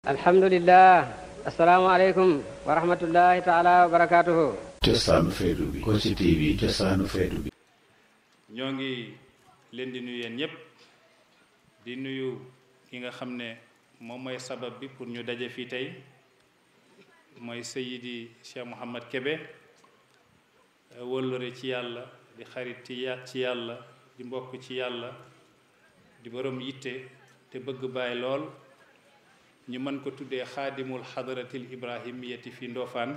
alhamdulillah asalaamaaleykum wa rahmatullahi taala wa barakaatuhu feetu bi ñoo ngi leen di nuyu yéen ñëpp di nuyu ki nga xam ne moom mooy sabab bi pour ñu daje fii tey mooy Seydi Cheikh Mouhamad kebe wëllëre ci yàlla di xarit ci yàlla di mbokk ci yàlla di borom yitte te bëgg bàyyi lool ñu mën ko tuddee xaadimul xadaratil ibrahimiyati fi Ndofane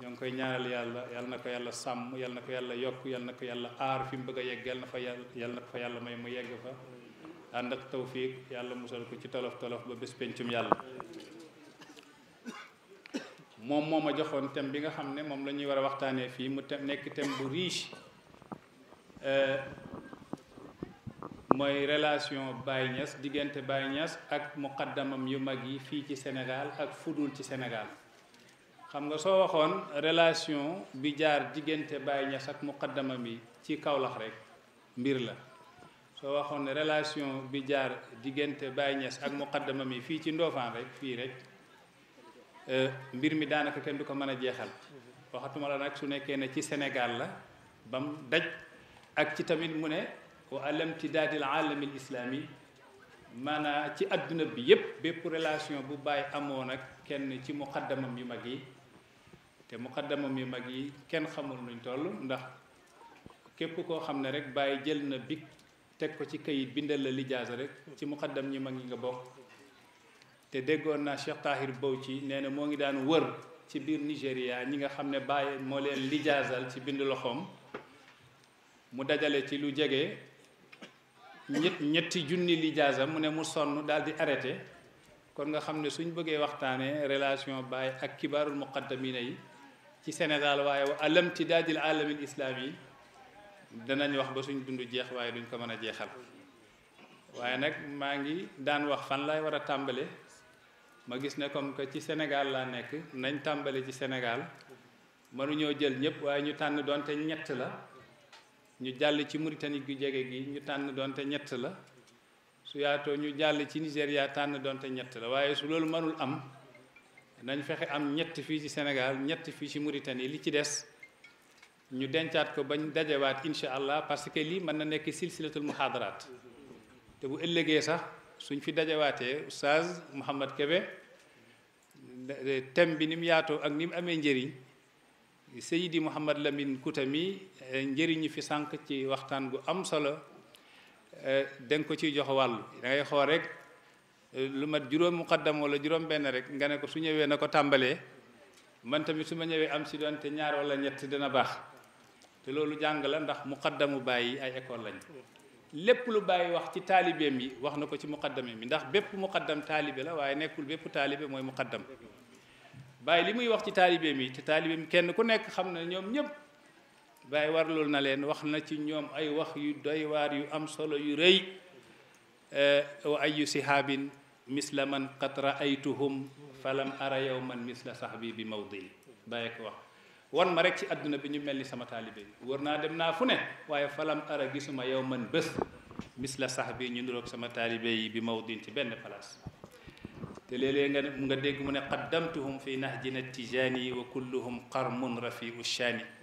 ñoo ngi koy ñaanal yàlla yàlla na ko yàlla sàmm yàlla na ko yàlla yokk yàlla na ko yàlla aar fi mu bëgg a yegg yàlla na fa yàlla yàlla na ko fa yàlla may mu yegg fa ànd ak tawfiq yàlla musal ko ci tolof tolof ba bés pencum yàlla moom moo ma joxoon thème bi nga xam ne moom la ñuy war a waxtaanee fii mu nekk thème bu riche mooy relation Baye ñas diggante Baye ñas ak muqaddamam yu mag yi fii ci senegaal ak fudul ci Sénégal xam nga soo waxoon relation bi jaar diggante Baye Niass ak muqaddamam yi ci Kaolack rek mbir la soo waxoon relation bi jaar diggante Baye Niass ak yi fii ci Ndofane rek fii rek euh, mbir mi daanaka kenn du ko mën a jeexal waxatuma la nag su nekkee ne ci Sénégal la bam daj ak ci tamit mu ne والامتداد العالم الإسلامي مانا تي أدنى بيب بيب ريلاسيون بو باي أمونا كن تي مقدمة ميماجي تي مقدمة ميماجي كن خمر نتول ندخ كيبو كو خمنا رك باي جلنا بيك تك كو تي كي بندل للي جاز رك تي مقدمة ميماجي نبو تي دقونا شيخ طاهر بوتي نينا موغي دان ور تي بير نيجيريا نيغا خمنا باي مولين لي جازال تي بندل خوم مو دجالي تي لو جيغي ñett ñetti junni lijaasa mu ne mu sonn daal di arrêté kon nga xam ne suñ bëggee waxtaanee relation Baye ak kibaarul muqaddamina yi ci Sénégal waaye alam ti daadil alamil islaam yi danañ wax ba suñ dund jeex waaye duñ ko mën a jeexal waaye nag maa ngi daan wax fan laay war a tàmbale ma gis ne comme que ci Sénégal laa nekk nañ tàmbale ci Sénégal mënuñoo jël ñëpp waaye ñu tàng doonte ñett la ñu jàll ci Mauritanie gu jege gi ñu tànn doonte ñett la su yaatoo ñu jàll ci nigeria tànn doonte ñett la waaye su loolu mënul am nañ fexe am ñett fii ci Sénégal ñett fii ci Mauritanie li ci des ñu dencaat ko bañ dajewaat incha allah parce que lii mën na nekk silsilatul muhadaraat te bu ëllëgee sax suñ fi dajewaatee oustaz Mouhamad Kébé thème bi ni mu yaatoo ak ni mu amee njëriñ Seydi Mouhamad Lamine Kouta mi Eh, njëriñu fi sànq ci waxtaan gu am solo eh, danga ko ciy jox wàllu da ngay xool rek eh, lu mat juróom muqaddam wala juróom benn rek nga ne ko su ñëwee na ko tàmbalee man tamit su ma ñëwee am si doonte ñaar wala ñett dina baax te loolu jàng la ndax muqaddamu bàyyi ay école lañ lépp lu bàyyi wax ci taalibeem yi wax na ko ci muqaddame mi ndax bépp muqaddam taalibe la waaye nekkul bépp taalibe mooy muqaddam bàyyi li muy wax ci taalibeem yi te taalibeem kenn ku nekk xam na ñoom ñëpp war warlul na len wax na ci ñom ay wax yu doy war yu am solo yu rëy wa ayu sihabin misla man qad raaytuhum falam ara yawman misla sahbi bi mawdi bay ko wax won ma rek ci aduna bi ñu melni sama talibe bi dem na fu ne waye falam ara gisuma yawman bés misla sahbi ñu ndulok sama talibe yi bi mawdi ci ben place te lele nga nga deg mu ne qaddamtuhum fi nahjina tijani wa kulluhum qarmun rafiu shani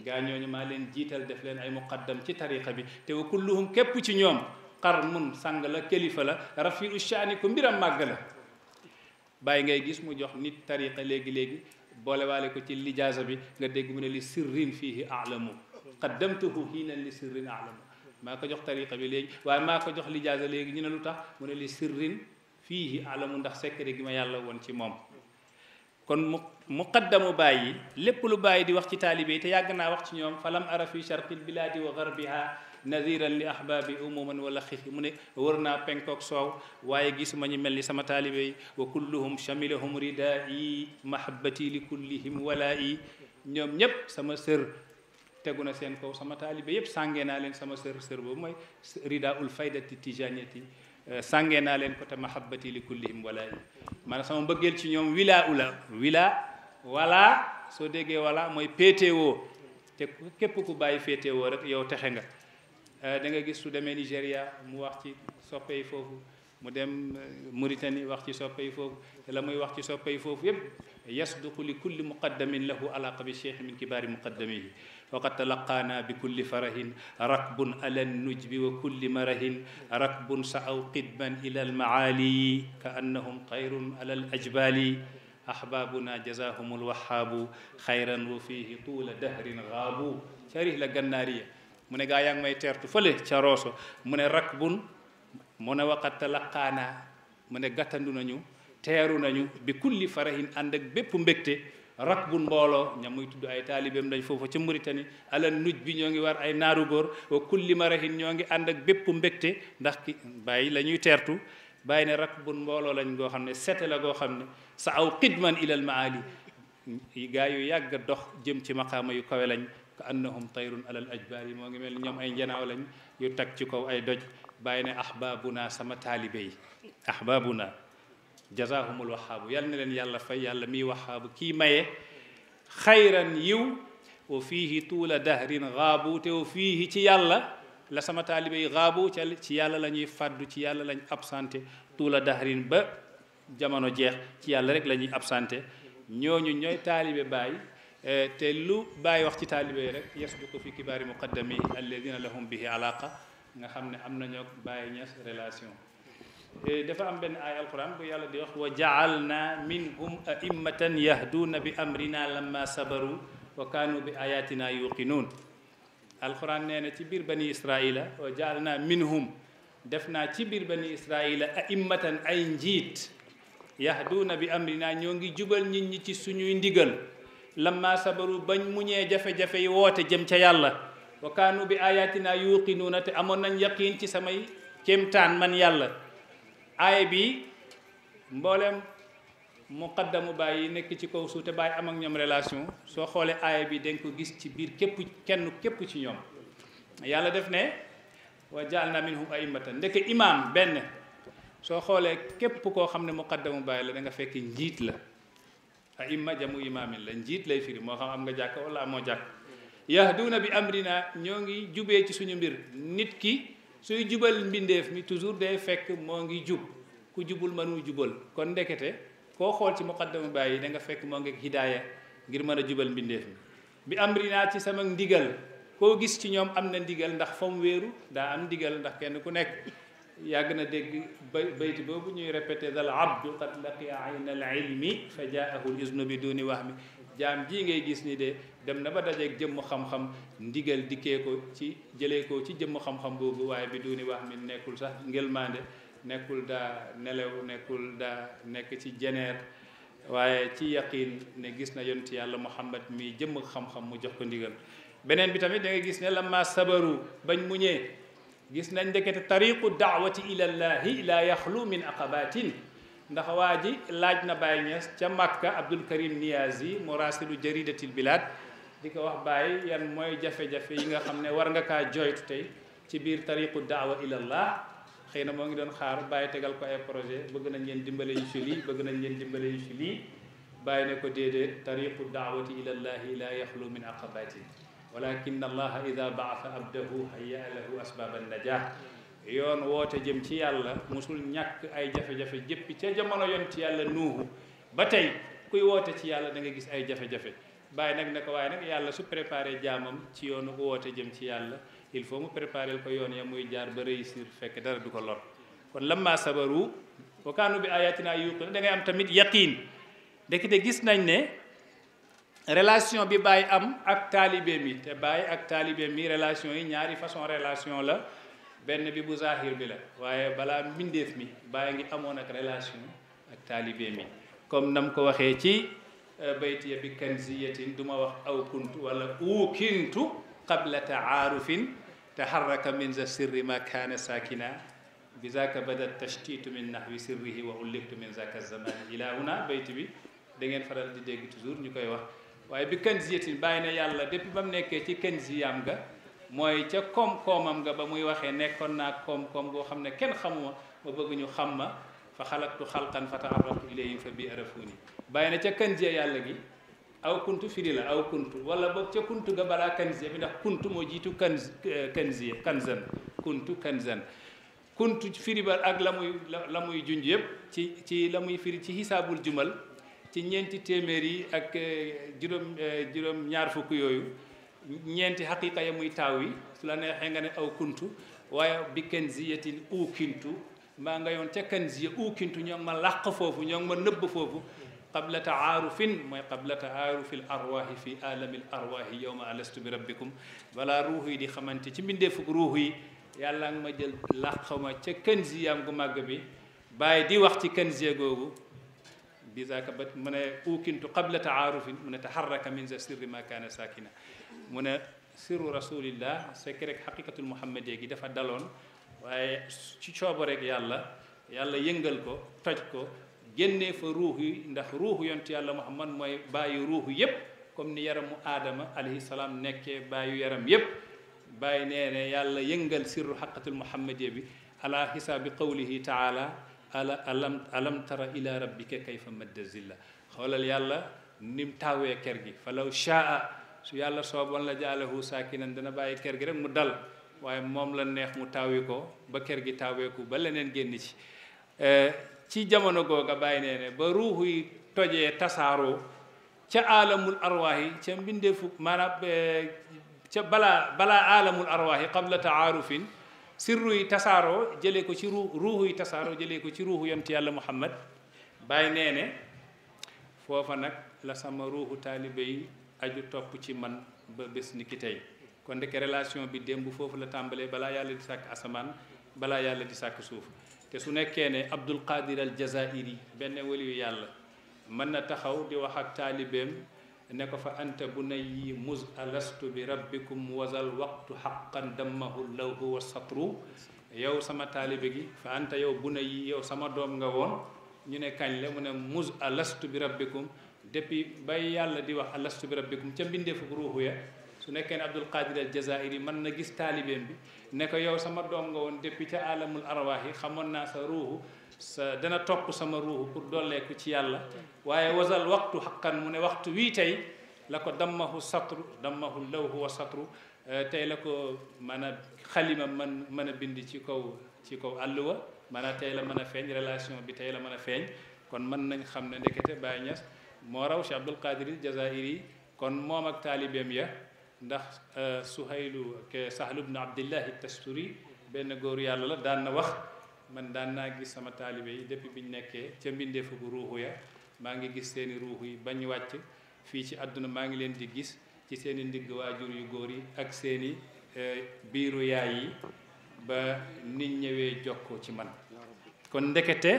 gañoñu ma maa leen jiital def leen ay muqaddam ci tariqa bi te wa kulluhum kep ci ñoom qarmun sang la kalifa la rafiu shaani ku mbiram màgg la ngay gis mu jox nit tariqa legi bolé walé ko ci lijaza bi nga deg mu ne li sirrin fihi alamu qaddamtuhu hina li sirrin alamu maa ko jox tariqa bi léegi waaye maa ko jox lijaasa léegi ñu ne lu tax mu ne li sirrin fiihi alamu ndax secret gi ma yàlla woon ci moom kon muqaddamu bayyi lepp lu bayyi di wax ci talibé té yag na wax ci ñom falam ara fi sharqil biladi wa gharbiha نذيرا لأحباب أمما ولا خيخ من ورنا بنكوك سو واي جيس من يمل سما تالبي وكلهم شملهم ردائي محبتي لكلهم ولائي نيوم نيب سما سر تغونا سين كو سما تالبي يب سانغينا لين سما سر سر بو ماي رداء الفايدة التجانية sàngee naa leen ko te mahabbati li kullihim wala yi maanaam sama mbëggeel ci ñoom wilaa ula wilaa wala soo déggee wala mooy péetewoo te képp ku bàyyi féetewoo rek yow texe nga da nga gis su demee Nigéria mu wax ci soppe yi foofu mu dem Mauritanie wax ci soppe yi foofu te la muy wax ci soppe yi foofu yépp yasduqu li kulli muqaddamin lahu alaqa bi cheikh min kibaari muqaddamihi وقد تلقانا بكل فرح ركب على النجب وكل مره ركب سعوا قدما إلى المعالي كأنهم طير على الأجبال أحبابنا جزاهم الوهاب خيرا وفيه طول دهر غابوا شريح للجنارية من ne gaa yaa ngi may teertu fële ca Rosso mu ne rakbun mu ne waqat talaqaana mu ne gàttandu nañu rak bu mbooloo ñam muy tudd ay taalibeem dañ foofu ci Mauritanie alal nuj bi ñoo ngi war ay naaru góor wa kulli marahin ñoo ngi ànd ak bépp mbégte ndax ki bàyyi la ñuy teertu bàyyi ne rak bu mbooloo lañ goo xam ne sete la goo xam ne sa aw xidman ilal maali gaa yu yàgg dox jëm ci maqaama yu kawe lañ ka annahum tayrun alal ajbaar yi moo ngi mel ñoom ay njanaaw lañ yu tag ci kaw ay doj bàyyi ne ahbaabuna sama taalibe yi ahbaabuna جزاهم الوهاب يلن لن يلا في يلا مي وهاب كي ماي خيرا يو وفيه طول دهر غابو تو فيه تي يلا لا سمت علي غابو تي يلا لن يفرد تي يلا لن ابسانتي طول دهر ب جمانو جيخ تي يلا رك لن ابسانتي ño ñu ñoy talibé bay té lu bay wax ci talibé rek yasduku fi kibari muqaddami alladhina lahum bihi alaqa nga xamné amna ñok Eh, dafa am benn aay alquran bu yàlla di wax wa jaalna minhum aimmatan yahduuna bi amrina lamma sabaru wa kaanu bi ayatina yuqinuun alquran na ci biir bani israila wa jaalna def naa ci biir bani israila aimmatan ay njiit yahduuna bi amrina ñoo ngi jubal nit ñi ci suñuy ndigal lama sabaru bañ muñee jafe-jafe yi woote jëm ca yàlla wa kaanu bi ayatina yuqinuuna te amoon nañ yaqiin ci samay kéemtaan man yàlla aay bi mboolem muqaddamu baye nek ci ko suuf te bàyyi am ak ñom relation so xolé aaya bi dañ ko gis ci bir kep kenn kep ci ñom yalla def ne wa minhum aymatan ndeke imam ben, so xolé kep ko xamne muqaddamu baye la da nga fekk njit la aima jamu imam la njit lay firi mo xam am nga jakk wala mo jakk yahduna bi amrina ñongi jubé ci suñu mbir nit ki suy jubal mbindeef mi toujours day fekk moo ngi jub ku jubul mënu jubal kon ndekete koo xool ci muqaddama bàyyi da nga fekk moo ngi hidaaya ngir mën a jubal mbindeef mi bi amri naa ci sama ndigal koo gis ci ñoom am na ndigal ndax fa mu wéeru daa am ndigal ndax kenn ku nekk yàgg na dégg ba bayti boobu ñuy repete dal abdu qad laqiya ayna al ilmi fa jaahu l iznu bi duni wax mi jaam ji ngay gis ni de dem na ba dajeeg jëmm xam-xam ndigal dikkee ko ci jëlee ko ci jëmm xam-xam boobu waaye bi duuni wax mi nekkul sax ngelmaande nekkul daa nelew nekkul daa nekk ci jeneer waaye ci yaqin ne gis na yonent yàlla muhammad mi jëmm xam-xam mu jox ko ndigal beneen bi tamit da gis ne lamma sabaru bañ mu muñee gis nañ ndekete tariqu daawati ilallahi la yaxlu min aqabatin ndax waa ji laaj na Baye Niass ca Makka Abdul Karim Niyazi murasilu jaridatil bilad di ko wax bàyyi yan mooy jafe-jafe yi nga xam ne war nga kaa joytu tey ci biir tariqu daawa ilallah xëy na moo ngi doon xaar bàyyi tegal ko ay projet bëgg nañ ngeen dimbale ñu si lii bëgg nañ ngeen dimbale ñu ci lii bàyyi ne ko déedéet tariqu daawati ila llahi la yaxlu min aqabati walakin allaha ida baasa abdahu haya lahu asbaab annajah yoon woote jëm ci yàlla musul ñàkk ay jafe-jafe jëppi ca jamono yoon ci yàlla nuuhu ba tey kuy woote ci yàlla da nga gis ay jafe bàyyi nag ne ko waaye nag yàlla su préparé jaamam ci yoonu woote jëm ci yàlla il faut mu préparé ko yoon ya muy jaar ba réussir fekk dara du ko lool kon lam lamma sabaru wa kaanu bi naa ayatina yuqin da ngay am tamit yaqiin de gis nañ ne relation bi Baye am ak taalibe mi te bàyyi ak taalibee mi relation yi ñaari façon relation la benn bi bu zahir bi la waaye balaa mbindeef mi Baye ngi amoon ak relation ak taalibe mi comme nam بيتي بكنزية دم أو كنت ولا أو كنت قبل تعارف تحرك من ذا السر ما كان ساكنا بذاك بدا التشتيت من نحو سره وعلقت من ذاك الزمان إلى هنا بيتي بي دين فرال دي ديك تزور نيكاي واخ واي بكنزية باينا يالا ديبي بام نيكي تي كنزيام غا موي تي كوم كومام غا با موي واخي نيكون نا كوم كوم غو خامني كين خاموما ما بغي ني خاما فخلقت خلقا فتعرفت اليهم فبي عرفوني bàyyi na ca kanjee yàlla bi aw kuntu firi la aw kuntu wala boog ca kuntu ga balaa kanjee bi ndax kuntu moo jiitu kan kanjee kanzan kuntu kanzan kuntu firi ba ak la muy la muy junj yëpp ci ci la muy firi ci xisaabul jumal ci ñeenti téeméer yi ak eh, juróom eh, juróom ñaar fukk yooyu ñeenti xaqiqa ya muy taaw yi su la neexee nga ne aw kuntu waaye bi kanziyatin uukintu maa nga yoon ca kanziya uukintu ñoo ngi ma làq foofu ñoo ngi ma nëbb foofu qabla taarufin mooy qabla taarufil arwaahi fi alamil arwaahi yow ma alastu bi rabbikum balaa ruux yi di xamante ci mbindeefug ruux yi yàlla nga ma jël làq ma ca kanziyaam gu màgg bi bàyyi di wax ci kanziya googu bisaaka ba mu ne uukintu qabla taarufin mu ne taharraka min za sirri ma kaana saakina mu ne sirru rasulillah sekk rek xaqiqatul muhammadiya gi dafa daloon waaye ci cooba rek yàlla yàlla yëngal ko toj ko genné fa ruux yi ndax ruuxu yonent yàlla muhammad moy bàyyi ruuxu yépp comme ni yaram adam alayhi salam nekke bàyyu yaram yépp bàyyi nee yàlla yëngal sirru haqqatul muhammadiya bi ala hisabi qawlihi taala ala alam alam tara ila rabbika kayfa madda zilla xoolal yàlla nim tawé kër gi falaw shaa su yàlla sooboon la jalehu sakinan dana baye kër gi rek mu dal waye mom la neex mu taawi ko ba kër gi ko ba lenen génn ci ci jamono googa bàyyi nee ne ba ruuxu yi tojee tasaaroo ca aalamul arwaax yi ca mbindeefu maanaam eh, ca balaa balaa aalamul arwaax yi qabla taarufin sirru yi tasaaroo jëlee ko ci ruu ruuxu yi tasaaroo jëlee ko ci ruuxu yonent yàlla muhammad bàyyi nee ne foofa nag la sama ruuxu taalibe yi aju topp ci man ba bés ni ki tey kon ndeke relation bi démb foofu la tàmbalee balaa yàlla di sàkk asamaan balaa yàlla di sàkk suuf te su nekkee ne Abdul Qadir al Jazairi benn waliyu yàlla mën na taxaw di wax ak taalibeem ne ko fa anta bunayyi mus alastu bi rabbikum wasal waqtu xaqan dammahu lawhu wa satru yow sama taalibe gi fa anta yow bunayyi yow sama doom nga woon ñu ne kañ la mu ne mus alastu bi rabbikum depuis bay yàlla di wax alastu bi rabbikum ca mbindeefu ruuxu ya su nekkee ne Abdul Qadir al Jazairi mën na gis taalibeem bi ne ko yow sama doom nga woon depuis ca alamul arwaax yi xamoon naa sa ruuxu sa dana topp sama ruuxu pour dolleeku ci yàlla waaye wasal waxtu xaqan mu ne waxtu wii tey la ko dammahu satru dammahu lawhu wa satru eh, tey la ko mën a xalima man mën a bind ci kaw ci kaw àlluwa maanaam tey la mën a feeñ relation bi tey la mën a feeñ kon mën nañ xam ne ndekete Baye Niass moo raw Cheikh Abdul Qadir Jazairi kon moom ak taalibeem ya ndax euh, suhaylu ke euh, sahlu bnu abdillahi tasturi benn góor yàlla la daan na wax man daan naa gis sama taalibe yi bi ñu nekkee ca mbindeefu bu ruuxu ya maa ngi gis seeni ruuxu yi bañ wàcc fii ci àdduna maa ngi leen di gis ci seeni ndigg waajur yu góor yi ak seeni euh, biiru yaay yi ba nit ñëwee jokkoo ci man kon ndekete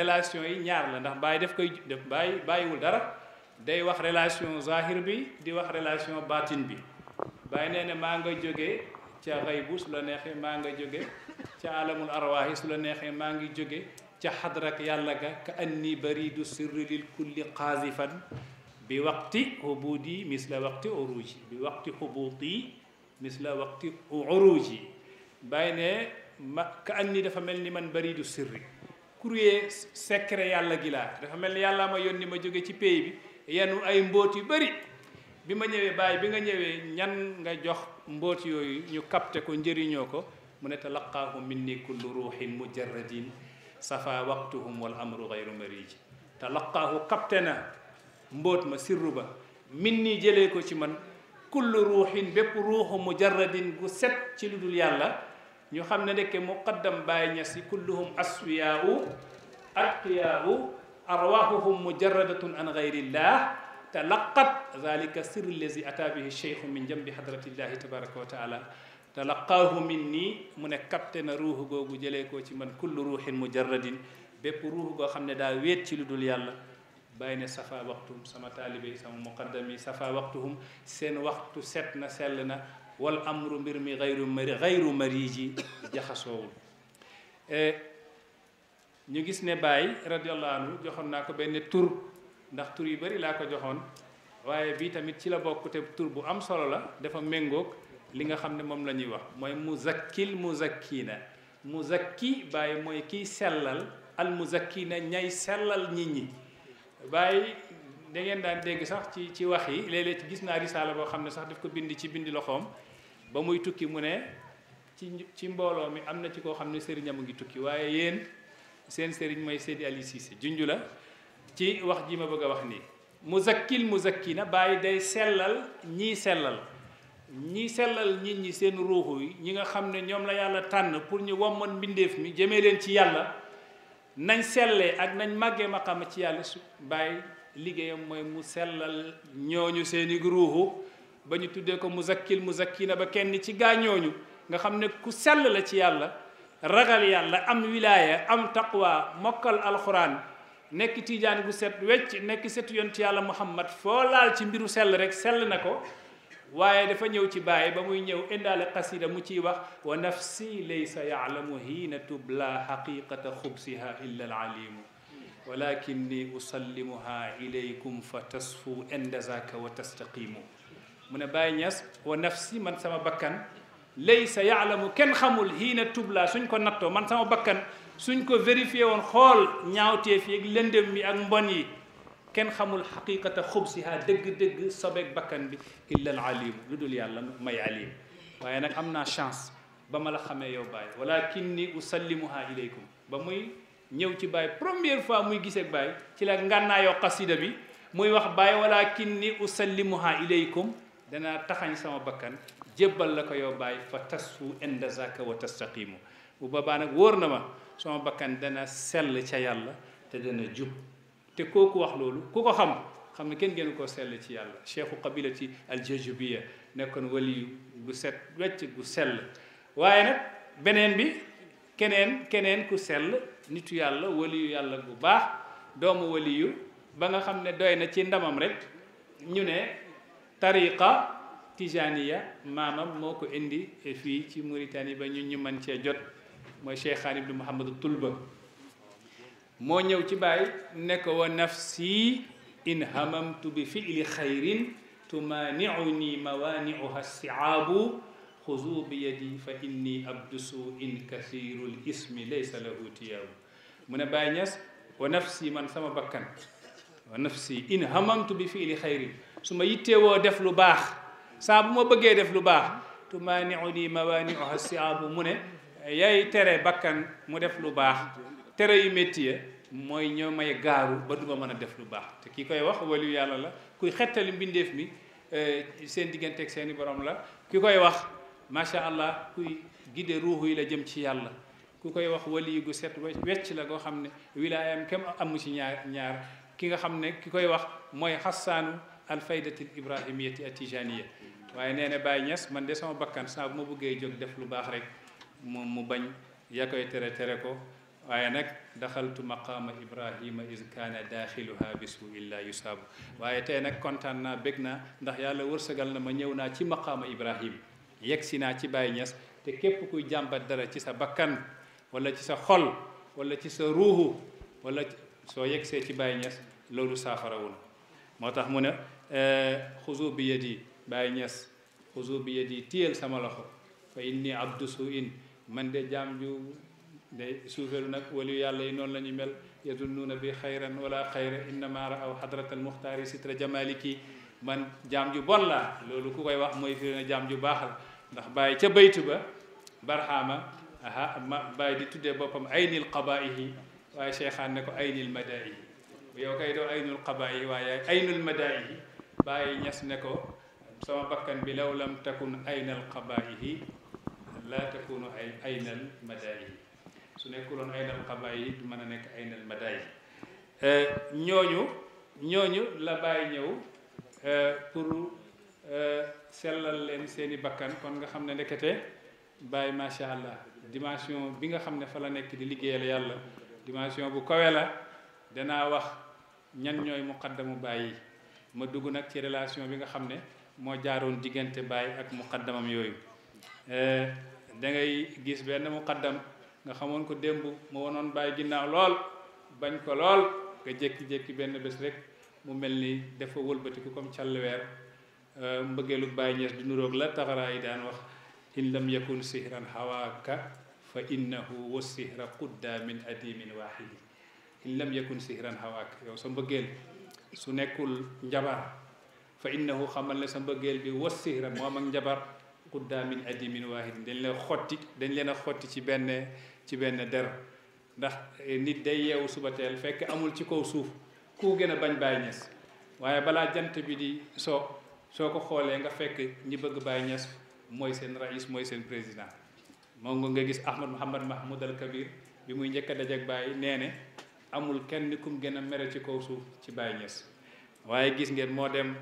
relation yi ñaar la ndax bàyyi daf koy def bàyyi bàyyiwul dara day wax relation zahir bi di wax relation baatin bi waaye nee na maa nga jógee ca xaybu su la neexee maa nga jóge ca alamul arwaahi su la neexee maa ngi jóge ca xadrak yàlla ga ka anni baridu sirri lil kulli qaazifan bi waqti hubudi misla waqti uruji bi waqti hubuti misla waqti uruji bàyyi ne ma ka anni dafa mel ni man baridu sirri courrier secret yàlla gi laa dafa mel ni yàlla ma yónni ma jóge ci pays bi yanu ay mbóot yu bari bi ma ñëwee bàyyi bi nga yo ñan nga jox mbóot yooyu ñu capté ko njëriñoo ko mu ne talaqaahu minni kullu ruuxin mujarradin safa waqtuhum wal amru gayru marij talaqaahu capté na ma sirru minni jëlee ko ci man kullu ruuxin bépp ruuxu mujarradin gu set ci lu dul yàlla ñu xam ne nekke muqaddam bàyyi ñasi kulluhum aswiyaau atqiyaau arwaahuhum mujarradatun an تلقت ذلك السر الذي أتى به الشيخ من جنب حضرة الله تبارك وتعالى تلقاه مني من كابتن روح غوغو جليكو من كل روح مجرد بيب روح غو خمنا دا ويت تي لودول يالا باين صفا وقتهم سما طالبي سما مقدمي صفا وقتهم سين وقت ستنا سلنا والامر مرمي غير مري غير مريجي جخاسول ñu gis ne baay radiyallahu anhu joxon nako benn tour ndax tur yu bari laa ko joxoon waaye bii tamit ci la bokk te tur bu am solo la dafa méngoog li nga xam ne moom la ñuy wax mooy muzakkil muzakkina muzakki bàyyi mooy kiy sellal al na ñay sellal nit ñi bàyyi dangeen ngeen daan dégg sax ci ci wax yi léeg-léeg ci gis naa risaala boo xam ne sax daf ko bind ci bindi loxoom ba muy tukki mu ne ci ci mbooloo mi am na ci koo xam ne sëriñam a ngi tukki waaye yéen seen sëriñ mooy Seydi si Cissé junju la ci wax ji ma bëgg a wax nii muzakkil muzakkina bàyyi day sellal ñii sellal ñii sellal nit ñi seen ruuxu yi ñi nga xam ne ñoom la yàlla tànn pour ñu wommoon mbindeef mi jëmee leen ci yàlla nañ sellee ak nañ màggee maqama ci yàlla su bàyyi liggéeyam mooy mu sellal ñooñu seeni ruuxu ba ñu tuddee ko muzakkil muzakkina ba kenn ci gaa ñooñu nga xam ne ku sell la ci yàlla ragal yàlla am wilaaya am taqwa mokkal alxuraan nekk tiijaan gu set wetch nek setu yonti yàlla muhammad fo lal ci mbiru sel rek sel nako waye dafa ñëw ci baye ba muy ñëw indaale qasida mu ci wax wa nafsi laysa ya'lamu hina tubla haqiqata khubsiha illa alalimu walakinni usallimuha ilaykum fa tasfu inda zaka wa tastaqimu mu ne bàyyi ñas wa nafsi man sama bakkan laysa yaalamu kenn xamul hiina tubla suñ ko nattoo man sama suñ ko vérifié won xol ñaawteef yi ak lëndëm mi ak mbon yi ken xamul xaqiqata xubsiha deug degg sobeeg bakkan bi illa al alim ludul yàlla may alim waye nak amna chance ba ma la xamee yow bay walakinni usallimuha ilaykum ba muy ñëw ci bay première fois muy gisse ak bay ci la nganna yo qasida bi muy wax bay walakinni usallimuha ilaykum dana taxañ sama bakkan jebal la ko yow bay fa tasfu inda zaka wa tastaqimu bu baba nak wóor ma sama bakkan dana sell ca yàlla te dana jub te kooku wax loolu ku ko xam xam ne kenn gënu koo sell ci yàlla cheikhu qabilati aljajubiya nekkoon waliyu gu set wecc gu sell waaye nag beneen bi keneen keneen ku sell nitu yàlla waliyu yàlla bu baax doomu waliyu ba nga xam ne doy na ci ndamam rek ñu ne tariqa ya maamam moo ko indi fii ci Mauritanie ba ñu ñu mën cee jot moy cheikh khan ibnu mohammed tulba mo ñëw ci bay ne ko wa nafsi in hamamtu bi fiili xayrin tumaaniuni mawaaniuha siaabu khuzu bi yadi fa inni abdusu in kathirul ismi laysa lahu tiyab mu ne bay ñas wa nafsi man sama bakkan wa nafsi in hamamtu bi fi'li khairin suma yitte wo def lu bax sa bu ma bëggee def lu baax tumaaniuni mawaaniuha siaabu mu ne yaay tere bakkan mu def lu baax tere yu métti ya mooy ñoo may gaaru ba du ma mën a def lu baax te ki koy wax waliyu yàlla la kuy xettali mbindeef mi eh, seen diggante ak seeni borom la ki koy wax macha allah kuy gide ruuxu yi la jëm ci yàlla ku koy wax waliyu gu set wecc la koo xam ne wilaayam kem amu ci ñaar ñaar ki nga xam ne ki koy wax mooy xassaanu alfaydatil ibrahimiyati atijaniya waaye nee na Baye Niass man de sama bakkan saa bu ma bëggee jóg def lu baax rek mu bañ yakoy tere tere ko waye nak dakhaltu maqama ibrahima is kana dakhilha bisu illa yusab waye tey nak kontaan naa bég ndax yàlla wërsëgal na ma ñewna ci maqama ibrahim yeksina ci baye ñess te képp kuy jàmbat dara ci sa bakkan wala ci sa xol wala ci sa ruuxu wala so yeksé ci baye ñess lolu saafarawu na moo mu ne khuzu bi yadi baye ñess khuzu bi yadi téyel sama loxo fa inni abdu suin من دي جام جو دي سوفر نك ولي يالله ينون لن يمل يدنون بي خيرا ولا خير إنما رأوا حضرة المختار ستر جمالك من جام جو بلا لولو كو غي وحمو يفيرنا جام جو باخر نخ باي چا باي چوبا برحاما ها ما باي دي تدي بوبم عين القبائه واي شيخان نكو عين المدائه ويو كاي عين القبائه واي عين المدائه باي نيس نكو سما بكن بلو لم تكن عين القبائه laa takunu ay aynal madaayi su nekkuloon aynal xabaay yi du mën a nekk aynal madaayi eh, ñooñu ñooñu la bàyyi ñëw eh, pour eh, sellal leen seeni bakkan kon nga xam ne ndekete bàyyi macha allah dimension bi nga xam ne fa la nekk di liggéeyal yàlla dimension bu kawe la danaa wax ñan ñooy muqaddamu bàyyi ma dugg nag ci relation bi nga xam ne moo jaaroon diggante bàyyi ak muqaddamam yooyu da ngay gis benn muqaddam nga xamoon ko démb mu wonoon bàyyi ginnaaw lool bañ ko lool nga jékki-jékki benn bés rek mu melni ni dafa wëlbatiku comme càllweer mbëggeelu bàyyi ñees du nuroog la taxaraa yi daan wax in lam yakun sihran hawaaka fa innahu wasihra qudda min adimin wahid in lam yakun sihran hawaaka yow so mbegel su nekul njabar fa innahu khamal la sa mbegel bi wasihra mo am ak njabar quddaamin adimin wahidin dañ la xoti dañ leena xoti ci benn ci benn der ndax eh, nit day yew suba teel fekk amul ci kaw suuf ku gëna bañ bay ñess waye bala jant bi di so soko ko nga fekk ñi bëgg bay ñess moy sen rais moy sen president mo nga gis Ahmad Muhammad Mahmoud al Kabir bi muy ñëk daj ak bay neene amul kenn kum gëna mère ci kaw suuf ci bay ñess waye gis ngeen mo dem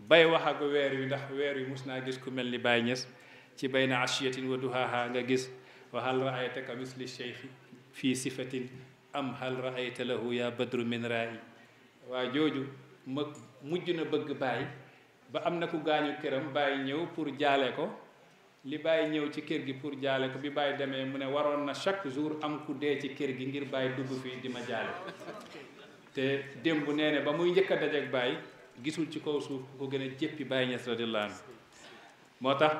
bay wax ak weer wi ndax weer wi mus naa gis ku mel ni Baay Ñas ci bay na ashiyatin wa duhaaha nga gis wa hal raayta ka misli cheikhi fii sifatin am hal raayta lahu ya badru min waa jooju ma mujj na bëgg Baay ba am na ku gaañu këram Baay ñëw pour jaale ko li Baay ñëw ci kër gi pour jaale ko bi Baay demee mu ne waroon na chaque jour am ku dee ci kër gi ngir Baay dugg fii di ma jaale te démb nee ne ba muy njëkk a dajeek Baay gisul ci kaw suuf ku ko gën a jéppi Baye Niass radiyallahu anhu moo tax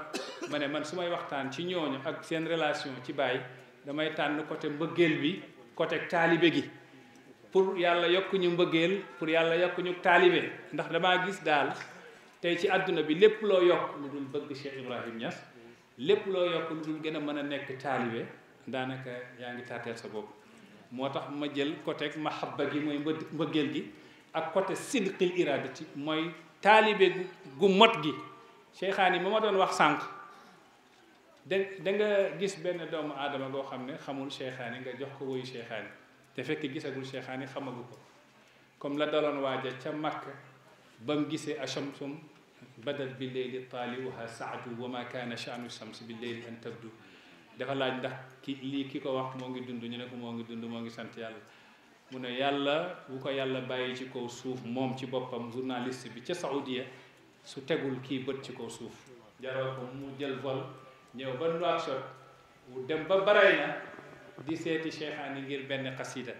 ma ne man su may waxtaan ci ñooñu ak seen relation ci Baye damay tànn côté mbëggeel bi côté taalibe gi pour yàlla yokk ñu mbëggeel pour yàlla yokk ñu taalibe ndax damaa gis daal tey ci àdduna bi lépp loo yokk lu dul bëgg Cheikh Ibrahim ñas lépp loo yokk lu dul gën a mën a nekk taalibe daanaka yaa ngi taateel sa bopp moo tax ma jël côté mahabba gi mooy mbë mbëggeel gi ak côté sidqil iradati mooy taalibe gu mot gi cheikhaan yi ma ma doon wax sànq da da nga gis benn doomu aadama goo xam ne xamul cheikhaan yi nga jox ko woyu cheikhaan yi te fekk gisagul cheikhaan yi xamagu ko comme la daloon waaja ca Makka ba mu gisee achamsum badal bi leyli taaliuha saadu wa ma kaana chanu shams bi leyli an tabdu dafa laaj ndax ki lii ki ko wax moo ngi dund ñu ne ko moo ngi dund moo ngi sant yàlla mu ne yàlla bu ko yàlla bàyyi ci kaw suuf moom ci boppam journaliste bi ca Saoudia su tegul kii bët ci kaw suuf jaroo ko mu jël vol ñëw ba Nouakchott mu dem ba Barayna di seeti cheikhaani ngir benn xasida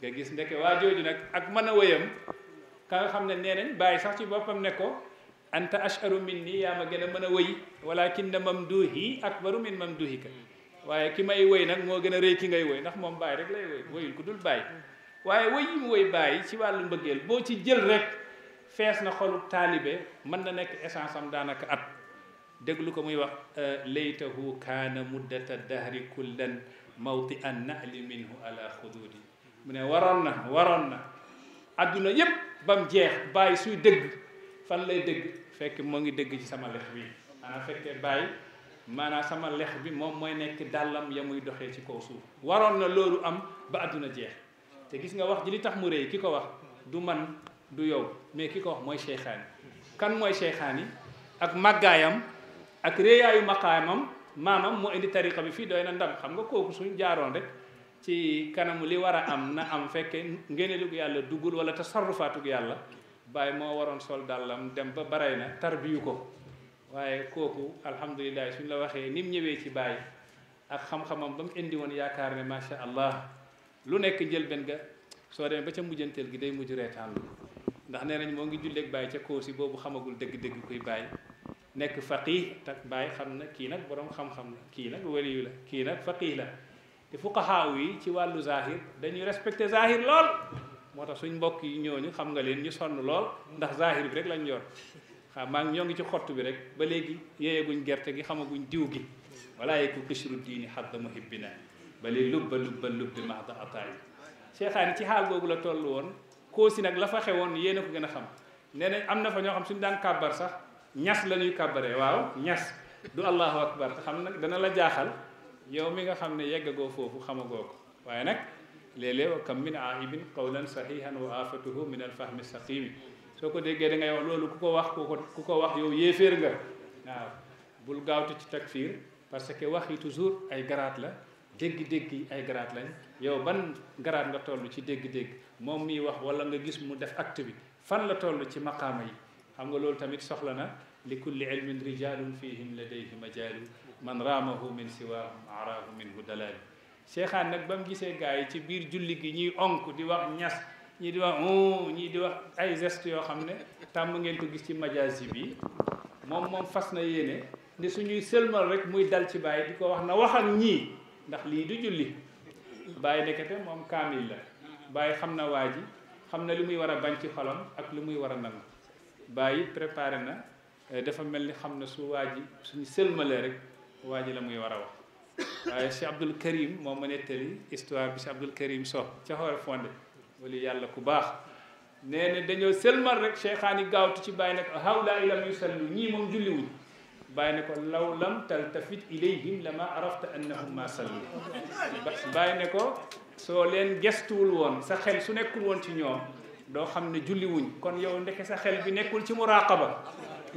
nga gis ndeke waa jooju nag ak mën a wëyam kaa xam ne nee nañ bàyyi sax ci boppam ne ko anta asharu min nii yaa ma gën a mën a wëy walakin na mamduhi akbaru min mamduhika mm. waaye ki may wëy nag moo gën a rëy ki ngay wëy ndax moom bàyyi rek lay wëy wëyul dul bàyyi waaye way yi mu way bàyyi ci wàllu mbëggeel boo ci jël rek fees na xolub taalibe mën na nekk essence am daanaka at déglu ko muy wax laytahu kaana muddata dahri kullan mawti an nali minhu ala xuduudi mu ne waroon na waroon na adduna yépp ba jeex bàyyi suy dëgg fan lay dëgg fekk moo ngi dëgg ci sama lex bi ana fekkee bàyyi maanaam sama lex bi moom mooy nekk dàllam ya muy doxee ci kaw suuf waroon na loolu am ba adduna jeex te gis nga wax ji li tax mu rëy ki ko wax du man du yow mais ki ko wax mooy Cheikhaani kan mooy yi ak màggaayam ak réyaayu maqaamam maamam moo indi tariqa bi fii doy na ndam xam nga kooku suñ jaaroon rek ci kanamu li war a am na am fekke ngeneelug yàlla duggul wala tasarrufaatug yàlla bàyyi moo waroon sol dàllam dem ba baray na tarbiyu ko waaye kooku alhamdulilah suñ la waxee ni mu ñëwee ci bàyyi ak xam-xamam ba mu indi woon yaakaar ne macha lu nekk njëlbeen ga soo demee ba ca mujjanteel gi day mujj reetaan ndax nee nañ moo ngi julleeg bàyyi ca koosi boobu xamagul dëgg-dëgg kuy bàyyi nekk faqih tak bàyyi xam na kii nag boroom xam-xam la kii nag waliyu la kii nag faqih la te fuqahaa yi ci wàllu zahir dañuy respecté zahir lool moo tax suñ mbokk yi ñooñu xam nga leen ñu sonn lool ndax zahir bi rek lañ yor xam maa ngi ñoo ngi ci xottu bi rek ba léegi yeeyaguñ gerte gi xamaguñ diw gi walaa yeku qishru diini xadda muhibbina ba li lubba lubba lubbi max da ataay seexaani ci xaal googu la toll woon koosi nag la fa xewoon yéen a ko gën a xam nee nañ am na fa ñoo xam suñu daan kàbbar sax ñas la ñuy kàbbaree waaw ñas du allahu akbar te xam nag dana la jaaxal yow mi nga xam ne yeggagoo foofu xamagoo ko waaye nag léeg-léeg wa kam min aibin qawlan sahihan wa afatuhu min alfahmi saqimi soo ko déggee da ngay wax loolu ku ko wax ku ko ku ko wax yow yéeféer nga waaw bul gaawtu ci takfir parce que wax yi toujours ay garaat la dégg-dégg ay garaat lañ yow ban garaat nga toll ci dégg-dégg moom miy wax wala nga gis mu def acte bi fan la toll ci maqaama yi xam nga loolu tamit soxla na li kulli ilmin rijalun fihim ladayhi majaalu man raamahu min siwaahum araahu minhu dalaali seexaan nag ba mu gisee gars yi ci biir julli gi ñuy onk di wax ñas ñii di wax ñii di wax ay gest yoo xam ne tàmm ngeen ko gis ci majaasi bi moom moom fas na yéene ne suñuy sëlmal rek muy dal ci bàyyi di ko wax na wax ak ndax lii du julli bàyyi nekkate moom kaamil la bàyyi xam na waa ji xam na lu muy war a bañ ci xolam ak lu muy war a nangu bàyyi préparé na euh, dafa mel ni xam na su waa ji suñu sëlmalee rek waa ji la muy war a wax waaye Cheikh Abdul Karim moo ma nettali histoire bi Cheikh Abdul Karim so ca xoore fonde wala yàlla ku baax nee ne dañoo sëlmal rek cheikhaan yi gaawtu ci bàyyi ne ko la lam yusallu ñii moom julliwuñ بينكو لو لم تلتفت إليهم لما عرفت أنهم ما سلوا بينكو سو لين جستول وان سخل سنكول وان تنيو دو خم نجولي وان كون يو عندك سخل بنكول تي مراقبة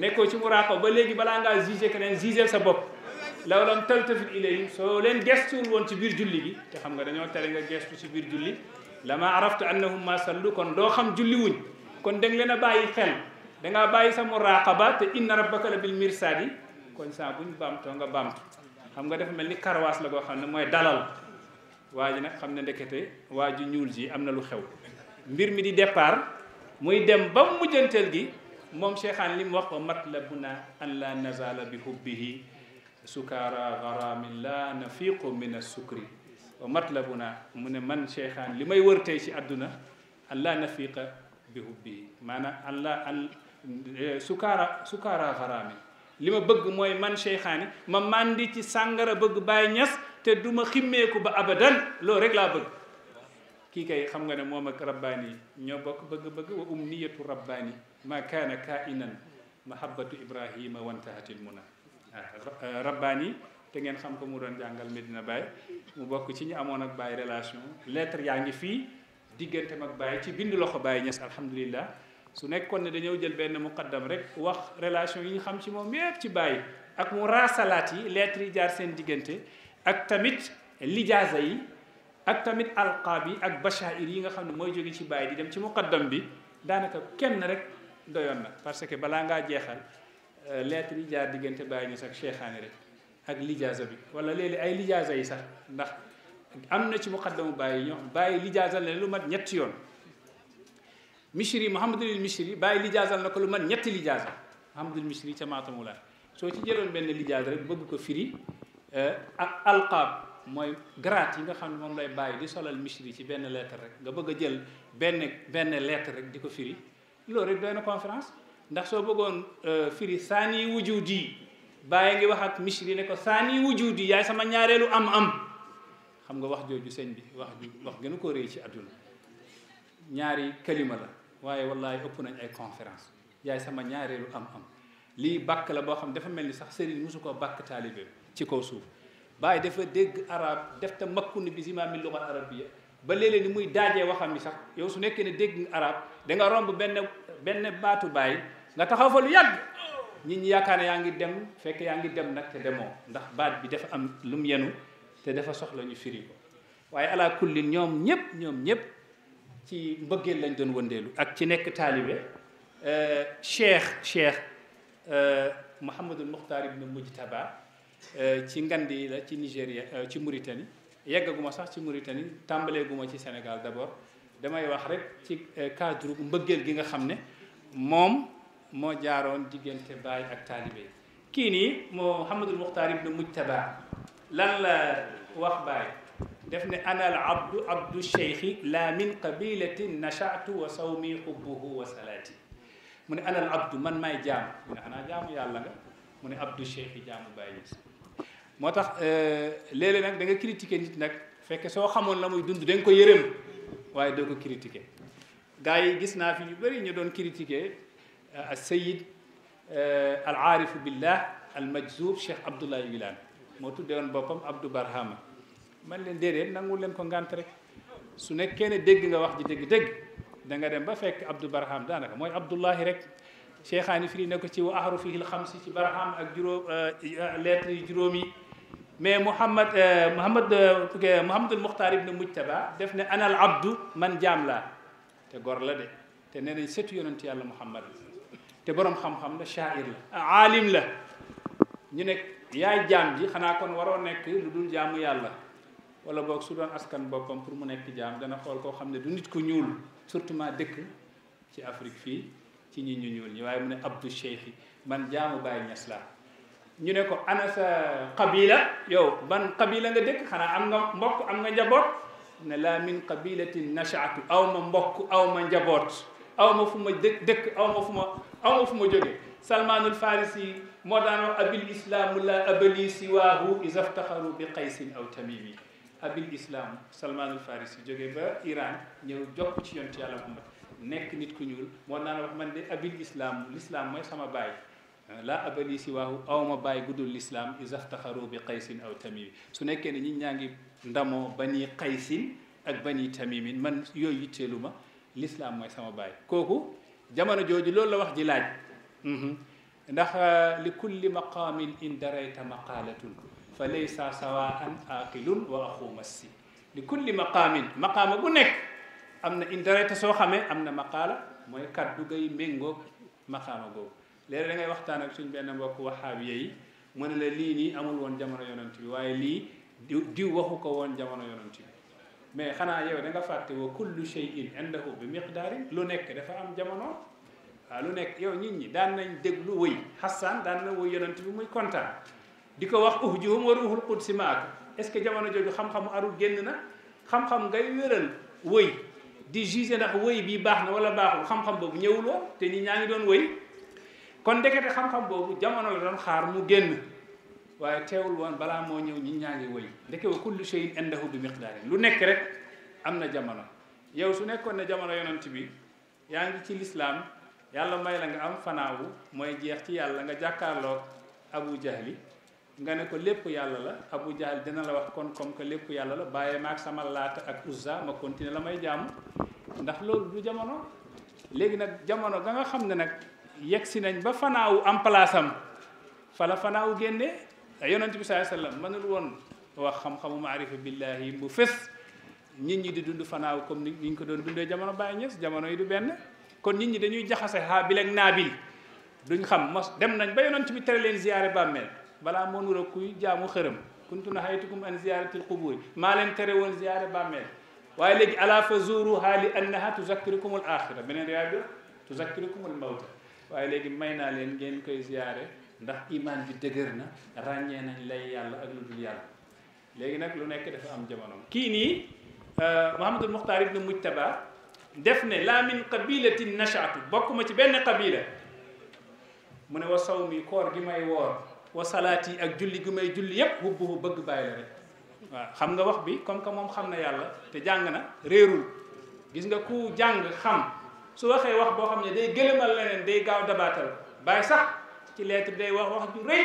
نكول تي مراقبة بلغي بلانغا زيزا كنين زيجي سبب لو لم تلتفت إليهم سو لين جستول وان تبير جولي جي تخم غدنيو تلنغا جستول تبير جولي لما عرفت أنهم ما سلوا كون دو خم جولي وان كون دنگلنا باي خل da nga bàyyi sa mu raaqaba te inna rabbaka kon saa bu ñu baamtoo nga baamtu xam nga dafa mel ni karawaas la goo xam ne mooy dalal waa ji nag xam ne ndekete waa ju ñuul ji am na lu xew mbir mi di départ muy dem ba mujjanteel gi moom Cheikhaan li mu wax wa matlabuna an la nazala bi hubbihi sukaara garamin la nafiqu min mu ne man Cheikhaan li may wër tey ci àdduna an la nafiqa bi hubbihi maanaam an la eh, sukaara sukaara garamin li ma bëgg mooy man Cheikhaani ma màndi ci sàngara bëgg Baay Ñas te duma ximmeeku ba abadan loolu rek laa bëgg kii kay xam nga ne moom ak rabbaani ñoo bokk bëgg-bëgg wa umniyatu rabbaani ma kaana kainan mahabbatu ibrahima wantahatil muna wa ah, ah, rabbaani te ngeen xam ko mu doon jàngal Medina Baye mu bokk ci ñu amoon ak Baye relation lettre yaa ngi fii diggante ak Baye ci bind loxo Baye Ñas alhamdulillah su nekkoon ne dañoo jël benn muqaddam rek wax relation yi ñu xam ci moom yépp ci bàyyi ak mu raasalaat yi lettre yi jaar seen diggante ak tamit lijaasa yi ak tamit alqaab yi ak bashair yi nga xam ne mooy jóge ci bàyyi di dem ci muqaddam bi daanaka kenn rek doyoon na parce que balaa ngaa jeexal euh, lettre yi jaar diggante bàyyi ñu sax cheikhaani rek ak lijaasa bi wala léeg-léeg ay lijaasa yi sax ndax am na ci muqaddamu bàyyi ñoo xam bàyyi lijaasa leen lu mat ñetti yoon Mishri Mouhamadul Mishri bàyyi lijaasal na ko lu man ñetti lijaasa Mouhamadul Mishri ca Maatamu la soo ci jëloon benn lijaasa rek bëgg ko firi eh, ak alqaab mooy grade yi nga xam ne moom lay bàyyi di solal Mishri ci benn lettre rek nga bëgg a jël benn benn lettre rek di ko firi loolu rek benn conférence ndax soo bëggoon eh, firi saani wujudi bàyyi ngi wax ak Mishri ne ko saani wujudi yaay sama ñaareelu am-am xam nga wax jooju seen bi wax ju wax gën a ko rëy ci ñaari kalima la. waye wallahi ëpp nañ ay conférence yaay sama ñaareelu am-am li bak la bo xam dafa melni sax serigne musu ko bak talibé ci ko suuf baye dafa dégg arab def te makkun bi zimaami lugha arabiyya ba lélé ni muy dajé waxam ni sax yow su nekké ne dégg arab da nga romb benn benn batu bàyyi nga taxaw fa lu yàgg nit ñi yaakaar ne yaa ngi dem fekk yaa ngi dem nag te demoo ndax baat bi dafa am lu mu yenu te dafa soxla ñu firi ko waaye ala kulli ñoom ñëpp ñoom ñëpp ci mbëggeel lañ doon wëndeelu ak ci nekk taalibe euh, cheikh cheikh euh, Mouhamadul Muxtaar ibn Mujtaba euh, ci ngandi la ci Nigéria ci Mauritanie yeggaguma sax ci Mauritanie tàmbaleeguma ci Sénégal d'abord damay wax rek ci cadre mbëggeel gi nga xam ne moom moo jaaroon diggante baay ak taalibe yi kii nii moo Mouhamadul Muxtaar ibn Mujtaba lan la wax baay دفني أنا العبد عبد الشيخ لا من قبيلة نشأت وصومي حبه وصلاتي من أنا العبد من ما يجام من أنا جام يا الله من عبد الشيخ جام بايس ما تخ ليلة نك دعك كريتيك نجت نك فك سوا خمون لامو يدند دين كو يرم واي دعك كريتيك جاي جس نافي بري ندون كريتيك السيد العارف بالله المجذوب شيخ عبد الله يجلان موتو ديون بوبام عبد برهامه man leen déedéet nangul leen ko ngànt rek su nekkee ne dégg nga wax ji dégg-dégg da nga dem ba fekk Abdou Barham daanaka mooy Abdullahi rek cheikhaani firi ne ko ci wa ahru fihil xamsi ci Barham ak juróom lettre yi juróom yi mais Mouhamad Mouhamad Mouhamadul Muxtaar ibn Mujtaba def ne anal abdu man jaam laa te gor la de te nee nañ setu yonent yàlla Mouhamad te borom xam-xam la shaair la aalim la ñu nekk yaay jaam ji xanaa kon waroo nekk lu dul jaamu yàlla wala boog su doon askan boppam pour mu nekk jaam dana xool koo xam ne du nit ku ñuul surtout ma dëkk ci Afrique fii ci ñi ñu ñuul ñi waaye mu ne Abdou Cheikh man jaamu Baay Ñas laa ñu ne ko ana sa qabila yow ban qabila nga dëkk xanaa am nga mbokk am nga njaboot ne laa min qabilatin nashaatu aw ma mbokk aw ma njaboot aw ma fu ma dëkk dëkk aw ma fu ma aw ma fu ma jóge salmaanul farisi moo daan wax abil islaamu la abali siwaahu isaftaxaru bi qaysin aw tamimi abil islam salmanul farisi jóge ba iran ñëw jokk ci yonent yàlla muhammad nekk nit ku ñuul moo naan wax man de abil islam l'islam mooy sama baay la abali si waahu awma baay guddul l'islam isaxtaxaru bi qaysin aw tamimi su nekkee ne ñit ñaa ngi ndamoo bani qaysin ak bani tamimin man yooyu yitteelu ma l'islam mooy sama baay kooku jamono jooju loolu la wax ji laaj ndax li kulli maqaamin in darayta maqaalatun فليس سواء عاقل وأخو مسي لكل مقام مقام bu nekk am na indirecte soo xamee am na maqaala mooy kaddu gay méngoog maqaama googu léeg-léeg da ngay waxtaan ak suñ benn mbokk waxaabiye yi mu ne la lii nii amul woon jamono yonent bi waaye lii diw diw waxu ko woon jamono yonent bi mais xanaa yow da nga fàtte wa kullu shay'in indahu bi miqdaarin lu nekk dafa am jamono waaw lu nekk yow nit ñi daan nañ déglu wëy xasaan daan na wëy yonent bi muy kontaan diko wax uhjuhum wa ruhul qudsi maaka est-ce jamono jojo xam xam aru génn na xam-xam ngay wéral wëy di juger ndax wëy bi bax na wala baaxul xam-xam bobu ñewul won te ñi ñaa doon wëy kon dekete xam-xam bobu jamono la doon xaar mu génn waye teewul won bala mo ñëw ñi ñaa wëy ndeke wa kullu shay'in indahu bi miqdaari lu nekk rek amna jamono yow su nekkoon ne jamono yonent bi yaangi ci l'islam yàlla may la nga am fanaawu moy jeex ci yàlla nga jakarlo abu jahli nga ne ko lépp yàlla la abu jahal dina la wax kon comme que lépp yàlla la bàyyi maag sama laata ak uzza ma continuer la may jaamu ndax loolu du jamono léegi nag jamono ga nga xam ne nag yegg si nañ ba fanaawu am place am fa la fanaawu génnee yonent bi saai sallam mënul woon wax xam-xamu maarifa billahi bu fés nit ñi di dund fanaaw comme ni ñu ko doon dundee jamono bàyyi ñes jamono yi du benn kon nit ñi dañuy jaxase haabil ak naabil duñ xam mos dem nañ ba yonent bi tere leen bàmmeel balaa moo nura kuy jaamu xërëm kuntu nahaytukum an ziyaratil quburi maa leen tere woon ziyaare bàmmeel waaye léegi ala fa zuruha li annaha tuzakkirukum al axira beneen riwaay bi tuzakkirukum al mawta waaye léegi may naa leen ngeen koy ziyaare ndax iman bi dëgër na ràññee nañ lay yàlla ak lu yàlla léegi nag lu nekk dafa am jamono kii nii Mouhamadul Muxtaar ibnu Mujtaba def ne laa min qabilatin nashaatu bokk ci benn qabila mu wa saw koor gi may woor wa salaat yi ak julli gu may julli yépp hubbuhu bëgg bàyyi la rek waaw xam nga wax bi comme que moom xam na yàlla te jàng na réerul gis nga ku jàng xam su waxee wax boo xam ne day gëlëmal leneen day gaaw dabaatal bàyyi sax ci lettre day wax wax ju rëy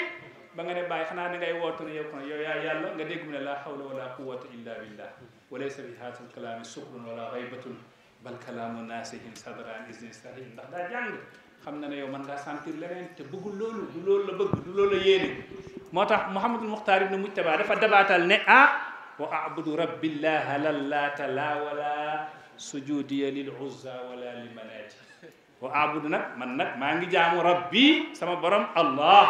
ba nga ne bàyyi xanaa da ngay woote ne yow kon yow yaa yàlla nga dégg mu ne laa hawla wala quwwata illa billah walaysa bi haatal kalaami sukrun wala xaybatun bal kalaamu naasihin sadran isnin sahih ndax daa jàng xam na ne yow mën ngaa sentir leneen te bëggul loolu du loolu la bëgg du loolu la yéene moo tax Mouhamadul Muxtaar ibnu Mujtaba dafa dabaatal ne ah wa abudu rabbillah lallaata laa wala sujudiya lil uzza wala li manaati wa abudu nag man nag maa ngi jaamu rabbi sama borom allah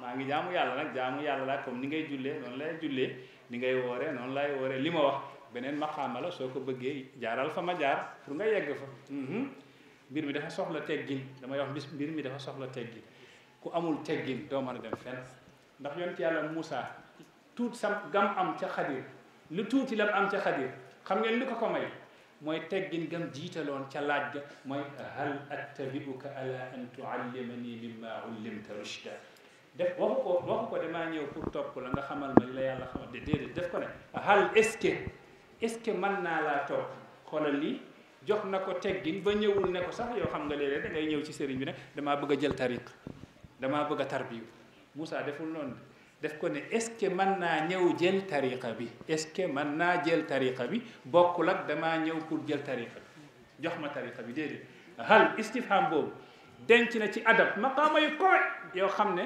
maa ngi jaamu yàlla rak jaamu yàlla la kom ni ngay jullee noonu lay jullee ni ngay wooree noonu laay woore li ma wax beneen maqaama la soo ko bëggee jaaral fa ma jaar pour nga yegg fa mhm. mbir mi dafa soxla teggin dama wax bis mbir mi dafa soxla teggin ku amul teggin do mën dem fenn ndax yonent yàlla musa tout sam gam am ci khadir lu touti lam am ci khadir xam ngeen lu ko ko may moy teggin gam jitalon ci laaj ga moy hal attabiuka ala an tuallimani mimma ullimta rushda def waxuko waxuko dama ñëw pour top la nga xamal ma la yàlla xamal de déedéet def ko ne hal est-ce que est-ce que mën naa laa topp xoolal lii jox na ko teggin ba ñëwul ne ko sax yoo xam nga léeg-léeg da ngay ñëw ci sëriñ bi ne damaa bëgg a jël tariq damaa bëgg a tarbiyu Moussa deful noonu def ko ne est-ce que mën naa ñëw jël tariqa bi est-ce que mën naa jël tariqa bi bokkul ak damaa ñëw pour jël tariqa jox ma tariqa bi déedéet hal istifham boobu denc na ci adab maqaama yu kowe yoo xam ne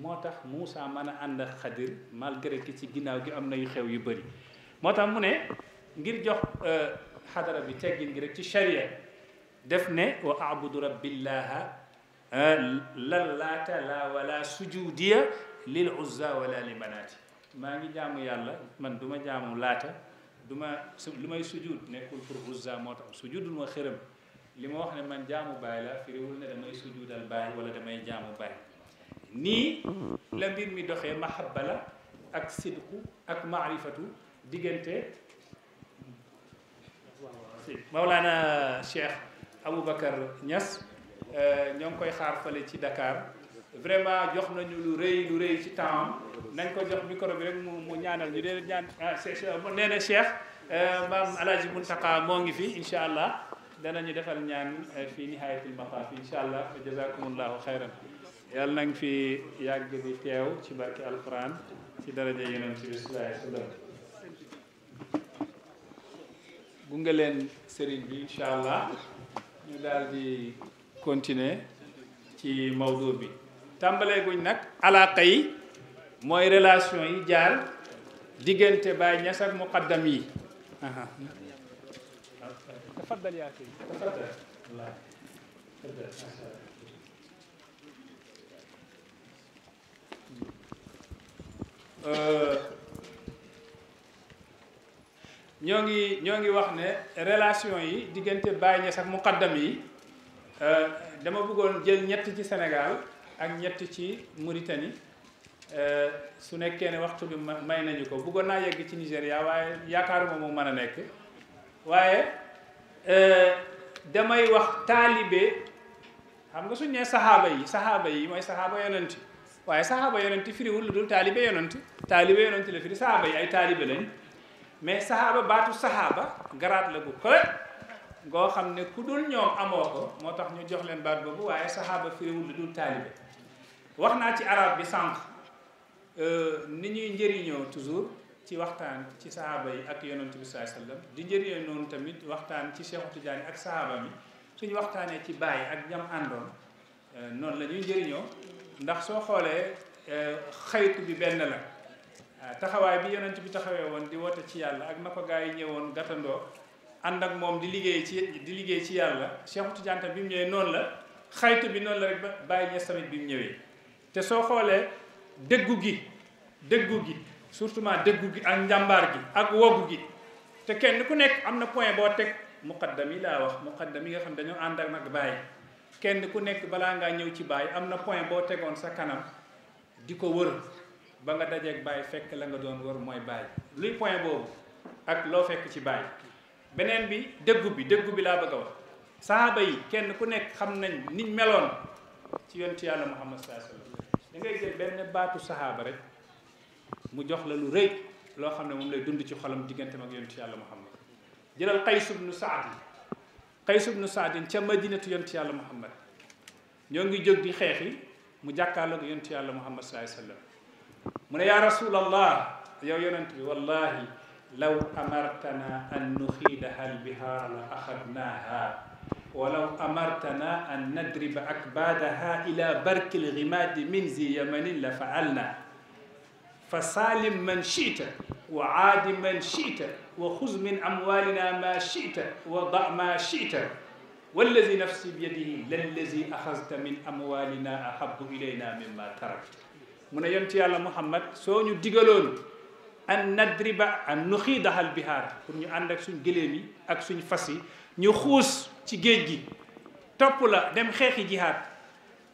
moo tax Moussa ànd ak Xadir malgré que ci ginnaaw gi am na yu xew yu bëri moo mu ne ngir jox xadara bi teggin gi rek ci sharia def ne wa abudu rabbillaha lan laata laa wala sujudiya lil uzza wala li manaati maa ngi jaamu yàlla man du ma jaamu laata du ma lu may sujud nekkul pour uzza moo tax sujudul ma xërëm li ma wax ne man jaamu baay la firiwul ne damay sujudal baay wala damay jaamu baay nii la mbir mi doxee mahabba la ak sidqu ak maarifatu diggante Maulana Cheikh Abu Bakar Nyas euh, ñong koy xaar fele ci Dakar vraiment jox nañu lu reuy lu reuy ci temps nañ ko jox micro bi rek mu mu ñaanal ñu leen ñaan ah, cheikh neena Cheikh mam Alaaji Muntaka mo ngi fi inshallah allah danañu defal ñaan euh, fi nihayatul mafat inshallah allah jazakumullahu khairan yal nañ fi yàgg di tew ci barki alquran ci daraja yenen ci gunge leen sëriñ bi incha allah ñu daal di ci mawdu bi tàmbalee guñ nag alaaka yi mooy relation yi jaar diggante Baay Ñas muqaddam yi tafaddal euh, ñoo ngi ñoo ngi wax ne relation yi diggante Baye Niass ak muqaddam yi euh, dama bëggoon jël ñett ci senegal ak ñett ci Mauritanie euh, su nekkee ne waxtu bi may nañu ko bëggoon naa yegg ci Nigéria waaye yaakaaruma moom mën a nekk waaye euh, damay wax taalibe xam nga suñ nee saxaaba yi saxaaba yi mooy saxaaba yonent waaye saxaaba yonent firiwul lu dul taalibe yonent taalibe yonent la firi saxaaba yi ay taalibe lañ mais saxaaba baatu saxaaba garaat la gu koy goo xam ne ku dul ñoom amoo ko moo tax ñu jox leen baat boobu waaye saxaaba firiwul lu dul taalibe wax naa ci araab bi sànq euh, ni ñuy njëriñoo toujours ci waxtaan ci saxaaba yi ak yonent bi sallallahu alayhi wasallam di njëriñoo noonu tamit waxtaan ci Cheikh Tidiane ak saxaaba mi suñ waxtaanee ci bàyyi ak ñam àndoon euh, noonu lañuy ñuy njëriñoo ndax soo xoolee euh, xaytu bi benn la Ah, taxawaay bi yonent bi taxawee woon di woote ci yàlla ak na ko gaa yi ñëwoon gàttandoo ànd ak moom di liggéey ci di liggéey ci yàlla Cheikh Tidiane tam bi mu ñëwee noonu la xaytu bi noonu la rek ba bàyyi ñes tamit bi mu ñëwee te soo xoolee dëggu gi dëggu gi surtout dëggu gi ak njàmbaar gi ak woogu gi te kenn ku nekk am na point boo teg muqaddam yi laa wax muqaddam yi nga xam dañoo ànd ak nag bàyyi kenn ku nekk balaa ngaa ñëw ci bàyyi am na point boo tegoon sa kanam di ko wër ba nga dajeeg bàyyi fekk la nga doon war mooy bàyyi luy point boobu ak loo fekk ci bàyyi beneen bi dëggu bi dëggu bi laa bëgg a wax sahaaba yi kenn ku nekk xam nañ niñ meloon ci yontu yàlla muhammad sallallahu alayhi wasallam da ngay jël benn baatu sahaaba rek mu jox la lu xam ne moom lay dund ci xolam digganteem ak yontu yàlla muhammad jëlal qays nu saad qays ibnu saadin ca madinatu yontu yàlla muhammad ñoo ngi jóg di xeex yi mu jàkkaarloog yontu yàlla muhammad sallallahu alayhi wasallam من يا رسول الله يا yonent والله لو أمرتنا أن نخيل nuxiidaha لأخذناها ولو أمرتنا أن نضرب أكبادها إلى برك الغماد من زي يمن لفعلنا فسالم من شئت وعاد من شئت وخذ من أموالنا ما شئت وضع ما شئت والذي نفسي بيده للذي أخذت من أموالنا أحب إلينا مما تركت من ينت يالله محمد سوني دجالون أن ندرب أن نخيد أهل بحار كن عندك سن جلمي أك سن فسي نخوس تيجي تقولا دم خير جهاد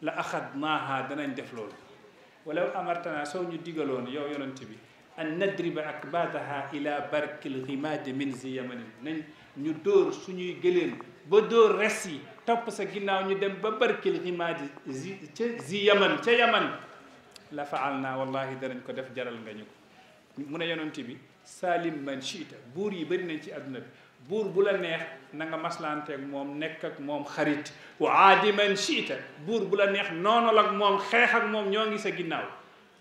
لا أخذناها دنا ندفلول ولو أمرتنا سوني دجالون يو ينت بي أن ندرب أكبادها إلى برك الغماد من زي من ندور سني جلم بدور رسي تقص جناو ندم ببرك الغماد زي زي يمن تي يمن la faal naa wallahi danañ ko def jaral nga ñu ko mu ne yonent bi saalim man shiita buur yi bëri nañ ci àdduna bi buur bu la neex na nga maslaanteeg moom nekk ak moom xarit wa aadi man shiita buur bu la neex noonal ak moom xeex ak moom ñoo ngi sa ginnaaw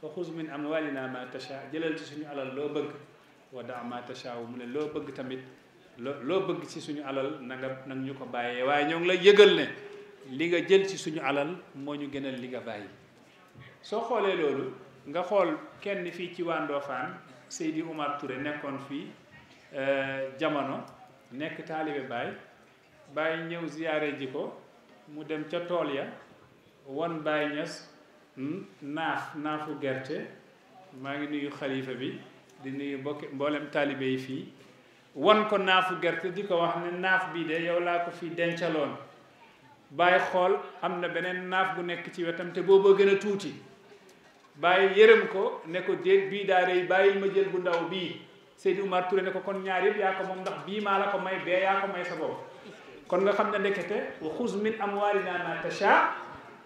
fa xuz min amwalina ma tasha jëlal ci suñu alal loo bëgg wa daa ma tasha mu ne loo bëgg tamit loo loo bëgg ci suñu alal na nga nag ñu ko bàyyee waaye ñoo ngi la yëgal ne li nga jël ci suñu alal moo ñu gënal li nga bàyyi soo xoolee loolu nga xool kenn fii ci waa Ndofane Seydi Oumar Touré nekkoon fii euh, jamono nekk taalibe Baye Baye ñëw ziyaare ji ko mu dem ca tool ya won Baye Niass hmm, naaf naafu gerte maa ngi nuyu xalifa bi di nuyu mbokki mboolem taalibe yi fii wan ko naafu gerte di ko wax ne naaf bii de yow laa ko fii dencaloon Baye xool am na beneen naaf bu nekk ci wetam te booboo gën a tuuti bàyyi yërëm ko ne ko déet bii daa rëy bàyyil ma jël bu ndaw bii Seydi Oumar Touré ne ko kon ñaar yëpp yaa ko moom ndax bii maa la ko may bee yaa ko may sa bopp kon nga xam ne ndekete wa xuz min amwalina ma tasha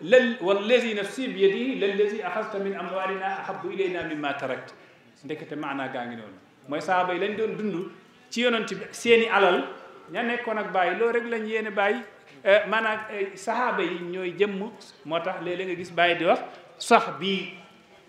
lal wallazi nafsi bi yadihi lallazi axasta min amwalina ahabu ilayna mimma tarakta maanaa gaa ngi noonu mooy saaba yi lañ doon dund ci yonent bi seeni alal ña nekkoon ak bàyyi loolu rek lañ yéene bàyyi eh, maanaam eh, saxaaba yi ñooy jëmm moo tax léeg-léeg nga gis bàyyi di wax sax bii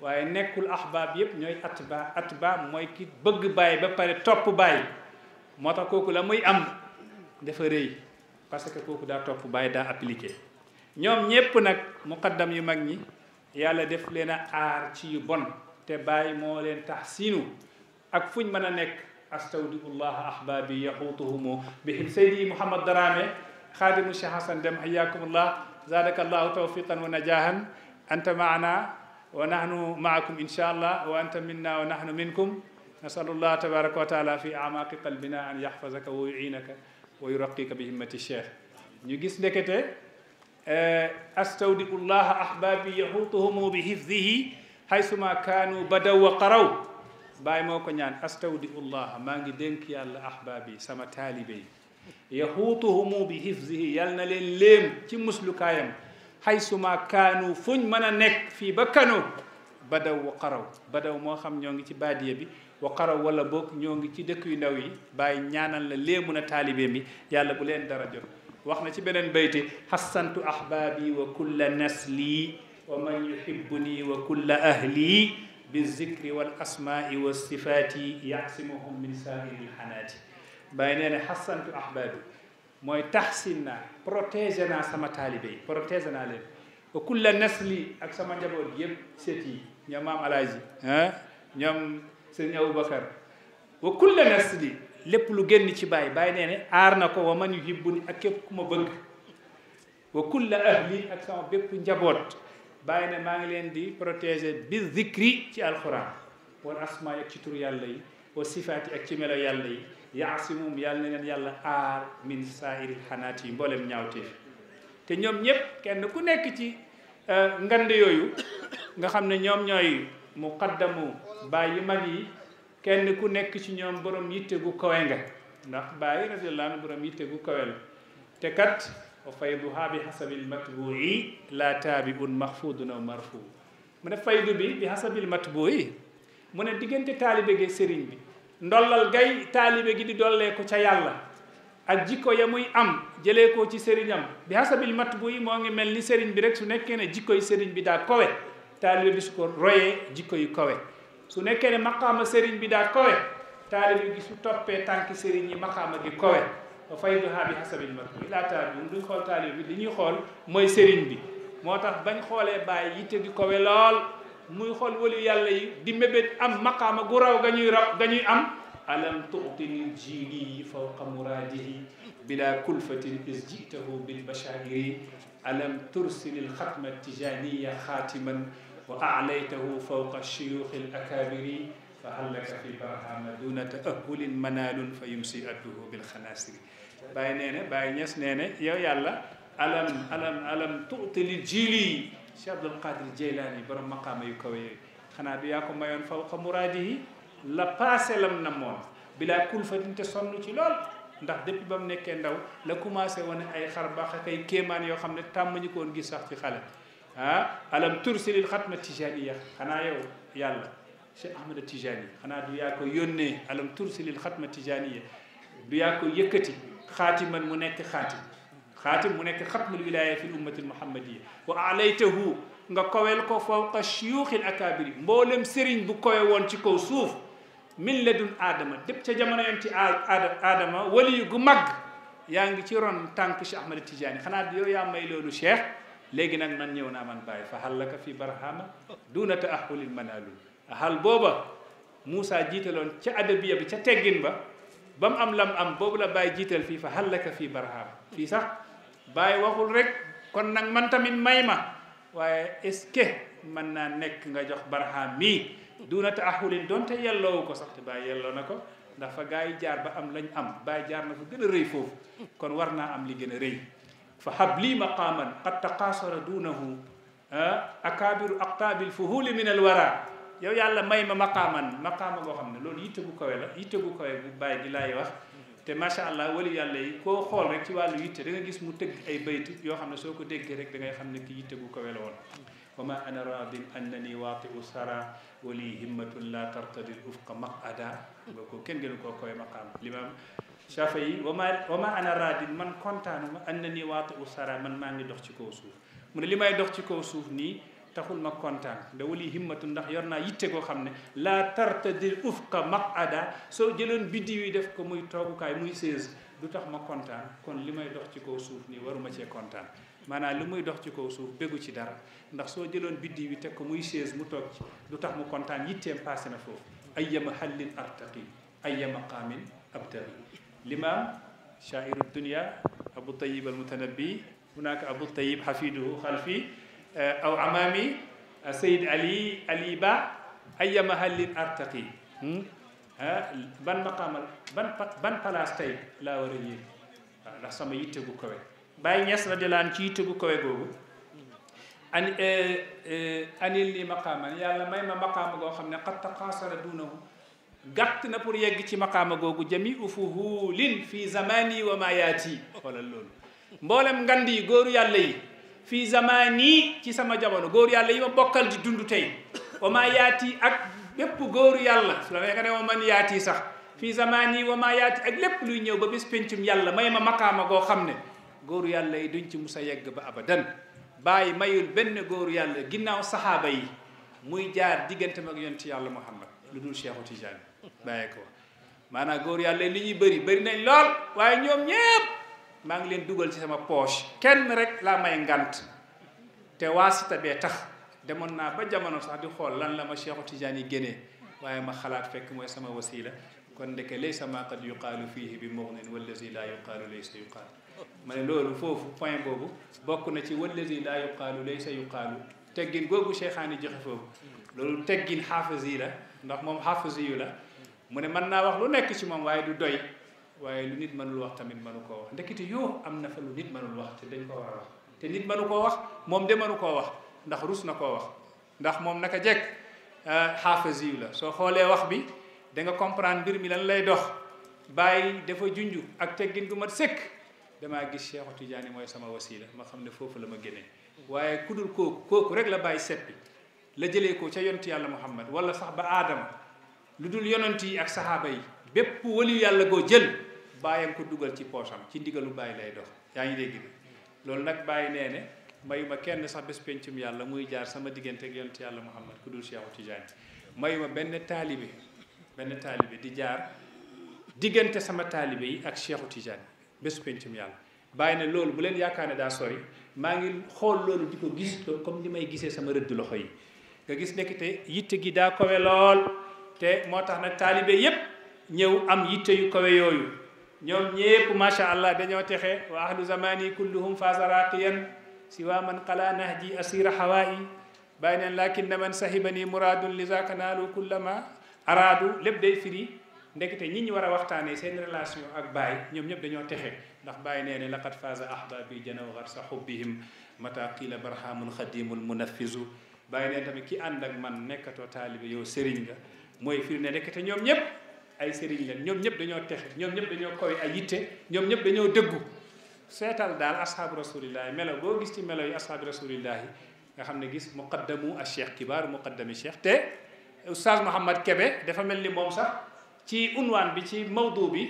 waye nekul ahbab yeb ñoy atba atba moy ki bëgg bay ba pare top bay motax koku la muy am dafa reuy parce que koku da top bay da appliquer ñom ñépp nak muqaddam yu mag ñi yàlla def leena ar ci yu bon te bay mo leen tahsinu ak fuñ mëna nek astawdiullah ahbabi yaxuutuhumu bihim sayyidi muhammad darame xaadimu cheikh hasan dem hayakumullah zadaka allahu tawfiqan wa najahan انت معنا wa nahnu maakum insha allah wa anta minna wa nahnu minkum nasalu llah tabaraka wa taala fi amaqi qalbina an yaxfazaka wa yuinaka wa yuraqika bi himmati cheikh ñu gis ndekete eh, astawdiu llaha ahbabi yahutuhumu bi hifdihi haysuma kaanu badaw wa qaraw bàyyi moo ko ñaan astawdiu llaha maa ngi dénk yàlla ahbabi sama taalibe yi yahutuhumu bi hifdihi yal na leen léem ci muslukaayam حيثما كانوا فن من نك في بكنو بداو وقراو بداو مو خام نيوغي تي باديه بي وقراو ولا بوك نيوغي تي دكوي نوي باي نيانال لا ليمونا طالبين بي يالا بولين دارا جو واخنا تي بنن بيتي حسنت احبابي وكل نسلي ومن يحبني وكل اهلي بالذكر والاسماء والصفات يعصمهم من سائر الحنات باي نين حسنت احبابي mooy tax taxsin naa protéger naa sama taalibe yi protéger naa leen la nas li ak sama njaboot yëpp seet yi ñoom maam alaaji ñoom sëñ Aboubacar wa kulla nasli lépp lu génn ci bàyyi bàyyi nee ne aar na ko wa man yuhibbu ni ak képp ku ma bëgg wa kulla ahli ak sama bépp njaboot bàyyi ne maa ngi leen di protéger bi zikri ci alxuraan wal asmaa ak ci tur yàlla yi wa sifaati ak ci melo yàlla yi yaasimum yàlla na leen yàlla aar min saairil xanaat yi mboolem ñaawteef te ñoom ñëpp kenn ku nekk ci euh, ngand yooyu nga xam ne ñoom ñooy muqaddamu baay yu mag yi kenn ku nekk ci ñoom borom yitte gu kawe nga ndax baay radiyallahu anhu borom yitte gu kawe la te kat wa fayduha bi hasabil matbu'i la taabiun mahfudun aw marfu mu ne faydu bi bi hasabil matbu'i mu ne diggante taalibe gi sëriñ bi ndollal gay taalibe gi di dollee ko ca yàlla ak jikko ya muy am jëlee ko ci sëriñam bi hasabil mat bu yi moo ngi mel ni sëriñ bi rek su nekkee ne jikko yi sëriñ bi daa kowe taalibe bi su jikko yu kowe su nekkee ne maqaama sëriñ bi daa kowe taalibe gi su toppee tànki sëriñ yi maqaama gi kowe ba fay duhaa bi hasabil mat bu yi laa taalibe bi duñ xool taalibe bi li ñuy xool mooy sëriñ bi moo tax bañ xoolee bàyyi yi di kowe lool muy xol wali yàlla yi di mébét am maqaama gu raw gañuy raw gañuy am alam tu'tini jili fawqa muradihi bila kulfatin izjitahu bil bashari alam tursil khatma tijaniya khatiman wa a'laytahu fawqa shuyukh al fa hallaka fi barhama duna taahulin manaalun fa yumsi adduhu bilxanaasiri bàyyi nee na ñes nee yow yàlla alam alam alam tu'ti li Cheikh Abdul Qadir Jeylaani borom maqaama yu kawe yooyu xanaa du yaa ko mayoon fawqa muraadihi la passé lam na moon bilaa kulfatin te sonn ci lool ndax depuis ba mu nekkee ndaw la commencé woon ay xar baax ak ay kéemaan yoo xam ne tàmm ñu ko woon gis sax ci xale ah alam tursilil xatma tijaniya xanaa yow yàlla Cheikh Ahmada Tijani xanaa du yaa ko yónnee alam tursilil xatma tijaniya du yaa ko yëkkati xaati man mu nekk xaati xaatim mu nekk xatmul wilaaya fi l ummati muhammadiya wa alaytahu nga kowel ko fawqa shuyuuxil akaabiri mboolem sëriñ bu kowe woon ci kaw suuf min ladun aadama dépp ca jamono yam ci aadama waliyu gu mag yaa ngi ci ron tànk Cheikh Ahmad Tijaani xanaa yow yaa may loolu cheikh léegi nag man ñëw naa man bàyyi fa hal laka fi barahama duna taahulin manaalul hal booba Moussa jiitaloon ca adabiya bi ca teggin ba ba mu am lam am boobu la bàyyi jiital fii fa hal laka fi barahama fii sax bàyyi waxul rek kon nag man tamit may ma waaye est-ce mën naa nekk nga jox baraham mii duuna ta ahulin doonte yelloowu ko sax te bàyyi yelloo na ko dafa fa gaa yi jaar ba am lañ am bàyyi jaar na fa gën a rëy foofu kon war naa am li gën a rëy fa hab lii maqaaman a taqaasara duunahu ah, akaabiru aqtaabil fuhuli min alwara yow yàlla may ma ma maqaaman maqaama boo xam ne loolu yitte gu kawe la yitte gu kawe bu di laay wax te macha allah wali yàlla yi koo xool rek ci wàllu yitte da nga gis mu tëgg ay bayt yoo xam ne soo ko déggee rek da ngay xam ne ki yitte bu kawe la woon wa ma ana radin annani waati u sara wali himmatun la tartadi ufqa maqada nga ko kenn gënu koo kawe maqaam limaam chafa yi wa ma wa ma ana radin man kontaanuma annani waati u sara man maa ngi dox ci kaw suuf mu ne li may dox ci kaw suuf nii taxul ma kontaan da wali himmatu ndax yor naa yitte koo xam ne la tartadil ufqa maqada soo jëloon biddiw yi def ko muy toogukaay muy sées du tax ma kontaan kon li may dox ci kaw suuf nii waruma cee kontaan maanaam li muy dox ci kaw suuf béggu ci dara ndax soo jëloon biddiw yi teg ko muy sées mu toog ci du tax mu kontaan yitteem passé na foofu ayyama hallin artaqi ayyama qaamin abtari limaam shairu dunia abu tayib almutanabi hunaka abu tayib hafiduhu xalfi Euh, aw amami euh, sayid ali ali ba aya mahallin artaqi hmm? ah, ban maqaamal ban ban place tey war a ñëw ah, ndax sama yitte gu kawe bàyyi ñes ci yitte gu googu an eh, eh, ni maqaaman yàlla may ma maqaama goo xam ne xat taqaasara duunahu gàtt na pour yegg ci maqaama googu jamiu fuhulin fi zamani wa ma yaati xoolal loolu mboolem ngand yàlla yi fii zamani ci sama jamono góor yàlla yi ma bokkal di dund tey wa maa yaati ak bépp góor yàlla su la neexee ne ma man yaati sax fii zamani wa maa yaati ak lépp luy ñëw ba bés pencum yàlla may ma makaama goo xam ne góor yàlla yi duñ ci musa yegg ba abadan bàyyi mayul benn góor yàlla ginnaaw saxaaba yi muy jaar diggante ak yonti yàlla muhammad lu dul Cheikhu Tijaani bàyyi ko maanaam góoru yàlla yi li ñuy bëri bëri nañ lool waaye ñoom ñëpp maa ngi leen dugal ci sama poche kenn rek laa may ngant te waasita bee tax demoon naa ba jamono sax di xool lan la ma Cheikhu Tidiane yi génne waaye ma xalaat fekk mooy sama wasila kon ndeke laysa ma qad yuqaalu fiihi bi mughnin wallazi laa yuqaalu laysa yuqaalu ma ne loolu foofu point boobu bokk na ci wallazi laa yuqaalu laysa yuqaalu teggin googu cheikhaan yi joxe foofu loolu teggin xaafis la ndax moom xaafis yu la mu ne mën naa wax lu nekk ci moom waaye du doy waaye lu nit mënul wax tamit mënu koo wax ndekete yoo am na fa lu nit mënul wax te dañ ko war a wax te nit manu koo wax moom de mënu koo wax ndax rus na koo wax ndax moom naka jekk euh, xaafas yu la soo xoolee wax bi danga nga comprendre mbir mi lan lay dox bàyyi dafa junju ak teggin gu mat sëkk damaa gis Cheikhu Tidiane mooy sama wasila ma xam ne foofu la ma génnee waaye ku dul kooku kooku rek la bàyyi seppi la jëlee ko ca yonti yàlla Muhammad walla sax ba aadama lu dul yonent yi bàyyam ko dugal ci poosam ci ndigalu bàyyi lay dox yaa ngi dégg loolu nag bàyyi nee ne mayuma kenn sax bés pencum yàlla muy jaar sama diggante ak yonent yàlla Muhammad ku dul Cheikhu Tidiane mayuma benn taalibe benn taalibe di jaar diggante sama taalibe yi ak Cheikhu Tidiane bésu pencum yàlla bàyyi ne loolu bu leen yaakaar ne daa sori maa ngi xool loolu di ko gis comme ni may gisee sama rëdd loxo yi nga gis nekk te yitte gi daa kowe lool te moo tax nag taalibe yépp ñëw am yitte yu yooyu ñoom ñépp macha allah dañoo texe wa ahlu zamani kulluhum faasa siwa man qala nahji asira hawa'i bàyyi neen man sahibani muradun li zaka naalu kullama araadu lépp day firi ndekete ñi ñu war a waxtaanee seen relation ak Baye ñoom ñëpp dañoo texe ndax Baye nee laqad faasa ahbabi janaw garsa hubbihim mata qila barhamul xadimul munafizu Baye neen tamit ki ànd ak man nekkatoo taalibe yow sëriñ nga mooy firi ndekete ñoom ñëpp ay serigne lañ ñom ñep dañoo tex ñom ñep dañoo koy ay yitte ñom ñep dañoo dëggu setal dal ashab rasulillah melo bo gis ci melo yi ashaabi rasulillahi nga xamne gis muqaddamu a cheikh kibaar muqaddami cheikh te oustaz mohammed Kebe dafa melni mom sax ci unwan bi ci mawdu bi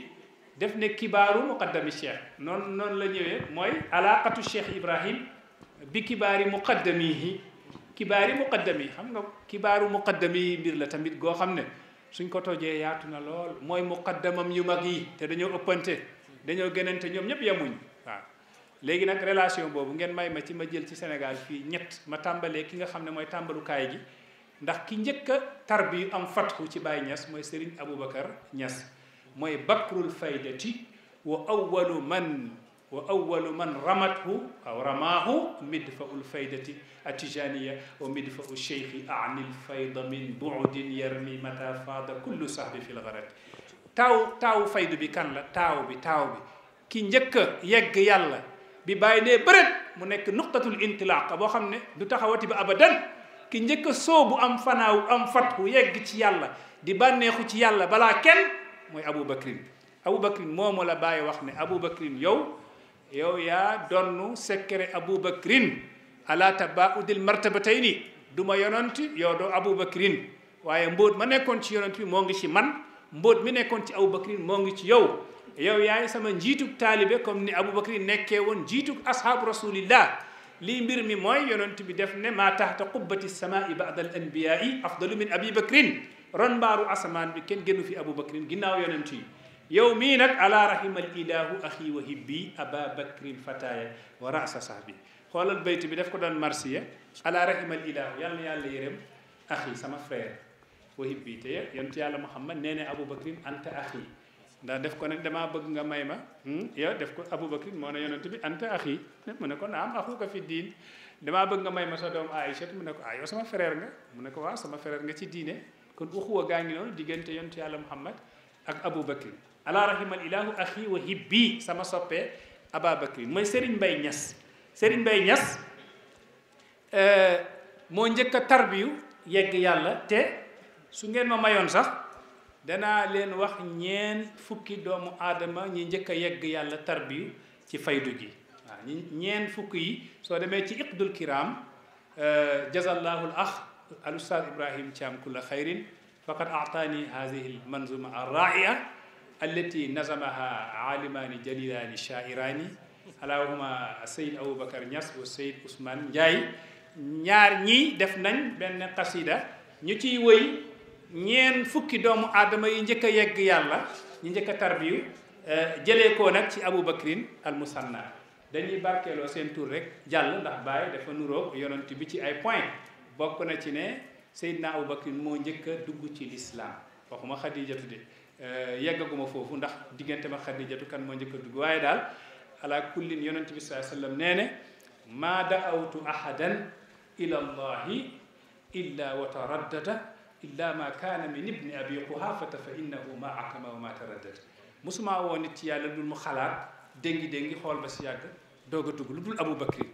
def ne kibaaru muqaddami cheikh non non la ñewé moy alaqatu cheikh ibrahim bi kibari muqaddamihi kibaari muqaddami xam nga kibaaru muqaddami mbir la tamit goo xam suñ ko tojee yaatu na lool mooy muqaddamam yu mag yi te dañoo ëppante dañoo gënante ñoom ñëpp yemuñ waaw léegi nag relation boobu ngeen may ma ci ma jël ci Sénégal fii ñett ma tàmbalee ki nga xam ne mooy tàmbalukaay gi ndax ki njëkk a tarbi am fatxu ci Baye ñas mooy Serigne Aboubacar ñas mooy bakrul faydati wa awwalu man وأول من رمته أو رماه مدفع الفيدة أتجانية ومدفع الشيخ أعني الفيض من بعد يرمي متى فاض كل صاحب في الغرق تاو تاو فيد بكان لا تاو بي تاو بي كينجك يك يالا بي برد منك نقطة الانطلاق أبو خمني دو تخواتي بأبدا كينجك صوب أم فناو أم فتح يك يالا دي باني خوتي يالا بلا كن موي أبو بكرين أبو بكر مو مولا باي وخني أبو بكر يو يو يا دونو سكر أبو بكرين على تباعد المرتبة تيني دوما يونانت يودو أبو بكرين وايا مبود من يكون تي يونانت في مونغشي من مبود من يكون تي أبو بكرين مونغشي يو يو يا سما جيتوك تالبي كم ني أبو بكرين نكيون جيتوك أصحاب رسول الله لي مير موي يونانت بي ما تحت قبة السماء بعد الأنبياء أفضل من أبي بكرين رنبارو أسمان بكين جنو في أبو بكرين جناو يونانتي يومينك على رحم الإله أخي وهبي أبا بكر فتاي ورأس صحبي خول البيت بي دافكو دان مارسي على رحم الإله يالا يالا يرم أخي سما فرير وهبي تي يانت يالا محمد ناني أبو بكر أنت أخي دا دافكو نك دما بغ nga mayma يا دافكو أبو بكر مونا يونت بي أنت أخي مونكو نعم أخوك في الدين دما بغ nga mayma سودوم عائشة مونكو أيو سما فرير nga مونكو وا سما فرير nga سي دينه كون أخوة غاني نون ديغنت يونت يالا محمد أك أبو بكر ala rahimal ilahu axi wa hibbi sama soppee ababacrin mooy Serigne mbay Niass Serigne mbay Niass euh, moo njëkk a tarbiyu yegg yàlla te su ngeen ma mayoon sax danaa leen wax ñeen fukki doomu aadama ñi njëkk a yegg yàlla tarbiyu ci faydu ji waaw ñeen fukk yi soo demee ci iqdul kiram euh, jazallahu al ax al ustaz ibrahim thiam kulla xayrin faqad aataani hadihi al manzuma ar raia allati nazamaha aalimaani jalilaani shaa'iraani alaahuma Seyd Aboubacar Niass wa Seyd Ousmane Ndiaye ñaar ñi def nañ benn xasida ñu ciy woy ñeen fukki doomu aadama yi njëkk a yegg yàlla ñu njëkk a tarbiyu eh, jëlee ko nag ci Aboubacrin al musanna dañuy barkeeloo seen tur rek jàll ndax Baye dafa nuroog yonent bi ci ay point bokk na ci ne Seydina Aboubacrin moo njëkk a dugg ci lislaam waxuma Xadijatu de yeggaguma foofu ndax diggante ma xadijatu kan moo njëkk a dugg waaye ala kullin yonent bi saa sallam nee ne maa daawtu ahadan ila allahi illa wa taraddada illa ma kaana min ibni abi quhafata fa innahu ma akama wa ma taraddada mosumaa woo nit ci yàlla dul mu xalaat déngi déngi xool ba si yàgg doog a lu dul abu bakri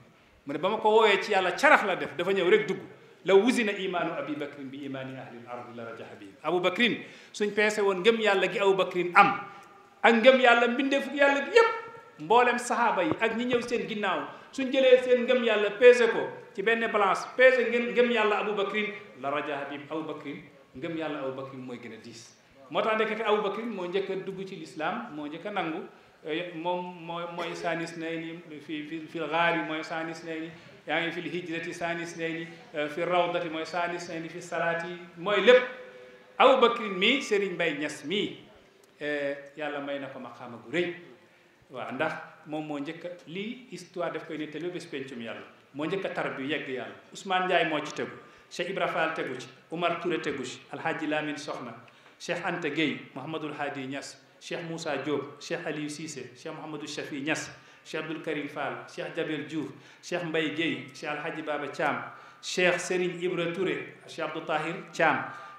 mu ne ba ma ko woowee ci yàlla carax la def dafa ñëw rek dugg law wuzina imaanu abi bakrin bi imaani ahli l ard la rajaha abu bakrin suñ peese won ngëm yàlla gi Abubakrin am ak ngëm yàlla mbinde mbindeefu yàlla gi yépp mbolem sahaba yi ak ñi ñëw seen ginnaw suñ jëlé seen ngëm yàlla peese ko ci benn balance peese ngeen ngëm yàlla Abubakrin la raja habib Abubakrin ngëm yàlla Abubakrin mooy gën a diis moo tax ndekete Abubakrin moo njëkk a dugg ci l'islam mo ñëk nangu mom moy moy sanis nay ni fi fi ghar moy sanis nay ni yaangi fi hijrati sanis nay ni fi rawdati moy sanis nay ni fi salati moy lépp aw bakrin mii Serigne Mbaye Niass mii eh, yàlla may na ko maqaama gu rëy waaw ndax moom moo njëkk lii histoire def koy nettali ba bés pencum yàlla moo njëkka a bi yegg yàlla Ousmane Ndiaye moo ci tegu Cheikh Ibra Fall tegu ci Oumar Touré tegu ci Alhaji Lamine Soxna Cheikh Anta Gueye Mouhamadul Hadi Niass Cheikh Moussa Diop Cheikh Aliou Cissé Cheikh Mouhamadou Chafi Niass Cheikh Abdoul Karim Fall Cheikh Jabel Diouf Cheikh mbay Gueye Cheikh Alhaji Baba Thiam Cheikh Serigne Ibra Touré Cheikh Abdou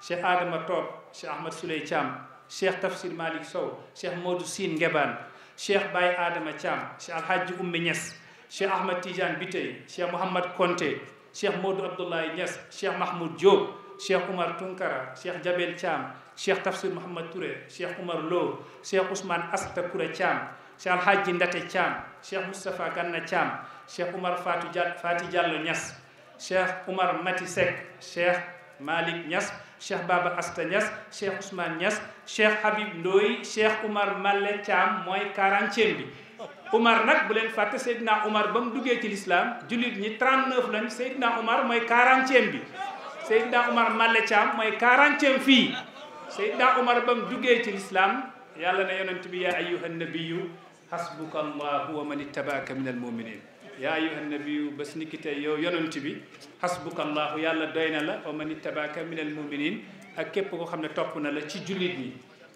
cheikh Adama Top cheikh Ahmad Souley Thiam cheikh Tafsir Malick Sow cheikh Modou Sine Ngebane cheikh Baye Adama Thiam cheikh Alhaji Oumy Niass cheikh Ahmad Tidiane Biteye cheikh Mouhamad Konté cheikh Modou Abdoulaye Niass cheikh Mahmoud Diop. cheikh Umar Tunkara cheikh Jabel Thiam cheikh Tafsir Mouhamad Touré cheikh Umar Lo cheikh Ousmane Asta Koura Thiam cheikh Alhaji Ndate Thiam cheikh Moustapha Ganna Thiam cheikh Umar Fati Diallo Niass cheikh Umar Mati Seck cheikh Malick cheikh Baba Asta Niass cheikh Ousmane Niass cheikh Habib Ndoye cheikh Oumar Malle Thiam mooy quarantième bi. Oumar nag bu leen fàtte Seydina Oumar ba mu duggee ci lislaam jullit ñi 39 lañ Seydina Oumar mooy quarantième bi Seydina Oumar Malle Thiam mooy quarantième fii Seydina Oumar ba mu duggee ci lislaam yàlla na yonent bi yaa ayyuhan nabiyyu hasbuka allahu wa man ittabaaka minal mu'minin يا أيها النبي بس نكتة يو ينتبي حسبك الله يا الله دعينا لا ومن تبعك من المؤمنين أكيد بكو خم نتوبنا لا تجلدني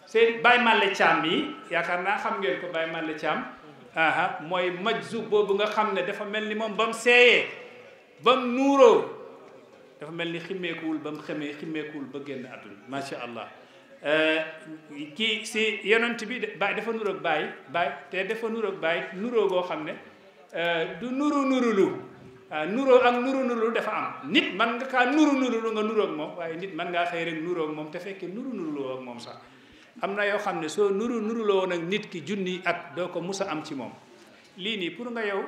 سين باي ما لشامي يا كنا خم جل كو باي مال لشام آها موي مجزو بو بنا خم ندفع من لمن بام سيء بام نورو دفع من لخم يقول بام خم يخم يقول بجن أدل ما شاء الله آه، كي سي ينتبي باي دفع نورو باي باي تدفع نورو باي نورو بو خم ند Eh, du nuru nurulu eh, nuro ak nuru nurulu dafa am nit man nga ka nuru nurulu nga nuru ak mom waye nit man nga xey rek nuru ak mom te fekke nuru nurulu ak mom sax amna yo xamne so nuru nuru won ak nit ki junni at do ko musa am ci mom li ni pour nga yow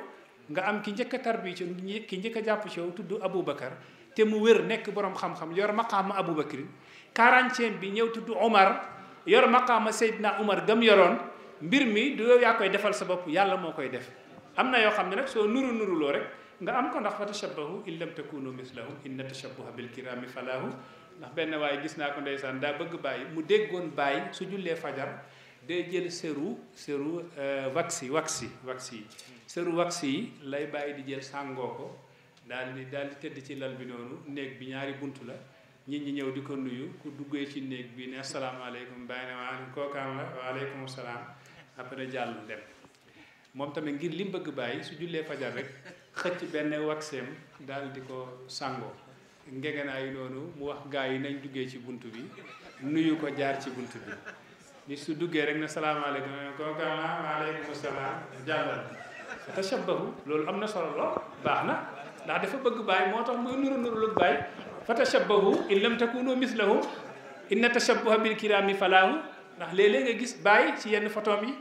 nga am ki ñëk tarbi ci ki ñëk japp ci yow tuddu bakkar te mu wër nek borom xam xam yor maqam bakkar 40 bi ñew tuddu omar yor maqam sayyidina omar gam yoron mbir mi du yow ya koy defal sa bop yalla mo koy def am na yoo xam ne nag soo nuru nuruloo rek nga am ko ndax fa tashabbahu in lam takunu mislahum inna tashabbuha bil kirami falahu ndax benn waaye gis naa ko ndeysaan daa bëgg bàyyi mu déggoon bàyyi su jullee fajar day jël sëru seru waksi euh, waxi waxi yi seru waxi yi lay bàyyi di jël sàngoo ko daal di daal di tëdd ci lal bi noonu néeg bi ñaari bunt la nit ñi ñëw di ko nuyu ku duggee ci néeg bi ne asalaamaaleykum bàyyi ne waa kookaan la waaleykum salaam après jàll moom tamit ngir li mu bëgg bàyyi su jullee fajar rek xëcc benn waxeem daal di ko sangoo ngegenaayu noonu mu wax gaa yi nañ duggee ci bunt bi nuyu ko jaar ci bunt bi ni su duggee rek na salaamaaleykum kooku ah maaleykum salaam jàllal fatashabahu loolu am na solo lool baax na ndax dafa bëgg bàyyi moo tax muy nuru nuru lu bàyyi fatashabahu in lam takunu mislahum inna tashabuha bil kirami falaahu ndax léeg-léeg nga gis bàyyi ci yenn photom yi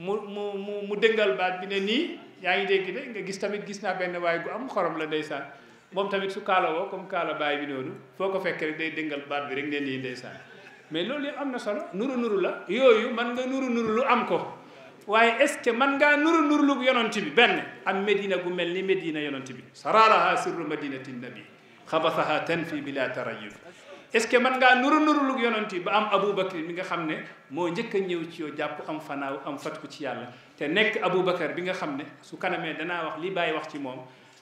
mu mu mu mu dëngal baat bi ne nii yaa ngi dégg de nga gis tamit gis naa benn waaye gu am xorom la ndeysaan moom tamit su kaala woo comme kaala baay bi noonu foo ko fekk rek day dëngal baat bi rek ne nii ndeysaan mais loolu yëpp am na solo nuru nuru la yooyu man nga nuru nuru lu am ko waaye est ce que man ngaa nuru nuru lu yonent bi benn am médina gu mel ni médina yonent bi sararaha sirru madinatin nabi xabasaha fii bila tarayub est-ce que mën ngaa nuru nurulug yonent yi ba am Aboubacar mi nga xam ne moo njëkk ñëw ci yow jàpp am fanaaw am fatku ci yàlla te nekk abu Aboubacar bi nga xam ne su kanamee danaa wax li bàyyi wax ci moom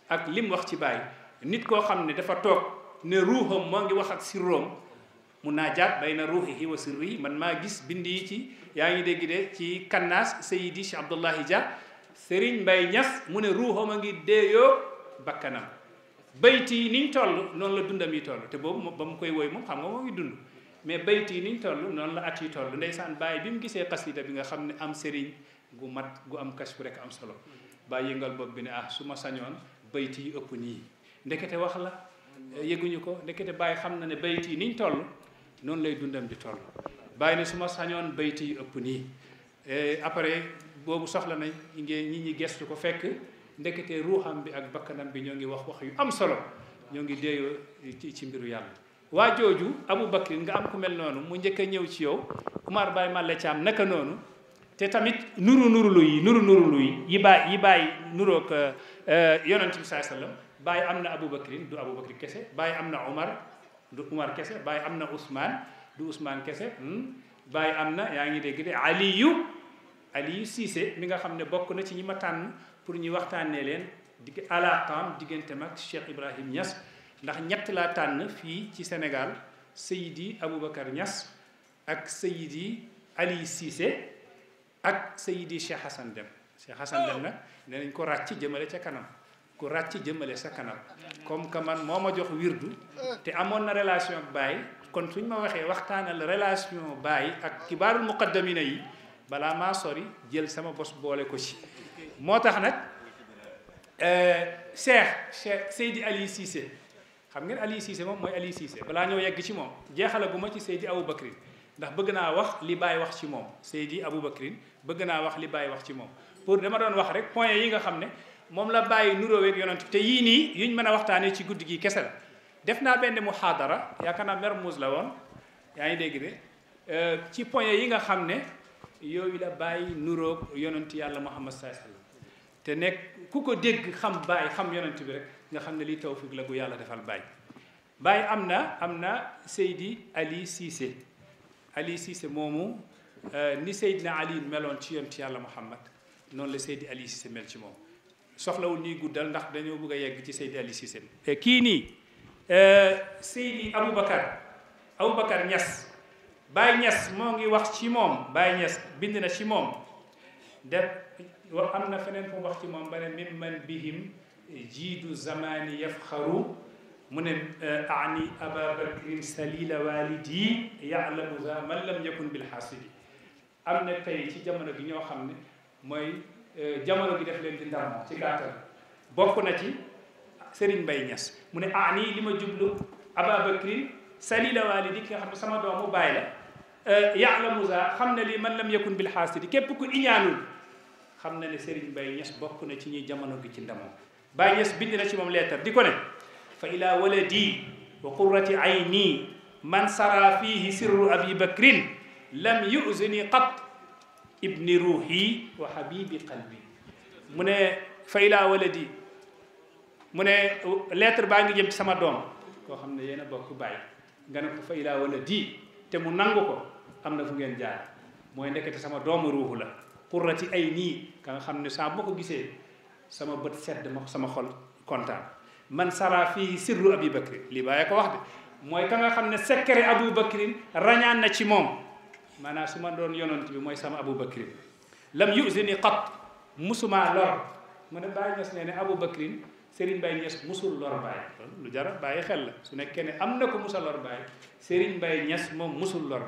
ak lim wax ci bàyyi nit koo xam ne dafa toog ne ruuxam moo ngi wax ak sirroom mun naa jaat bay na ruuxihi wa sirrihi man maa gis bind yi ci yaa ngi dégg de ci kannaas Seydi Cheikh Abdoulahi Dia Serigne Mbaye Niass mu ne ruuxam a ngi deeyoo bakkanam bayt yi niñ toll noonu la dundam yi toll te boobu ba mu koy woy moom xam nga moo dund mais bayt yi niñ toll noonu la at yi toll ndeysaan bàyyi bi mu gisee xasida bi nga xam ne am sëriñ gu mat gu am kas ku rek am solo bàyyi yëngal bopp bi ne ah su ma sañoon bayt yi ëpp nii ndekete wax la yëguñu ko ndekete bàyyi xam na ne bayt yi niñ noonu lay dundam di toll bàyyi ne su ma sañoon bayt ëpp nii eh, après boobu soxla na ngeen ñi ñi gestu ko fekk ndekete ruuxam bi ak bakkanam bi ñoo ngi wax wax yu am solo ñoo ngi deeyoo ci ci mbiru yàlla waa jooju Abu Bakr nga am ku mel noonu mu njëkk a ñëw ci yow Umar Baye Malle Thiam naka noonu te tamit nuru nurulu yi nuru nurulu yi yi baay bàyyi baay nuroog euh, yonent bi saa sallam baay am na Abu Bakrin du Abu Bakr kese baay am na Umar du Umar kese baay am na Ousmane du Ousmane kese hmm? baay am na yaa ngi dégg de Aliyu Aliyu Cissé mi nga xam ne bokk na ci ñi ma tànn pour ñu waxtaanee leen di alaaqaam diggante ak Cheikh Ibrahim Niass ndax ñetti laa tànn fii ci Sénégal Seydi Aboubacar ñas ak Seydi Ali Cissé ak Seydi Cheikh Hassan Deme Cheikh Hassan Deme nag nee nañ ko ràcc jëmale ca kanam ku ràcc jëmale sa kanam comme que man moo ma jox wirdu te amoon na relation ak Baye kon suñ ma waxee waxtaanal relation Baye ak kibaarul muqaddamina yi balaa maa sori jël sama bos boole ko ci moo tax nag Cheikh Cheikh Seydi Ali Cissé xam ngeen Ali Cissé moom mooy Ali Cissé balaa ñëw yegg ci moom jeexalaguma ci Seydi Aboubacrin ndax bëgg naa wax li Baye wax ci moom Seydi Aboubacrin bëgg naa wax li Baye wax ci moom pour dama doon wax rek point yi nga xam ne moom la Baye nuróoweeg yonent te yii nii yuñ mën a waxtaanee ci guddi gi kese la def naa benn muhaadara yaakaar naa Mermoz la woon yaa ngi dégg de ci point yi nga xam ne yooyu la Baye nuróog yonent yàlla Muhammad sallallahu alayhi wasallam te nekk ku ko dégg xam baay xam yonent bi rek nga xam ne lii tawfiq la gu yàlla defal baay baay am na am na Seydi Ali Cissé Ali Cissé moomu ni Seydina Ali meloon ci yonent yàlla Muhammad noonu la Seydi Ali Cissé mel ci moom soxlawul nii guddal ndax dañoo bëgg a yegg ci Seydi Ali Cissé kii nii Seydi Aboubacar Aboubacar Niass Baye Niass moo ngi wax ci moom Baye Niass bind na ci moom def وأمنا فنن فو وقت ما ممن بهم جيد زمان يفخروا من آه، أعني أبا بكر سليل والدي يعلم ذا من لم يكن بالحاسد أمنا تي آه، تي جمعنا جنيا وخمنا مي جمعنا جنيا فلين دندام تكاتا بوكونا تي سرين بينيس من أعني لما جبلو أبا بكر سليل والدي كي خمسة ما دوامو بايلا آه، يعلم ذا خمنا لي من لم يكن بالحاسد كيف بكون إنيانو xamna ne Serigne Baye Niass bokku na ci ñi jamono gi ci ndam Baye Niass bind na ci mom lettre diko ne fa ila waladi wa qurrati ayni man sara fihi sirru abi bakr lam yuzini qat ibni ruhi wa habibi qalbi mune fa ila waladi mune lettre ba nga jëm ci sama doom ko xamne yena bokku a ngana ko fa ila waladi te mu nanguko amna fu ngeen jaar moy ndekete sama doomu ruhu la qurrati ay nii ka nga xam ne saa boo ko gisee sama bët sedd ma sama xol kontaan man saraa fii sirru abi bakrin li bàyyi ko wax de mooy ka nga xam ne secret abu bakrin rañaan na ci moom maanaam su ma doon yonant bi mooy sama abu bakrin lam yusini qat musuma lor mu ne Baye Niass nee ne abu bakrin Serigne Baye Niass musul lor Baye lu jara bàyyi xel la su nekkee ne am na ko musa lor Baye Serigne Baye Niass moom musul lor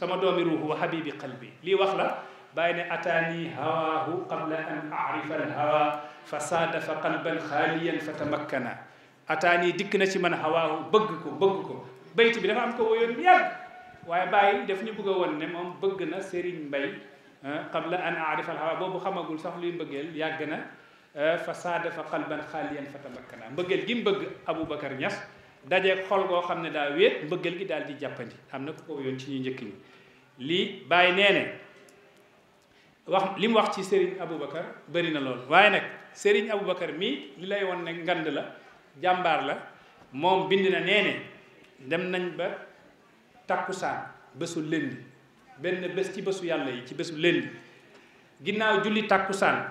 sama doomi ruuhu wa habibi qalbi li wax la bayne atani ataani hawaahu qabla an arifa al hawa fa saadafa qalban khaliyan fa tamakkana ataani dikk na ci man hawaahu beug ko beug ko bayt bi dafa am ko woyon bi yàgg waaye bàyyi daf ñu bëgg won ne mom beug na Serigne mbay qabla an arifa al hawa bobu xamagul sax luy mbëggeel yag na fa qalban khaliyan fa tamakkana gi mbeug abou bakkar Niass daje xol go xamné da wéet gi daal di jàppandi amna ko woyon ci ñu ñëk ñi lii bàyyi nee ne wax li mu wax ci Serigne Aboubacar bëri na lool waaye nag Serigne Aboubacar mii li lay won ne ngand la jàmbaar la moom bind na nee ne dem nañ ba takkusaan bésu lënd benn bés ci bésu yàlla yi ci bésu lënd ginnaaw julli takkusaan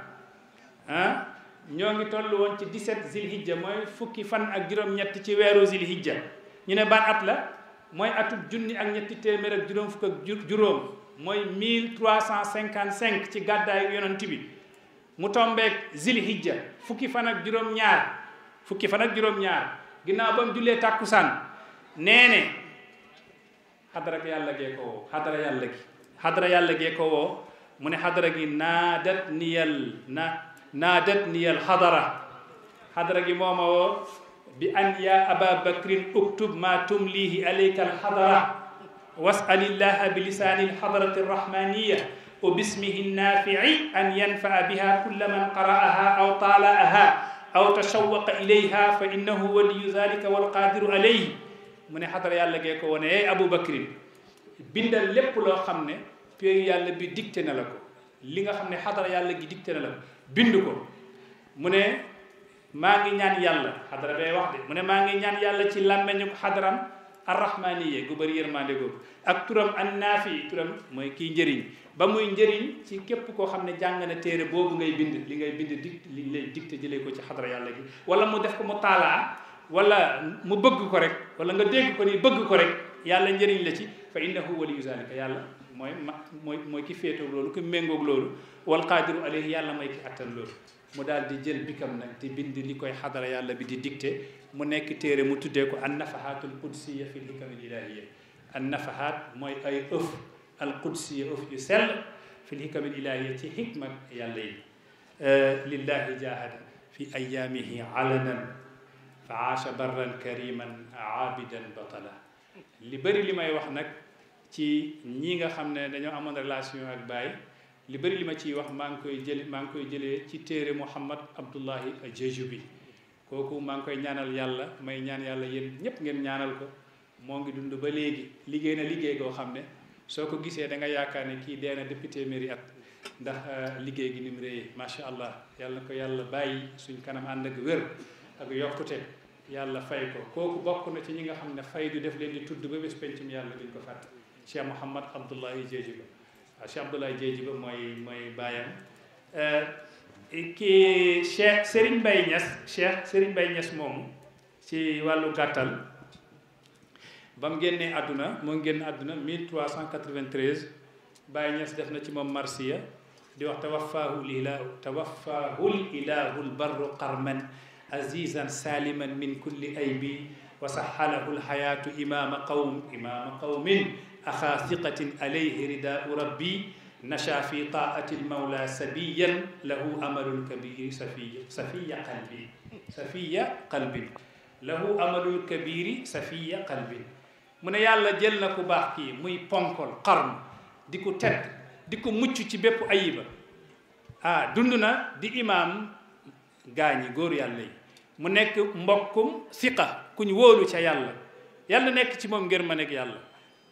ah ñoo ngi toll woon ci 17 zilhijja mooy fukki fan ak juróom-ñett ci weeru zilhijja ñu ne ban at la mooy atum junni ak ñetti téeméer ak juróom fukk ak juróom mooy 1355 ci gàddaayu yonent bi mu tombeek zilhijja fukki fan ak juróom-ñaar fukki fan ak juróom-ñaar ginnaaw ba mu jullee tàkkusaan nee ne xadara yàlla gee ko woo xadara yàlla gi xadara yàlla gee ko woo mu ne xadara gi naadat niyal na naadat niyal xadara xadara gi mooma woo بأن يا أبا بكر اكتب ما تمليه عليك الحضرة واسأل الله بلسان الحضرة الرحمانية وباسمه النافع أن ينفع بها كل من قرأها أو طالعها أو تشوق إليها فإنه ولي ذلك والقادر عليه من حضر الله جيكو وني أبو بكر bindal lépp لو خمنا ne يا الله bi dicté na خمنا حضر يا الله xam ne xadara من maa ngi ñaan yàlla xadara bay wax de mu ne maa ngi ñaan yàlla ci làmmeñu xadaram arrahmaniye gu bëri yërmande googu ak turam annaafi turam mooy kii njëriñ ba muy njëriñ ci képp koo xam ne jàng na téere boobu ngay bind li ngay bind dig li lay dig te jëlee ko ci xadara yàlla gi wala mu def ko mu taalaa wala mu bëgg ko rek wala nga dégg ko ni bëgg ko rek yàlla njëriñ la ci fa innahu waliyu zalika yàlla mooy ma ki féetoo loolu ki loolu wal qaadiru alayhi yàlla mooy ki attan loolu mu dal di jël bikam nak di bind li koy hadara yàlla bi di dicté mu nek téré mu tuddé ko an nafahaatul qudsiya fi likamil ilahiyya an nafahat moy ay ëf al qudsiya ëf yu sell fi likamil ilahiyya ci hikma yàlla yi lillahi jahada fi ayaamihi alanan fa aasha barran kariman aabidan batala li bëri li may wax nag ci ñi nga xam ne dañoo relation ak Baye li bëri li ma ciy wax maa ngi koy jële maa jëlee ci téere Mouhamad Abdullahi bi kooku maa ngi koy ñaanal yàlla may ñaan yàlla yéen ñëpp ngeen ñaanal ko moo ngi dund ba léegi liggéey na liggéey goo xam ne soo ko gisee da nga yaakaar ne kii dee na depuis at ndax euh, liggéey gi ni mu réyee macha allah yàlla na ko yàlla bàyyi suñ kanam ànd ak wér ak yokkute yàlla fay ko kooku bokk na ci ñi nga xam ne fay du def leen di tudd ba bés pencum yàlla duñ ko fàtte Cheikh Mouhamad Abdullahi Jejubi Ah, Cheikh Abdoulaye Diedhi ba mooy mooy baayam eh, kii Cheikh Serigne bay Niass Cheikh Serigne Baye Niass moomu ci wàllu gàttal bam mu génnee àdduna moo génn àdduna 1393 Baye Niass def na ci moom marsiya di wax tawaffahul ilahu tawaffahul ilahul barru qarman azizan saliman min kulli aybi wa sahalahu alhayatu imama qawm imama qawmin أخا ثقة عليه رداء ربي نشا في طاعة المولى سبيا له أمل كبير سفي سفي قلبي سفي قلبي له أمل كبير سفي قلبي mu ne yàlla jël na ku baax kii muy ponkol xarnu di ko tedd di ko mucc ci bépp ayiba ah dund na di imaam gaañi góor yàlla yi mu nekk mbokkum siqa ku ñu wóolu ca yàlla yàlla nekk ci moom ngir ma nekk yàlla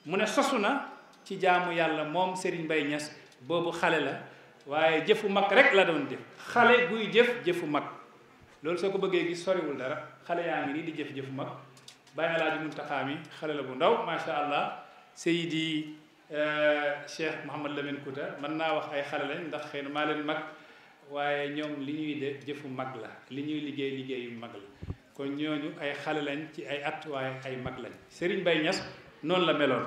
mu ne sosu na ci jaamu yàlla moom Serigne bay ñas boobu xale la waaye jëfu mag rek la doon jëf xale buy jëf jëfu mag loolu soo ko bëggee gis soriwul dara xale yaa ngi nii di jëf jëfu mag Baye Alaaji Muntaxa mi xale la bu ndaw macha allah Seydi euh, Cheikh Mouhamad Lamine Kouta mën naa wax ay xale lañ ndax xëy na maa leen mag waaye ñoom li ñuy def jëfu mag la li ñuy liggéey liggéeyu mag la kon ñooñu ay xale lañ ci ay at waaye ay mag lañ Serigne bay ñas noonu la meloon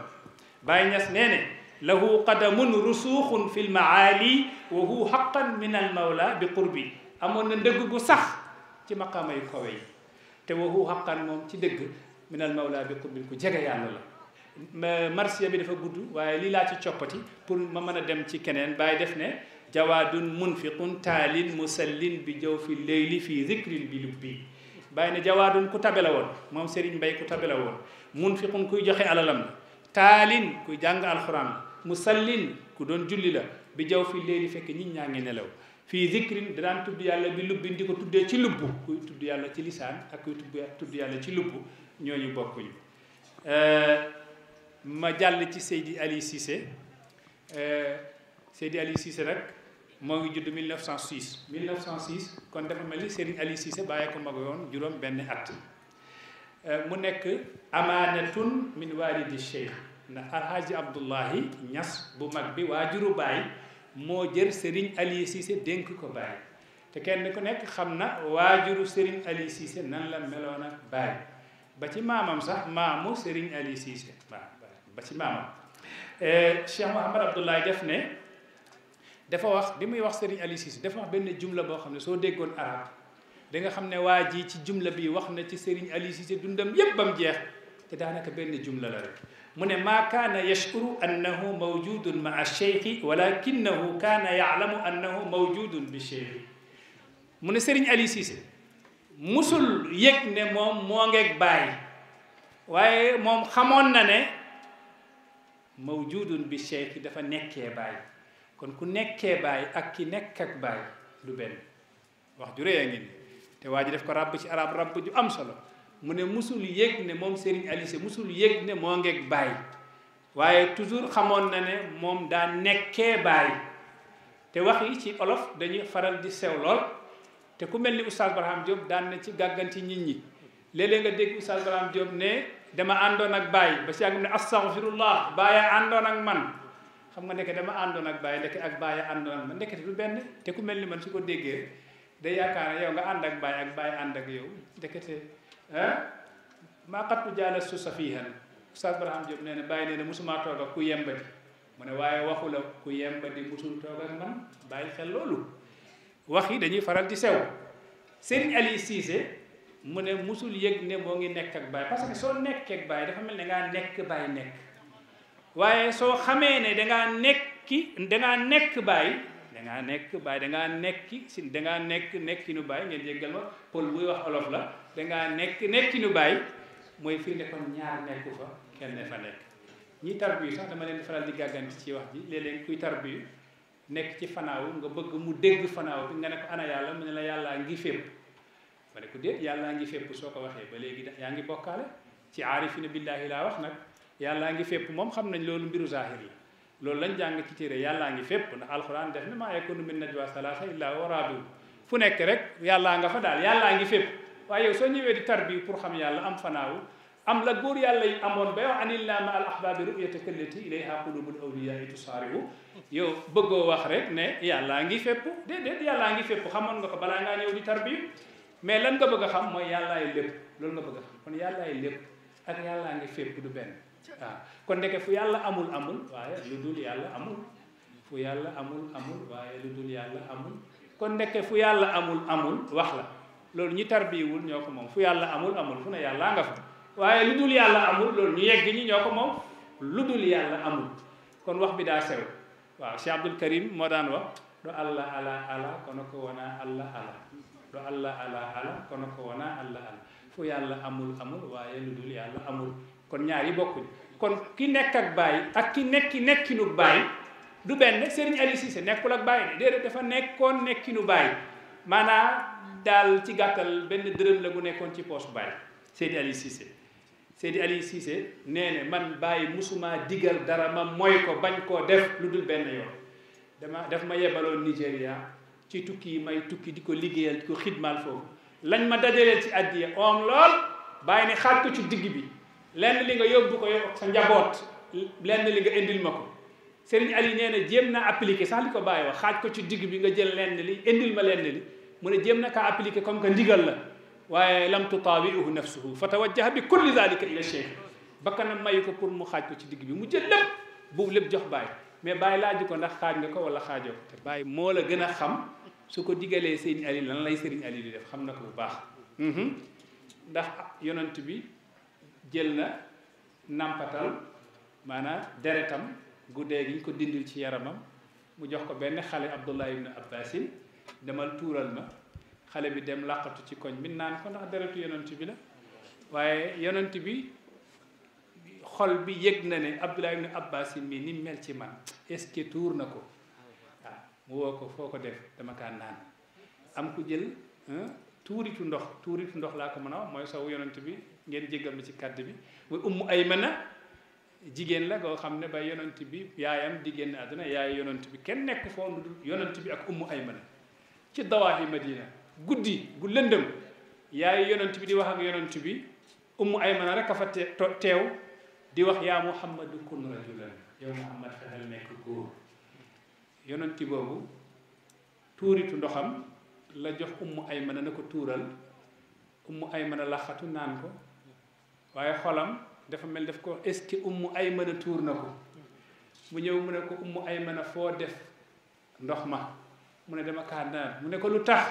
Baye Niass nee ne lahu qadamun rusuuxun fi lmaali wa hu xaqan min almawla bi qurbi amoon na ndëgg gu sax ci maqaama yu kawe yi te wa hu xaqan moom ci dëgg min almawla bi qurbi ku jege yàlla la marsiya bi dafa gudd waaye lii laa ci coppati pour ma mën a dem ci keneen Baye def ne jawaadun munfiqun taalin musallin bi jaw fi leyli fi zikrin bi lubbi Baye ne jawaadun ku tabe la woon moom Serigne Mbaye ku tabe la woon munfiqun kuy joxe alalam talin taalin kuy jang alquran musallin ku don julli la bi jaw fi leeli fek nit ñangi nelew fi zikrin da dan tuddu yalla bi lubbi di ko tuddee ci lubbu kuy tuddu yalla ci lisan ak kuy tuddu yalla ci lubbu ñooñu bokkuñu euh, ma jall ci Seydi Ali Cissé euh, Seydi Ali Cissé nak mo ngi judd 1906 1906 kon dafa mel Seydi Ali Cissé baye ko mag yoon juróom benn att mu nekk amaanatun min walidi cheikh na alhaaji abdullahi ñas bu mag bi waajuru baay moo jël Serigne Aliou Cissé dénk ko baay te kenn ku nekk xam na waajuru Serigne Aliou Cissé nan la meloon ak baay ba ci maamam sax maamu Serigne Aliou Cissé waaw ba ci maamam Cheikh Mouhamad Abdoulaye def ne dafa wax bi muy wax Serigne Aliou Cissé dafa wax benn jumla boo xam ne soo déggoon arab da nga xam ne waa ji ci jumla bi wax na ci Serigne Aliou Cissé dundam yépp bam jeex te daanaka benn jumla la rek mu ne maa kaana yashkuru annahu mawjudun maa cheikhi walakinahu kaana yaalamu annahu mawjudun bi cheikhi mu ne Serigne Aliou Cissé musul yëg ne moom moo ngeeg bàyyi waaye moom xamoon na ne mawjudun bi cheikhi dafa nekkee bàyyi kon ku nekkee bàyyi ak ki nekk ak bàyyi du benn wax ju rëy a ngi nii te waa ji def ko ràbb ci arab ràbb ju am solo mu ne musul yëg ne moom Serigne Aliou Cissé musul yëg ne moo ngeeg bàyyi waaye toujours xamoon na ne moom daa nekkee bàyyi te wax yi ci olof dañuy faral di sew lool te ku mel ni Oustaz Barham Diop daan na ci gàgganti nit ñi léeg nga dégg Oustaz Barham ne dama àndoon ak bàyyi ba si àggum ne astaghfirullah bàyyi àndoon ak man xam nga ndeke dama àndoon ak bàyyi ndeke ak bàyyi àndoon ak man ndekete du benn te ku mel ni man si ko déggee day yaakaar yow nga ànd ak baay ak baay ànd ak yow ndekete ah maa xattu jaala su safihan Oustaz Barham Diop nee na bàyyi nee na mosumaa toog ak ku yembati mu ne waaye waxu la ku yembati mosul toog ak man bàyyi xel loolu wax yi dañuy faral di sew Serigne Ali Cissé mu ne mosul yëg ne moo ngi nekk ak baay parce que soo nekkee ak baay dafa mel ne ngaa nekk baay nekk waaye soo xamee ne dangaa nekki dangaa nekk baay da ngaa nekk baay nek ngaa nekki dengan nek ngaa nekk nekkinu baay ngeen jéggal ma pol buy wax olof la da nek nekk nekkinu baay mooy firi ne kon ñaar nek fa kenn fa nekk ñi tarbi sax dama leen faral di gagan ci wax ji léeg-léeg kuy tarbi nekk ci fanaaw nga bëgg mu dégg fanaaw nga nek ana yalla mu ne la yalla ngi fépp ma ne ko déet yàllaa ngi fépp soko ko ba léegi ya ngi bokalé ci aarifina billahi la wax nak yalla ngi mom xam nañ loolu mbiru zahiri لولن جانغ كتير يالله عنك فيب بنا القرآن ده نما يكون من نجوا سلاسة إلا ورابي فنك كرك يالله عنك فدال يالله عنك فيب وأيو سوني ودي تربي بروحهم يالله أم فناو أم لجور يالله أمون بيو عن الله مع الأحباب رؤية كلتي إليها قلوب الأولياء تصارعو يو بجو وخرك ن يالله عنك فيب ده ده يالله عنك فيب خمون غا بلانغا نيودي تربي ملن غا بجا ما يالله يلب لولن غا بجا فن يالله يلب أك يالله عنك فيب بدو بين waaw ah, kon ndeke fu yàlla amul amul waaye lu dul yàlla amul fu yàlla amul amul waaye lu dul yàlla amul kon ndeke fu yàlla amul amul wax loolu ñi tarbiwul ñoo ko moom fu yàlla amul amul fu ne yàlla nga fa waaye lu dul yàlla amul loolu ñu yegg ñi ñoo ko moom lu dul yàlla amul kon wax bi daa sew waaw Cheikh Abdul Karim moo daan wax ɗo allah ala ala kono ko wona allah ala ɗo allah amul amul waye lu dul amul kon ñaar yi bokkuñ kon ki nekk ak bàyyi ak ki nekki nekkinu bàyyi du benn Serigne Aliou Cissé nekkul ak bàyyi de déedéet dafa nekkoon nekkinu bàyyi maanaam daal ci gàttal benn dërëm la bu nekkoon ci poche bàyyi Serigne Aliou Cissé Serigne Aliou Cissé nee ne man bàyyi musuma digal dara ma mooy ko bañ koo def lu dul benn yoon dama daf ma yebaloon Nigéria ci tukki yi may tukki di ko liggéeyal di ko xidmaal foofu lañ ma dajaleel ci àddiya om lool bàyyi ne xaaj ko ci digg bi lenn li nga yóbbu ko yow sa njaboot lenn li nga indil ma ko Serigne Ali nee na jéem naa appliquer sax li ko bàyyi wax xaaj ko ci digg bi nga jël lenn li indil ma lenn li mu ne jéem na kaa appliquer comme que ndigal la waaye lam tutaawiuhu nafsuhu fa tawajjaha bi kulli dalika ila cheikh bakkanam mayu ko pour mu xaaj ko ci digg bi mu jël lépp boobu lépp jox bàyyi mais bàyyi laaju ko ndax xaaj nga ko wala xaajoo ko te bàyyi moo la gën a xam su ko digalee Serigne Ali lan lay Serigne Ali di def xam na ko bu baax ndax yonent bi jël na nàmpatal maanaa deretam guddee gi ñu ko dindil ci yaramam mu jox ko benn xale Abdullah ibn Abbasin demal tuural ma xale bi dem làqatu ci koñ bi naan ko ndax deretu yonent bi la waaye yonent bi xol bi yëg na ne Abdullah ibn Abbasin mi ni mel ci man est-ce que tuur na ko waaw woo ko foo ko def dama kaa naan am ku jël tuuritu ndox tuuritu ndox laa ko mën a mooy sowu yonent bi ngeen jéggal ma ci kàddu bi wa ummu aymana jigéen la ko xam ne ba yonant bi yaayam di génn àdduna yaay yonant bi kenn nekk foofu lu dul yonant bi ak ummu aymana ci dawaahi madina guddi gu lëndëm yaay yonant bi di wax ak yonant bi ummu aymana rek a fa di wax yaa muhammadu kun rajulan yow muhammad fexeel nekk góor yonanti boobu tuuritu ndoxam la jox ummu aymana na ko tuural ummu aymana laxatu naan ko waye xolam dafa mel daf ko est-ce que ummu ay mën a mu ñëw mu ne ko ummu aymana fo def ndox ma mu ne dama ka naan mu ne ko lu tax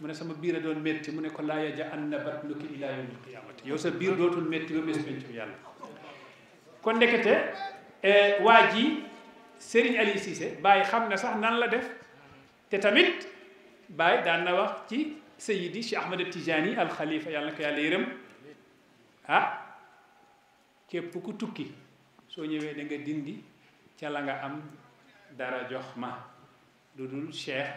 mu ne sama biir doon métti mu ne ko la ya ja an nabat luki ila yawm qiyamati yow sa biir dootul métti ba bés pencum yàlla kon nekete e waji Serigne ali Cissé Baye xamna sax nan la def te tamit Baye da na wax ci sayyidi Cheikh Ahmed Tijani al Khalifa yàlla ko yàlla yërëm ah képp ku tukki soo ñëwee da nga dindi ca la nga am dara jox ma lu dul cheikh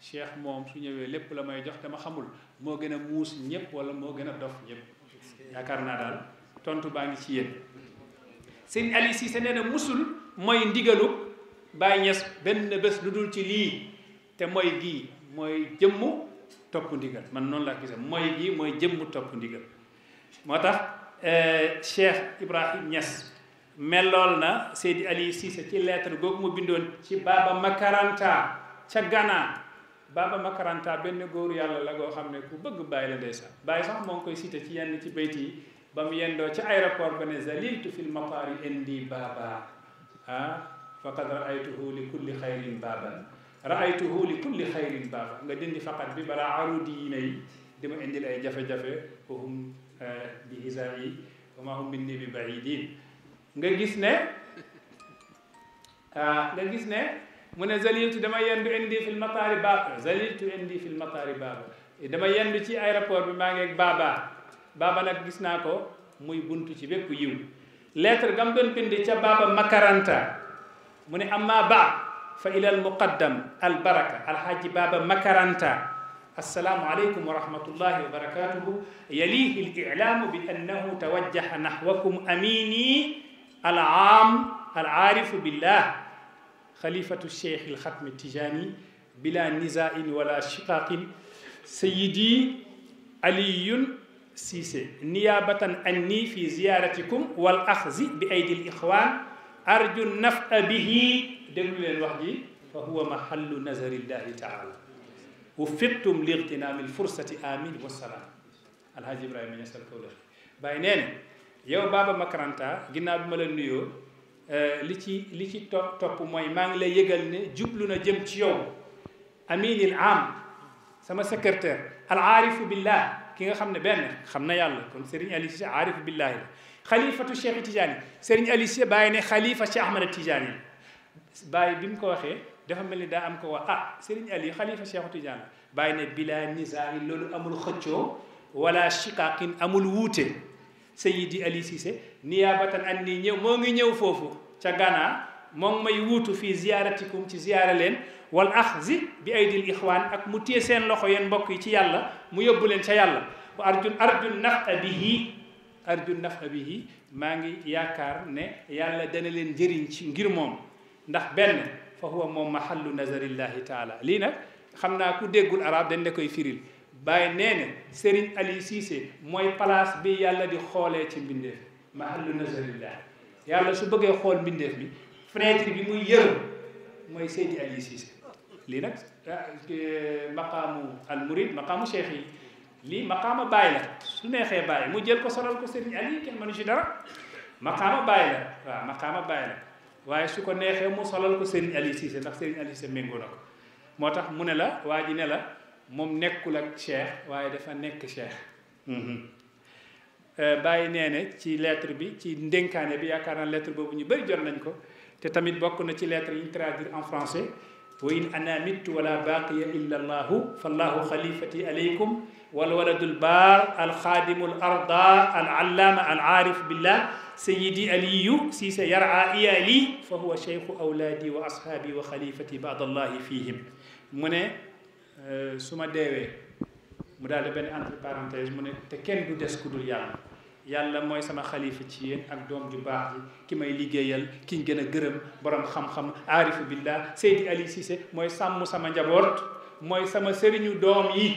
cheikh moom su ñëwee lépp la may jox dama xamul moo gën a muus ñëpp wala moo gën a dof ñëpp yaakaar naa daal tontu baa ngi ci yéen sëñ Ali Cissé nee na musul mooy ndigalu Baay Ñas benn bés lu dul ci lii te mooy gii mooy jëmm topp ndigal man noonu laa gisee mooy gii mooy jëmm topp ndigal moo tax euh, Cheikh Ibrahim ñes melool na Seydi Ali Cissé ci lettre googu mu bindoon ci Baba Makaranta ca Ghana Baba Makaranta benn góor yàlla la goo xam ne ku bëgg bàyyi la ndeysaan bàyyi sax moo ngi koy cité ci yenn ci bayt yi ba mu yendoo ci aéroport ba ne zaliltu fil mataari indi baba ah faqad raaytuhu li kulli li kulli xayrin baba nga dindi faqat bi balaa aruudi yi nay di ma indil ay jafe-jafe foofu Eh, bi yi wa maa hum minni nga gis ne ah, nga gis ne mu ne zaliltu dama yendu indi fil mataari baaba zaliltu indi fil mataari baaba eh, dama yendu ci aéroport bi maa ngi baaba baaba nag gis naa ko muy buntu ci bépp yiw lettre gam doon bind ca baaba makaranta mu ne amma ba fa ila muqaddam al baraka alhaji baaba makaranta السلام عليكم ورحمة الله وبركاته يليه الإعلام بأنه توجه نحوكم أميني العام العارف بالله خليفة الشيخ الختم التجاني بلا نزاع ولا شقاق سيدي علي سيسي نيابة أني في زيارتكم والأخذ بأيدي الإخوان أرجو النفع به دلول الوحدي فهو محل نظر الله تعالى وفقتم لاغتنام الفرصة آمين والسلام الحاج إبراهيم يسأل كولر باينين يو بابا مكرانتا جناب ملنيو آه، لتي لتي توب توب موي مانغ لا يغال ني جوبلونا جيم تيو امين العام سما سكرتير العارف بالله كيغا خامن بن خامن يالا كون سيرين اليسي عارف بالله خليفه الشيخ تيجاني سيرين اليسي باي ني خليفه الشيخ احمد تيجاني باي بيم كو واخه dafa mel ni daa am ko wax ah Serigne Ali xalifa Cheikh Tidiane bàyyi ne bila nisaani loolu amul xëccoo wala shiqaqin amul wuute Seydi Ali Cissé niyaabatan an nii ñëw moo ngi ñëw foofu ca Ghana moom may wuutu fii ziyaaratikum ci ziyaara leen wal axzi bi aydil ixwaan ak mu téye seen loxo yeen mbokk yi ci yàlla mu yóbbu leen ca yàlla wa arjun arjun nafa bihi arjun nafa bihi maa ngi yaakaar ne yàlla dana leen jëriñ ci ngir moom ndax benn فهو محل نظر الله تعالى لينا خمنا كودي العرب دين كوي فيريل باي نين سيرين علي سيسي موي بلاص بي يالا دي خولي تي بنديف محل نظر الله يالا سو بوغي خول بنديف بي فريتري بي موي يير موي سيدي علي سيسي لينا اه، مقام المريد مقام شيخي لي مقام بايلا سو نيهي باي مو جيل كو سورال كو سيرين علي كين مانوشي دارا مقام بايلا اه، مقام بايلا waaye su ko neexee mu solal ko Serigne Aliou Cissé ndax Serigne Aliou Cissé ko moo tax mu ne la waa ji ne la moom nekkul ak cheikh waaye dafa nekk cheikh mhm. euh, bàyyi nee ne ci lettre bi ci ndénkaane bi yaakaar naa lettre boobu ñu bëri jot nañ ko te tamit bokk na ci lettre yi ñu traduire en français وإن أنا مت ولا باقي إلا الله فالله خليفتي عليكم والولد البار الخادم الأرض العلام العارف بالله سيدي علي سيس يرعى إيالي فهو شيخ أولادي وأصحابي وخليفتي بعد الله فيهم من آه، سما ديوي mu daal di benn entre parenthèse yàlla mooy sama xalifa ci yéen ak doom ju baax ji ki may liggéeyal ki gën a gërëm borom xam-xam aarifu billah Seydi Ali Cissé mooy sàmm sama njaboot mooy sama sëriñu doom yi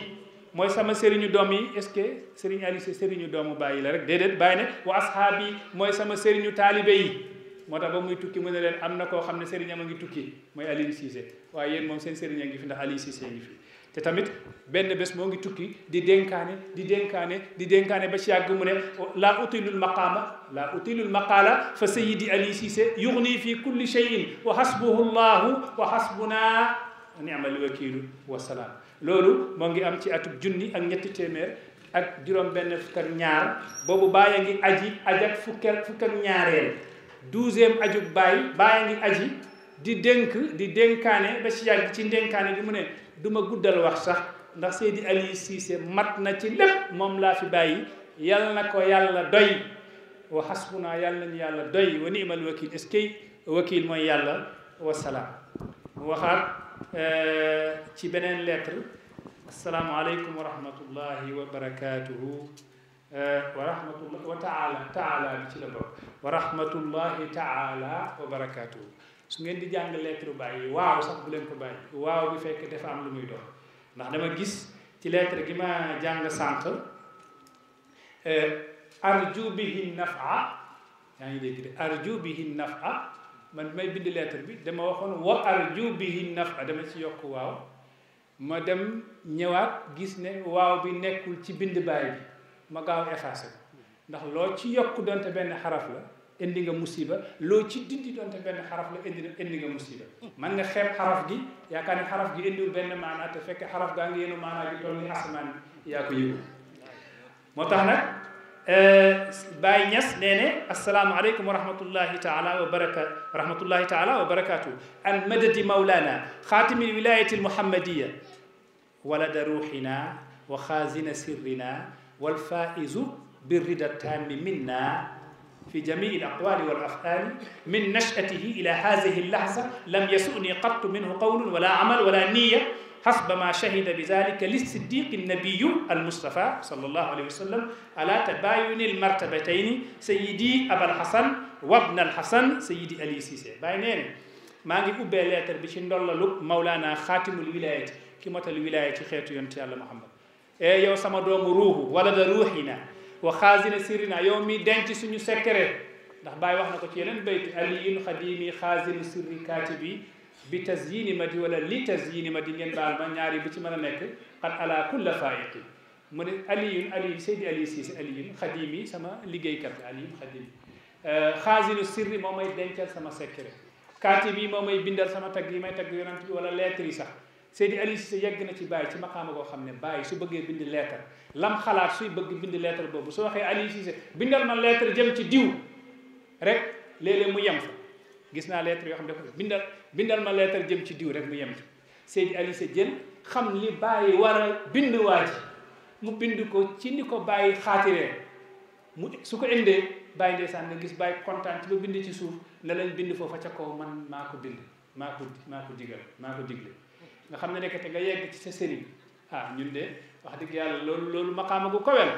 mooy sama sëriñu doom yi est-ce que sëriñ Ali Cissé sëriñu doomu bàyyi la rek déedéet bàyyi ne wa ashaab yi mooy sama sëriñu taalibe yi moo tax ba muy tukki mu ne leen am na koo xam ne sëriñam a ngi tukki mooy Aliou Cissé waaye yéen moom seen sëriñ a ngi fi ndax Aliou Cissé ngi fi te tamit benn bés moo ngi tukki di dénkaane di dénkaane di dénkaane ba ci yàgg mu ne oh, laa utilul maqaama laa utilul maqaala fa sayidi ali Cissé yuxni fi kulli cheyin wa hasbuhu llahu wa hasbuna ni'mal wakiilu wa salaam loolu moo ngi am ci atub junni ak ñetti téeméer ak juróom benn fukk ak ñaar boobu baay a ngi aji aj ak fukkel fukk ak ñaareel baay baay a ngi aji di dénk di dénkaane ba ci yàgg ci ndénkaane bi mu ne du ma guddal wax sax ndax Seydi Aliou Cissé mat na ci lépp moom laa fi bàyyi yal na ko yàlla doy wa xasbuna yàlla nañu yàlla doy wa ni'mal wakil est-ce que wakil mooy yàlla wasalaam waxaat euh, ci beneen lettre asalaamualeykum wa rahmatullahi wa barakatuhu euh, wa taala taala ci la bokk wa taala wa su ngeen di jàng lettre bàyyi waaw sax bu leen ko bàyyi waaw bi fekk dafa am lu muy doon ndax dama gis ci lettre gi ma jàng sànq eh, arju bihi a yaa ngi dégg de arju bihi a man bi may bind lettre bi dama waxoon wa arju bihi nafa dama ci yokk waaw ma dem ñëwaat gis ne waaw bi nekkul ci bind baay bi ma gaaw effacé ko ndax loo ci yokk donte benn xaraf la indi nga musiba loo ci dindi doonte benn xaraf la indi indi nga musiba man nga xeeb xaraf gi yaakaar ne xaraf gi indiwul benn maanaa te fekk xaraf gaa ngi yenu maanaa gi toll ni asamaan yaa ko yëgu moo tax nag eh, Baye Niass nee ne asalaamualeykum wa rahmatullahi taala wa barakaatu rahmatullahi taala wa barakaatu an madadi mawlana xaatimi wilayati almuhammadiya walada ruuxina wa xaazina sirrina walfaizu birrida taami minna في جميع الأقوال والأفعال من نشأته إلى هذه اللحظة لم يسؤني قط منه قول ولا عمل ولا نية حسب ما شهد بذلك للصديق النبي المصطفى صلى الله عليه وسلم على تباين المرتبتين سيدي أبا الحسن وابن الحسن سيدي علي سيسي باينين ما نجي أبي لاتر بشين لوك مولانا خاتم الولاية كما الولاية خيرت ينتي الله محمد إيه يا سما دوم روحه ولد روحنا wa xaasina sirrina yow mi denc suñu secret ndax baay wax na ko ci yeneen bayt aliyun xadimi xaasinu sirri kaatibi bi tasyini ma di wala li tasyini ma di ngeen baal ma ñaari bu ci mën a nekk xat ala kulla faayiqi mu ne aliyun aliyun seydi aliyu siisi aliyun xadimi sama liggéeykat la aliyun xadimi euh, xaasinu sirri moo may dencal sama secret kaatibi moo may bindal sama tagg yi may tagg yonent bi wala lettre yi sax seydi aliyu siisi yegg na ci Baye ci maqaama koo xam ne Baye su bëggee bind lettre lam xalaat suy bëgg bind lettre boobu soo waxee Aliou Cissé bindal ma lettre jëm ci diw rek léeg-léeg mu yem fa gis naa lettre yoo xam ne dafa bindal bindal ma lettre jëm ci diw rek mu yem ci Seydi Aliou Cissé xam li bàyyi war a bind mu bind ko ci ni ko bàyyi xaatiree mu su ko indee bàyyi ndeysaan nga gis bàyyi kontaan ci ba bind ci suuf ne bind foofa ca kaw man maa ko bind maa ko maa ko digal maa ko digle nga xam ne nekk te nga yegg ci sa sëriñ ah ñun de wax dëgg yàlla loolu loolu maqaama gu kawe la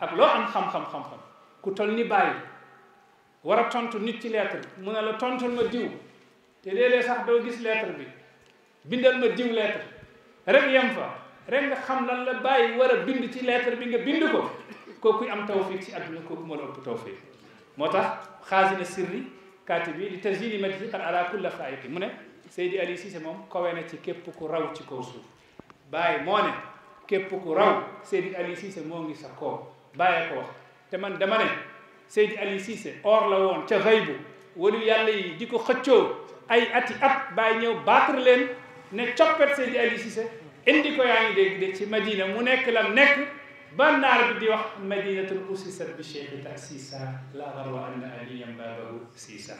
ak loo am xam-xam ku tol ni bàyyi war a tontu nit ci bi mu ne la tontul ma diw te léeg-léeg sax doo gis lettre bi bindal ma diw lettre rek yem fa rek nga xam lan la bàyyi war a bind ci lettre bi nga bind ko kookuy am taw tawfiq ci àdduna kooku moo la ëpp tawfiq moo tax xaasina sirri kaati bi li tasili matihi qad ala kulla faayiqi mu ne Seydi Ali Cissé moom kawe na ci képp ku raw ci kaw suuf bàyyi moo képp ku raw Seydi Aliou Cissé moo ngi sa kaw bàyyee ko wax te man dama ne Seydi Aliou Cissé or la woon ca xëy bu walu yàlla yi di ko xëccoo ay ati at bàyyi ñëw battre leen ne coppet Seydi Aliou Cissé indi ko yaa ngi dégg de ci Madina mu nekk lam nekk ba naar bi di wax madinatul ussisat bi cheikhi taasisa la garwa anna aliyam baabahu siisa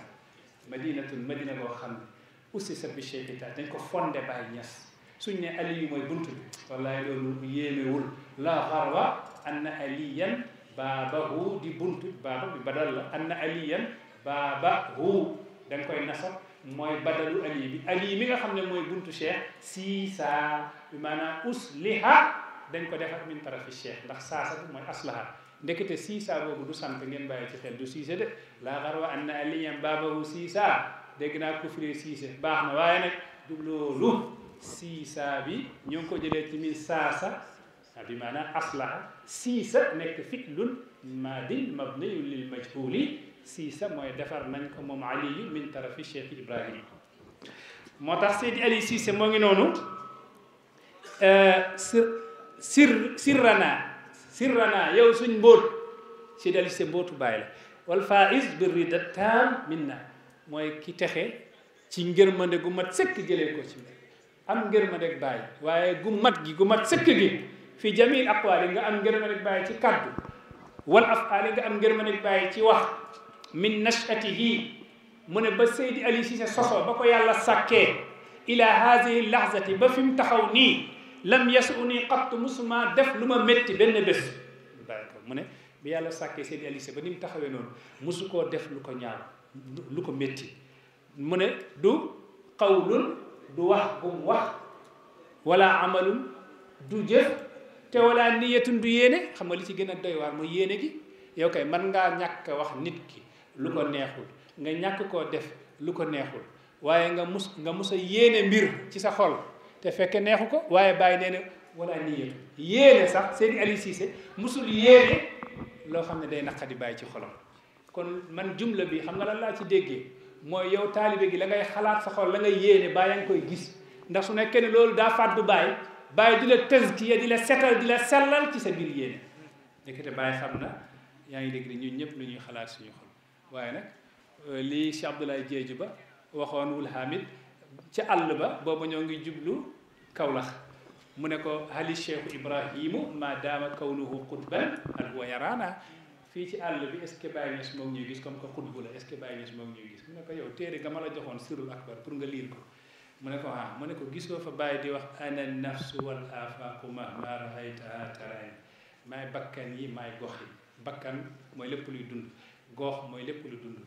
madinatul madina boo xam ne ussisat bi cheikhi taas dañ ko fondé Baye Niass suñ ne aliyu mooy bunt bi wallahi loolu wul la xarwa anna aliyan baabahu di bunt baaba bi badal la anna aliyan baabahu da nga koy nasab mooy badalu ali bi nga xam ne mooy buntu cheikh sii saa bi maanaam usliha dañ ko defar min tarafi cheikh ndax saasa bi mooy aslaha ndekete sii boobu du sant ngeen bàyyi ci xel du siise de laa xarwa anna aliyan baabahu sii saa dégg naa ko firee baax na waaye nag du loolu siisaa bi ñoo ngi ko jëlee ci min saasa bi maanaam aslaha siisa nekk fitlun maadin mabniyun lil majhuli siisa mooy defar nañ ko moom aliyu min tarafi cheikh ibrahim moo tax Ali Cissé moo ngi noonu sir sir sirrana sirrana yow suñ mbóot Seydi Ali Cissé mbóotu bàyyi la wal faiz bi rida taam minna mooy ki texe ci ngërmande gu mat sëkk jëlee ko ci am ma rek bay waye gu mat gi gu mat sëkk gi fi jami'il aqwali nga am ma rek bay ci kaddu wal afaali nga am ma rek bay ci wax min nashatihi mune ba sayyidi Ali Cissé soso bako yàlla sakke ila hadhihi lahzati ba fim mu taxaw lam yas'uni qat musma musuma def luma métti ben bés mune bi yàlla sakke sayyidi Ali Cissé ba ni mu taxawee def luko ko luko métti mune du qawlun du wax gum wax wala amalun du jëf te wala niyatun du yéene xam nga li ci gën a doy waar mooy yéene gi yow kay man ngaa ñàkk wax nit ki lu ko neexul nga ñàkk koo def lu ko neexul waaye nga mus nga musa yéene mbir ci sa xol te fekk neexu ko waaye bàyyi nee ne wala niyatu yéene sax Seydi Aliou Cissé musul yéene loo xam ne day naqadi bàyyi ci xolom kon man jumla bi xam nga lan laa ci déggee mooy yow taalibe gi la ngay xalaat sa xol la ngay yéene bàyyi nga koy gis ndax su nekkee ne loolu daa fàddu bàyyi bàyyi di la tëskiya di la setal di la sellal ci sa biir yéene nekkete bàyyi xam na yaa ngi dégg ne ñun ñëpp lu ñuy xalaat suñu xol waaye nag lii Cheikh Abdoulaye Diédhiou ba waxoon wul Hamid ci àll ba booba ñoo ngi jublu Kawlax mu ne ko hali Cheikh Ibrahimu ma daama kawnuhu qutban al yaraana fii ci àll bi est ce que bàyyi ñes moom ñuy gis comme que xutbu la est ce que bàyyi ñes moom ñuy gis mu ne ko yow téere ga ma la joxoon sirul akbar pour nga liir ko mu ne ko ah mu ne ko gisoo fa bàyyi di wax ana nafsu wal afaqu mahma raaytaha tarayn maay bakkan yi maay gox yi bakkan mooy lépp luy dund goox mooy lépp lu dund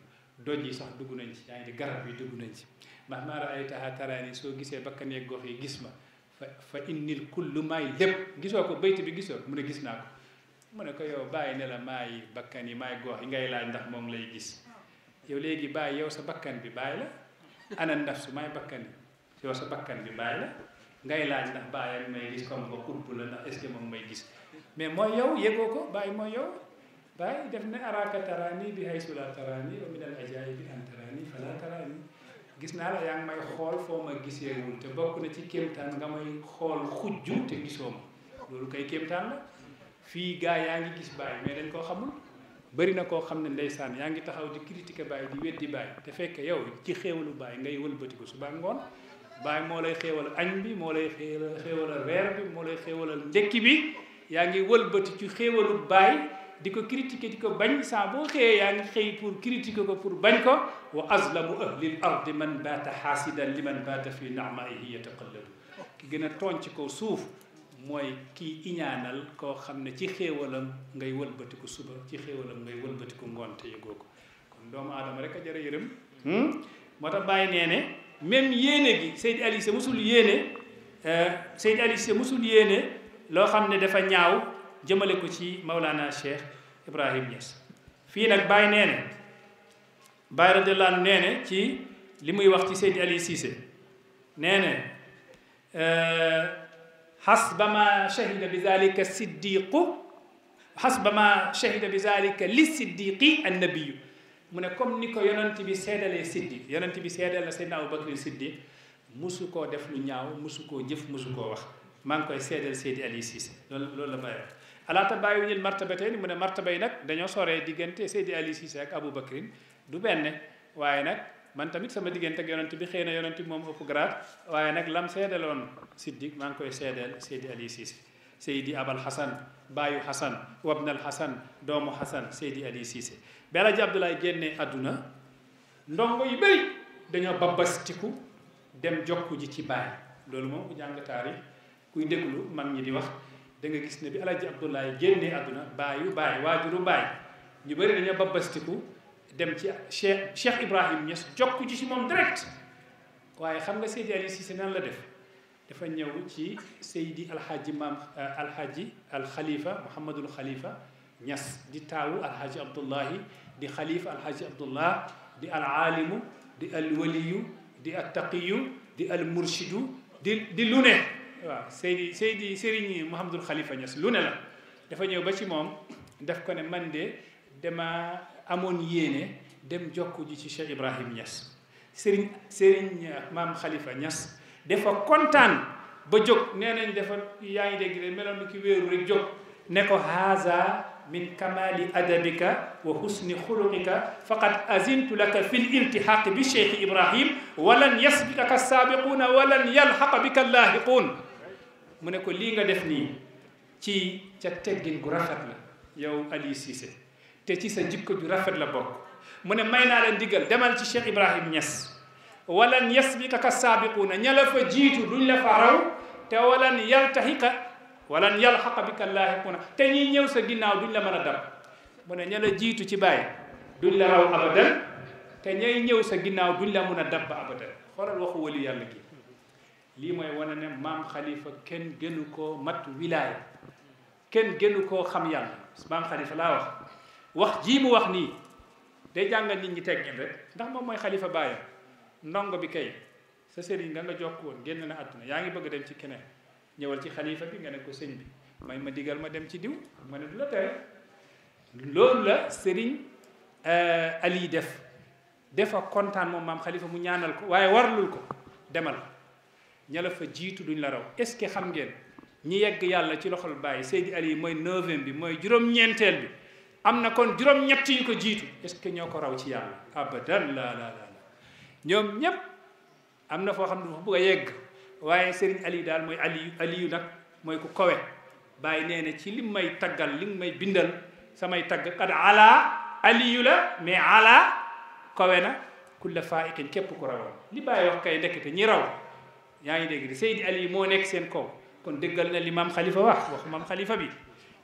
doj yi sax dugg nañ ci yaa ngi di garab yi dugg nañ ci mahma raaytaha tarayn yi soo gisee bakkan yeeg gox yi gis ma fa fa innil kullu maay lépp gisoo ko bayt bi gisoo ko mu ne gis naa ko mu ne ko yow bàyyi ne la maay bakkan yi maay gox yi ngay laaj ndax moom lay gis yow léegi bàyyi yow sa bakkan bi bàyyi la ana su may bakkan yi yow sa bakkan bi bàyyi la ngay laaj ndax bàyyi may gis comme ko la ndax moom may gis mais mooy yow yëgoo ko bàyyi mooy yow bàyyi def ne araka taraani bi haysu la taraani wa naa la yaa ngi may xool foo ma giseewul te bokk na ci kéemtaan nga may xool xujju te gisoo ma loolu kay kéemtaan la fii gaa yaa ngi gis Baye mais dañ koo xamul bëri na koo xam ne ndeysaan yaa ngi taxaw di critiquer Baye di weddi Baye te fekk yow ci xéewalu Baye ngay wëlbatiku suba ngoon Baye moo lay xéewal añ bi moo lay xéewalal reer bi moo lay xéewalal ndekki bi yaa ngi wëlbati ci xéewalu Baye di ko critiquer di ko bañ saa boo xëyee yaa ngi xëy pour critiquer ko pour bañ ko wa azlamu ahlil ardi man baata xaasidan li man baata fi naamaihi yataqallabu ki gën a tooñ ci kaw suuf mooy kii iñaanal koo xam ne ci xéewalam ngay wëlbatiku suba ci xéewalam ngay wëlbatiku ngoonte yëgoo ko kon doomu aadama rek a jara yërëm hmm? moo tax bàyyi nee ne même yéene gi Seydi Ali Cissé yéene euh, Seydi Ali Cissé yéene loo xam ne dafa ñaaw jëmale ko ci Maulana Cheikh Ibrahim Niass fii nag bàyyi nee bàyyi radiyallahu anhu ci li muy wax ci Seydi Ali Cissé nee euh, حسب ما شهد بذلك الصديق حسب ما شهد بذلك للصديق النبي من كم نيكو يونتي بي سيدا لي صديق يونتي بي سيدا لا سيدنا ابو بكر الصديق موسوكو ديف لو نياو موسوكو جيف موسوكو واخ مان كوي سيدا سيد علي سيس لول لا باي على تا بايو ني المرتبتين من مرتبه نك دانيو سوري ديغنتي سيد علي سيس ابو بكر دو بن واي نك man tamit sama diggante yonent bi xëy na yonent mom moom ëpp grade waaye lam seedaloon siddiq mang koy seedeel seydi ali Sisi, Sidi abal hasan Bayu hasan wabnal hasan domo hasan Sidi ali Sisi. bela ji abdoulaye génne aduna. ndongo yi bëri dañu babastiku dem jokku ji ci bay loolu mom ku jàng taarix kuy déglu mag ñi di wax da nga gis ne bi alaji abdullah génnee aduna bayu bay wajuru bay ñu bari dañu babastiku dem ci Cheikh Cheikh Ibrahim ñes jokk ci ci mom direct waye xam nga Seydi ali Cissé nan la def dafa ñëw ci Seydi hadji mam al hadji al Khalifa ñes di al hadji Abdullahi di Khalifa al hadji Abdullah di alim di alwaliyu di attaqiyu di al di di lu ne waaw Seydi Seydi Serigne Mouhamadul Khalifa ñes lu ne la dafa ñëw ba ci mom def ko ne man de dama amoon yéene dem jokku ji ci Cheikh Ibrahim Niass Serigne Serigne mam Khalifa Niass dafa kontaan ba jóg nee nañ dafa yaa ngi dégg ki wéeru rek jóg ne ko haza min kamali adabika wa husni xuluqika faqad azintu laka fi liltihaqi bi Cheikh Ibrahim walan yasbiqaka saabiquuna walan yalhaqa bika laahiquun mu ne ko lii nga def nii ci ca teggin gu rafet la yow Ali Cissé te ci sa jikko ju rafet la bokk mu ne may naa leen diggal demal ci Cheikh Ibrahim Niass walan yasbiqaka saabiquuna ña la fa jiitu duñ la fa raw te walan yaltaxiqa walan yalxaqa bika laaxiquuna te ñiy ñëw sa ginnaaw duñ la mën a dab mu ne ña la jiitu ci bàyyi duñ la raw abadan te ñay ñëw sa ginnaaw duñ la mën a dab abadan xoolal waxu wali yàlla gi lii mooy wane ne maam xalifa kenn gënu koo mat wilaaya kenn gënu koo xam yàlla maam xalifa laa wax wax jii mu wax nii day jàngal nit ñi teggin ndax moom mooy xalifa baayam ndongo bi kay sa sëriñ nga nga jokk woon génn na àdduna yaa ngi bëgg dem ci keneen ñëwal ci xalifa bi nga ne ko sëñ bi may ma digal ma dem ci diw ma ne du la la sëriñ euh, Ali def dafa kontaan moom maam xalifa mu ñaanal ko waaye warlul ko demal ña la fa jiitu duñ la raw est-ce que xam ngeen ñi yegg yàlla ci loxol bàyyi Seydi Ali mooy neuvième bi mooy juróom-ñeenteel bi am na kon juróom ñett yu ko jiitu est-ce que ñoo ko raw ci yàlla abadan la la la ñoom ñépp am na foo xam ne dafa bëgg a yegg waaye Serigne Aliou daal mooy ali Aliou nag mooy ku kowe bàyyi nee na ci li may taggal lim may bindal samay tagg kad ala Aliou la mais ala kowe na kulla faiqin képp ku rawoon li bàyyi ñi raw yaa ngi dégg di Seydi Aliou moo nekk seen kaw kon déggal na li maam Khalifa wax wax maam Khalifa bi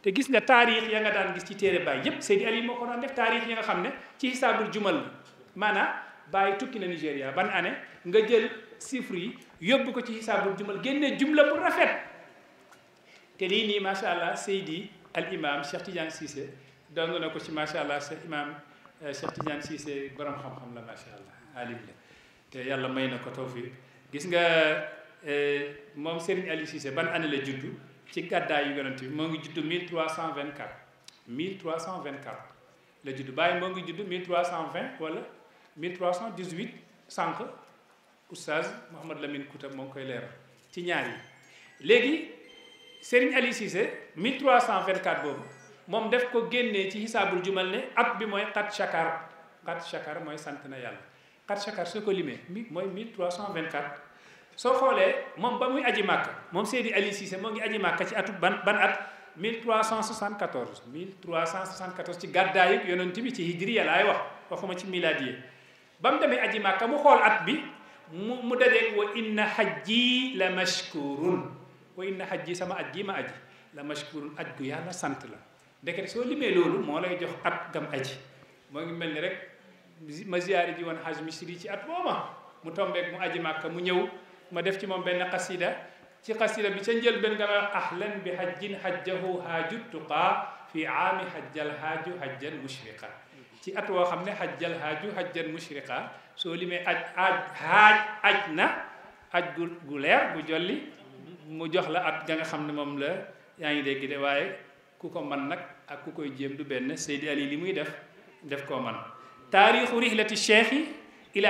te gis nga taarix ya nga daan gis ci téere baay yépp Seydi Ali moo ko daan def taarix ya nga xam ne ci hisaabul jumal la maanaam bàyyi tukki na Nigéria ban année nga jël chiffre yi yóbbu ko ci hisaabul jumal génne jumla bu rafet te lii nii macha allah Seydi al imam Cheikh Tidiane Cissé ko ci macha allah Cheikh imam euh, Cheikh Tidiane Cissé xam-xam la macha allah bi la te yàlla may na ko tawfiq gis nga euh, moom Serigne Ali Cissé ban année la juddu ci gàddaay yu yonent bi mo ngi judd 1324 1324 la judd bay mo ngi judd 1320 wala 1318 sank oustaz mohammed Lamine Kouta mo ngi koy leer ci ñaar yi Serigne Ali Cissé 1324 boobu mom def ko génnee ci hisabul jumal ne at bi moy xat chakar xat chakar moy sant na yalla xat chakar soko limé moy 1324 soo xoolee moom ba muy aji màkk moom Seydi Ali moo ngi aji màkk ci atu ban ban at 1374 1374 ci gàddaayu yonent bi ci hijriya laay wax waxuma ci miladiye ba mu demee aji màkk mu xool at bi mu mu dadeeg wa inna hajji la mashkurun wa inna hajji sama aj gi ma aji la mashkurun aj gu yàlla sant la ndekete soo limee loolu moo lay jox at gam aji moo ngi mel ni rek ma ziyaare ji woon haj misri ci at booma mu tombeek mu aji màkka mu ñëw ma def ci moom benn xasida ci xasida bi ca njëlbéen nga naan ahlan bi hajjin hajjahu haaju tuqaa fi aami hajjal haaju hajjan mushriqa ci at woo xam ne hajjal haaju hajjan mushriqa soo limee aj aj haaj aj na aj gu gu leer bu jolli mu jox la at ga nga xam ne moom la yaa ngi dégg de waaye ku ko man nag ak ku koy jéem du benn Seydi Ali li muy def def koo man taarixu rihlati cheikh yi ila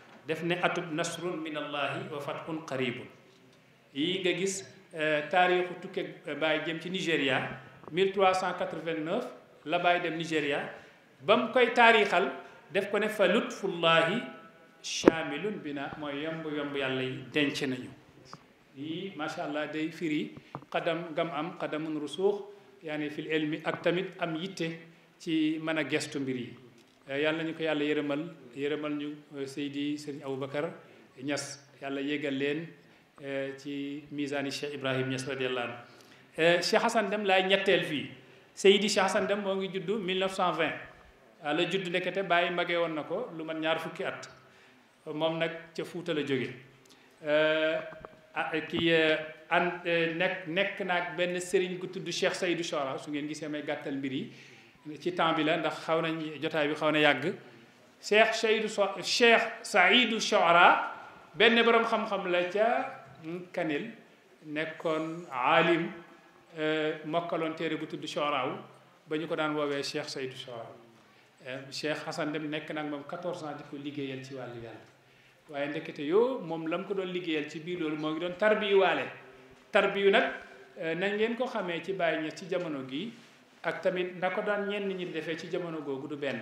def ne atub nasrun min allahi wa fathun qaribun yi nga gis taarixu tukke Baay jëm ci Nigéria 1389 la Baay dem Nigéria ba mu koy taarixal def ko ne fa lutfullahi chamilun bina mooy yomb yomb yàlla yi denc nañu yi macha allah day firi xadam gam am xadamun rusuux yaani fil ilmi ak tamit am yitte ci mën a gestu mbir yi yàlla ñu ko yàlla yërëmal yërëmal ñu euh, Seydi Sëriñ Aboubacar ñas yàlla yégal leen euh, ci misaani Cheikh Ibrahim Niass radiyallahu anhu euh, Cheikh Hassan Deme laay ñetteel fii Seydi Cheikh Hassan Deme moo ngi juddu 1920 ah, la juddu ndekete bàyyi magee woon na ko lu man ñaar fukki at moom nag ca Fuuta la jóge ah, kii an nekk nekk naag benn sëriñ gu tudd Cheikh Seydou Chora su ngeen gisee may gàttal mbir yi ci temps bi la ndax xaw nañ jotaay bi xaw na yàgg cheikh saydu cheikh saidu shora benn boroom xam-xam la ca kanil nekkoon aalim euh, mokkaloon téere bu tudd shoraaw ba ñu ko daan woowee cheikh saydu shora euh, cheikh hasan dem nekk nag moom 14 ans di ko liggéeyal ci wàllu yàlla waaye ndekete yoo moom la mu ko doon liggéeyal ci biir loolu moo ngi doon tarbiyu waale tarbiyu nag euh, nañ ngeen ko xamee ci bàyyi ña ci jamono gi ak tamit na ko daan ñenn ñi defee ci jamono googu du benn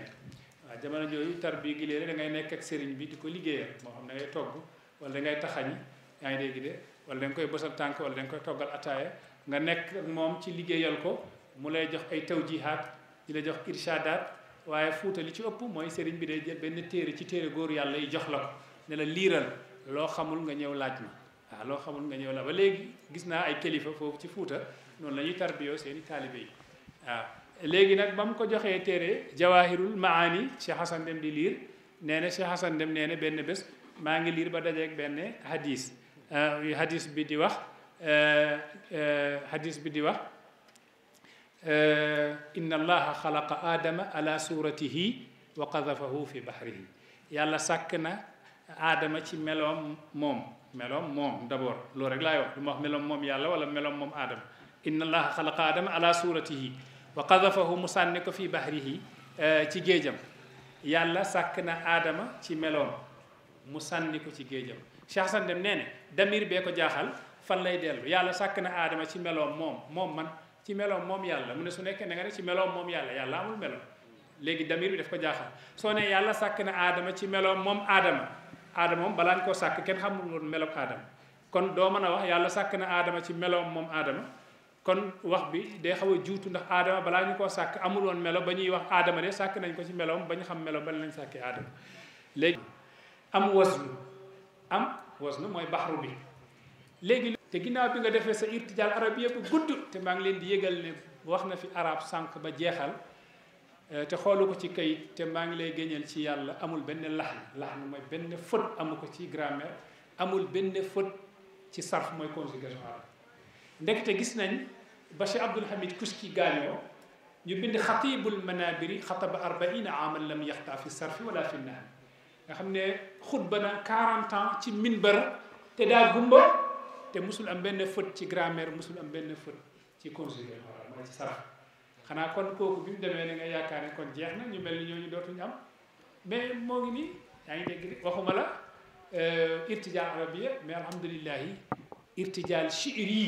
waa jamono jooyu tar bi gi léegi da ngay nekk ak sëriñ bi di ko liggéeyal moo xam da ngay togg wala dangay ngay yaa ngi dégg de wala da koy bësal tànk wala da nga koy toggal ataaya nga nekk moom ci liggéeyal ko mu lay jox ay tawjihaat di la jox irshadaat waaye fuuta li ci ëpp mooy sëriñ bi day jël benn téere ci téere góor yàlla yi jox la ko ne la liiral loo xamul nga ñëw laaj ma waaw loo xamul nga ñëw la ba léegi gis naa ay kilifa foofu ci fuuta noonu la ñuy tarbiyoo seen i taalibe yi léegi nak bam ko joxé téré jawahirul maani Cheikh hasan Dem di lire nee na Cheikh Hassan Dem nee ben bés ma ngi lire ba ben hadith euh hadith bi di wax hadith bi di wax inna allaha xalaqa aadama ala suratihi wa qadafahu fi bahrihi yàlla sàkk na ci meloom moom meloom moom d'abord loolu rek laay wax du wax meloom moom yàlla wala meloom moom aadama inna allaha khalaqa adama ala suratihi wa qadafahu mu sànni ko fii bahrihi eh, ci géejam yàlla sàkk na aadama ci meloom mu sànni ko ci géejam Cheikh Hassane Deme nee na damir bee ko jaaxal fan lay dellu yàlla sàkk na aadama ci meloom moom moom man ci meloom moom yàlla mu ne su nekkee da nga ne ci meloom moom yàlla yàlla amul meloom léegi damir bi daf ko jaaxal soo ne yàlla sàkk na aadama ci meloom moom aadama aadama moom balaa ñu koo sàkk kenn xamul woon meloom aadama kon doo mën a wax yàlla sàkk na aadama ci meloom moom aadama kon wax bi day xaw a juutu ndax aadama balaa ñu koo sàkk amul woon melo ba ñuy wax aadama de sàkk nañ ko ci meloom ba ñu xam melo ba lañ sàkkee aadama léegi am wasnu am wasnu mooy baxru bi léegi te ginnaaw bi nga defee sa irtijaal arab yëpp gudd te maa ngi leen di yëgal ne wax na fi arab sànq ba jeexal eh, te xoolu ci kayit te maa ngi lay géñal ci yàlla amul benn laxn laxn mooy benn faute amu ko ci grammaire amul benn faute ci sarf mooy conjugation arab ndekete gis nañ بشير عبد الحميد كشكي قالوا يبين خطيب المنابر خطب 40 عاما لم يخطا في الصرف ولا في النهي خمنا خطبنا 40 عام في منبر تدا غومبا تي مسول ام بن فوت في غرامير مسول ام بن فوت في كونسيير ما في صرف خنا كون كوك بيم دمي نيغا ياكار كون جيخنا ني مل ني نيو دوتو نيام مي موغي ني يعني دي واخوما لا ارتجال عربيه مي الحمد لله ارتجال شعري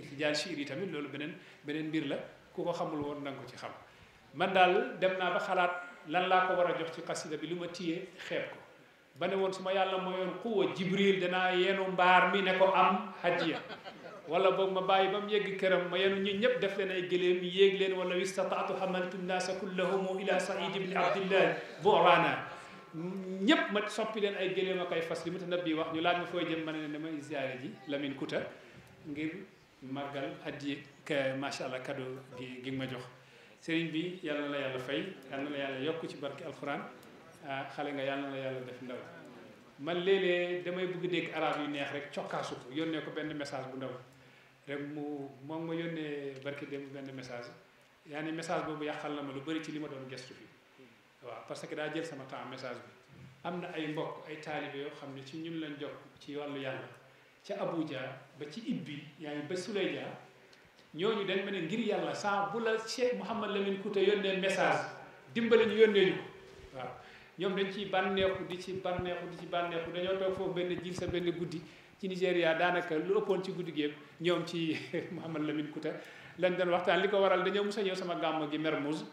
irtijaal siir yi tamit loolu beneen beneen mbir la ku ko xamul woon na ko ci xam man daal dem naa ba xalaat lan laa ko war a jox ci xasida bi lu ma téye xeeb ko ba ne woon su ma yàlla mayoon xuwa jibril danaa yenu mbaar mi ne ko am hadiya wala boog ma bàyyi ba mu yëg këram ma yenu ñu ñëpp def leen ay gëléem yéeg leen wala istataatu hamaltu nnaasa kullahumu ila said ibni abdillah borana ñëpp ma soppi leen ay gëléem a ay fas li mu wax ñu laaj ma fooy jëm ma ne ne dama ziyaare ji Lamine Kouta ngir màggal addi macha allah cadeau gi gi ma jox. sëriñ bi yàlla na la yàlla fay yàlla na la yàlla yokk ci barke alxuraan ah, xale nga yàlla def ndaw man léeg-léeg damay bëgg dégg arab yu neex rek cokkaasu ko yónnee ko benn message bu ndaw rek mu moom ma yónnee dem bu benn message yaa ni message boobu yàqal na ma lu bëri ci li ma doon gestu fii waaw parce que daa jël sama temps message bi am na ay mbokk ay taalibe yoo xam ne ci ñun leen jokk ci wàllu yàl ca Abuja ba ci Ibbi yaa ngi ba Suleja ñooñu dañ ma ne ngir yàlla saa bu la Cheikh Mouhamad lamin Kouta yónnee message dimbali ñu yónnee ñu ko waaw ñoom dañ ciy bànneexu di ci bànneexu di ci bànneexu dañoo toog foofu benn jiir sa benn guddi ci Nigéria daanaka lu ëppoon ci guddi gi yëpp ñoom ci Mouhamad lamin Kouta lañ doon waxtaan li ko waral dañoo mos a ñëw sama gàmm gi Mermoz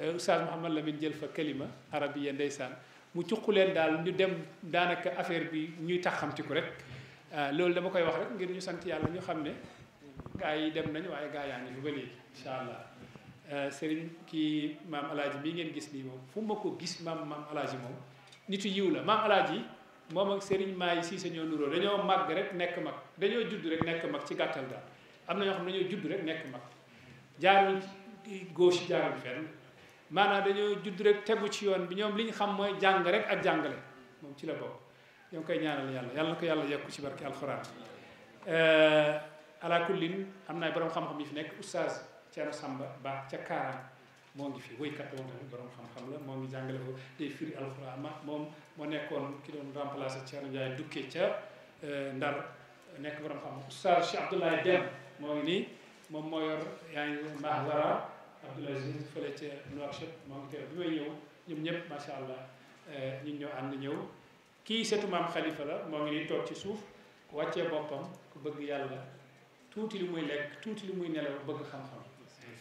Oustaz Mouhamad lamin jël fa kalima arabiya ndeysaan mu cuqu leen daal ñu dem daanaka affaire bi ñuy taxamti ko rek Euh, loolu dama koy wax rek ngir ñu sant yàlla ñu xam ne gaa yi dem nañ waaye gaa yaa ngi fi ba léegi incha allah euh, sëriñ kii maam alaaji bii ngeen gis nii moom fu ma ko gis maam maam alaaji moom nitu yiw la maam alaaji moom ak sëriñ maa yi siise ñoo nuroo dañoo mag rek nekk mag dañoo judd rek nekk mag ci gàttal daal am na ñoo xam ne dañoo judd rek nekk mag jaarul gauche jaarul fenn maanaam dañoo judd rek tegu ci yoon bi ñoom li ñu xam mooy jàng rek ak jàngale moom ci la bokk ñoo koy ñaanal yàlla yàlla na ko yàlla yokk ci barke alxuraan ala kullin am na boroom borom xam-xam yi fi nekk oustaz Thierno Samba Ba ca Kaaraan moo ngi fi wéykat woon tamit borom xam la moo ngi jàngale ko day firi alxuraan ma moom moo nekkoon ki doon remplacé Thierno Ndiaye dukkee ca e, Ndar nekk borom xam-xam oustaz Cheikh Abdoulaye moo ngi nii moom moo yor yaa ngi mbaax wara Abdoulaye Zine fële ca Nouakchott moo ngi teew bi may ñëw ñoom ñëpp macha e, ñëw. kii setu maam xalifa la moo ngi nii toog ci suuf ku wàccee boppam ku bëgg yàlla tuuti li muy lekk tuuti li muy nelaw bëgg xam-xam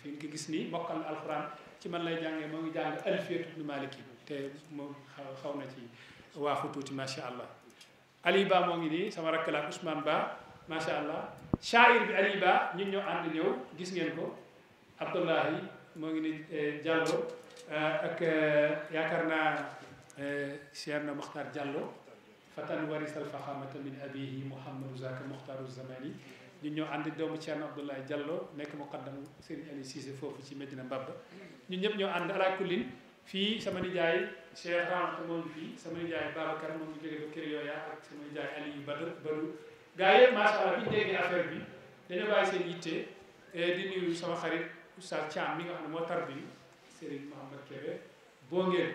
fi nga gis nii bokkal na alxuraan ci man lay jàngee moo ngi jàng alfiyatu ibnu maliki te moom xaw na ci waaxu tuuti macha allah ali ba moo ngi nii sama rakk la Ousmane Ba macha allah shaayir bi ali ba ñun ñoo ànd ñëw gis ngeen ko abdullahi moo ngi ni jàllo eh, eh, ak eh, yaakaar naa Seexna Mokhtar Diallo fatan warisal faxamata min abihi Mouhamadou Zaka Mokhtaru Zamani ñu ñoo ànd doomu Thierno Abdoulaye Diallo nekk muqaddam Serigne Ali Cissé foofu ci Medina Mbaba ñun ñëpp ñoo ànd ala kullin fii sama nijaay Cheikh Ramata moom fii sama nijaay Babacar moom ñu jóge ba kër yooya ak sama nijaay Aliou Badou Badou gaa yëpp macha allah bi ñu déggee affaire bi dañoo bàyyi seen yitte eh, di nuyu sama xarit Oustaz Thiam mi nga xam ne moo tarbi Serigne Mouhamed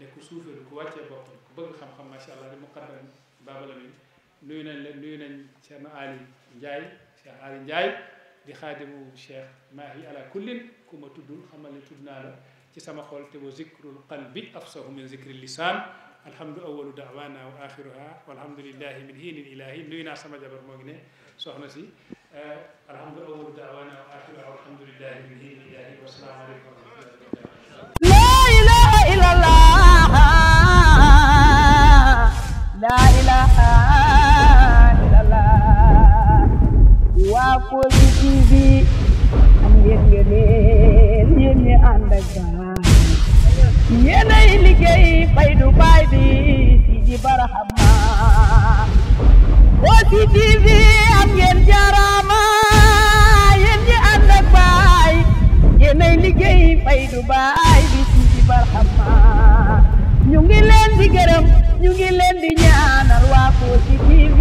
نكوسوفر كواتي بابن بابن خم خم ما شاء الله المقدم بابلمين نوين نوين شيخنا علي جاي شيخ علي جاي دي خادم الشيخ ماهي على كل كما تدون خم اللي تدنا له كي سما خالت وذكر القلب أفسه من ذكر اللسان الحمد أول دعوانا وآخرها والحمد لله من هين الإلهي نوين عصام جبر مغني سوحنا الحمد أول دعوانا وآخرها والحمد لله من هين الإلهي والسلام عليكم ورحمة الله لا إله إلا الله laa ilaaha illallah waa Kossy TV am ngeen ngeen yéen ñi ànd ak gaal liggéey fay bi si ji barahama Kossy TV am ngeen jaaraama yéen ñi ànd baay yéenay liggéey fay bi si ji barahama ñu leen di gërëm. ñu ngi leen di ñaanal waa Kossy TV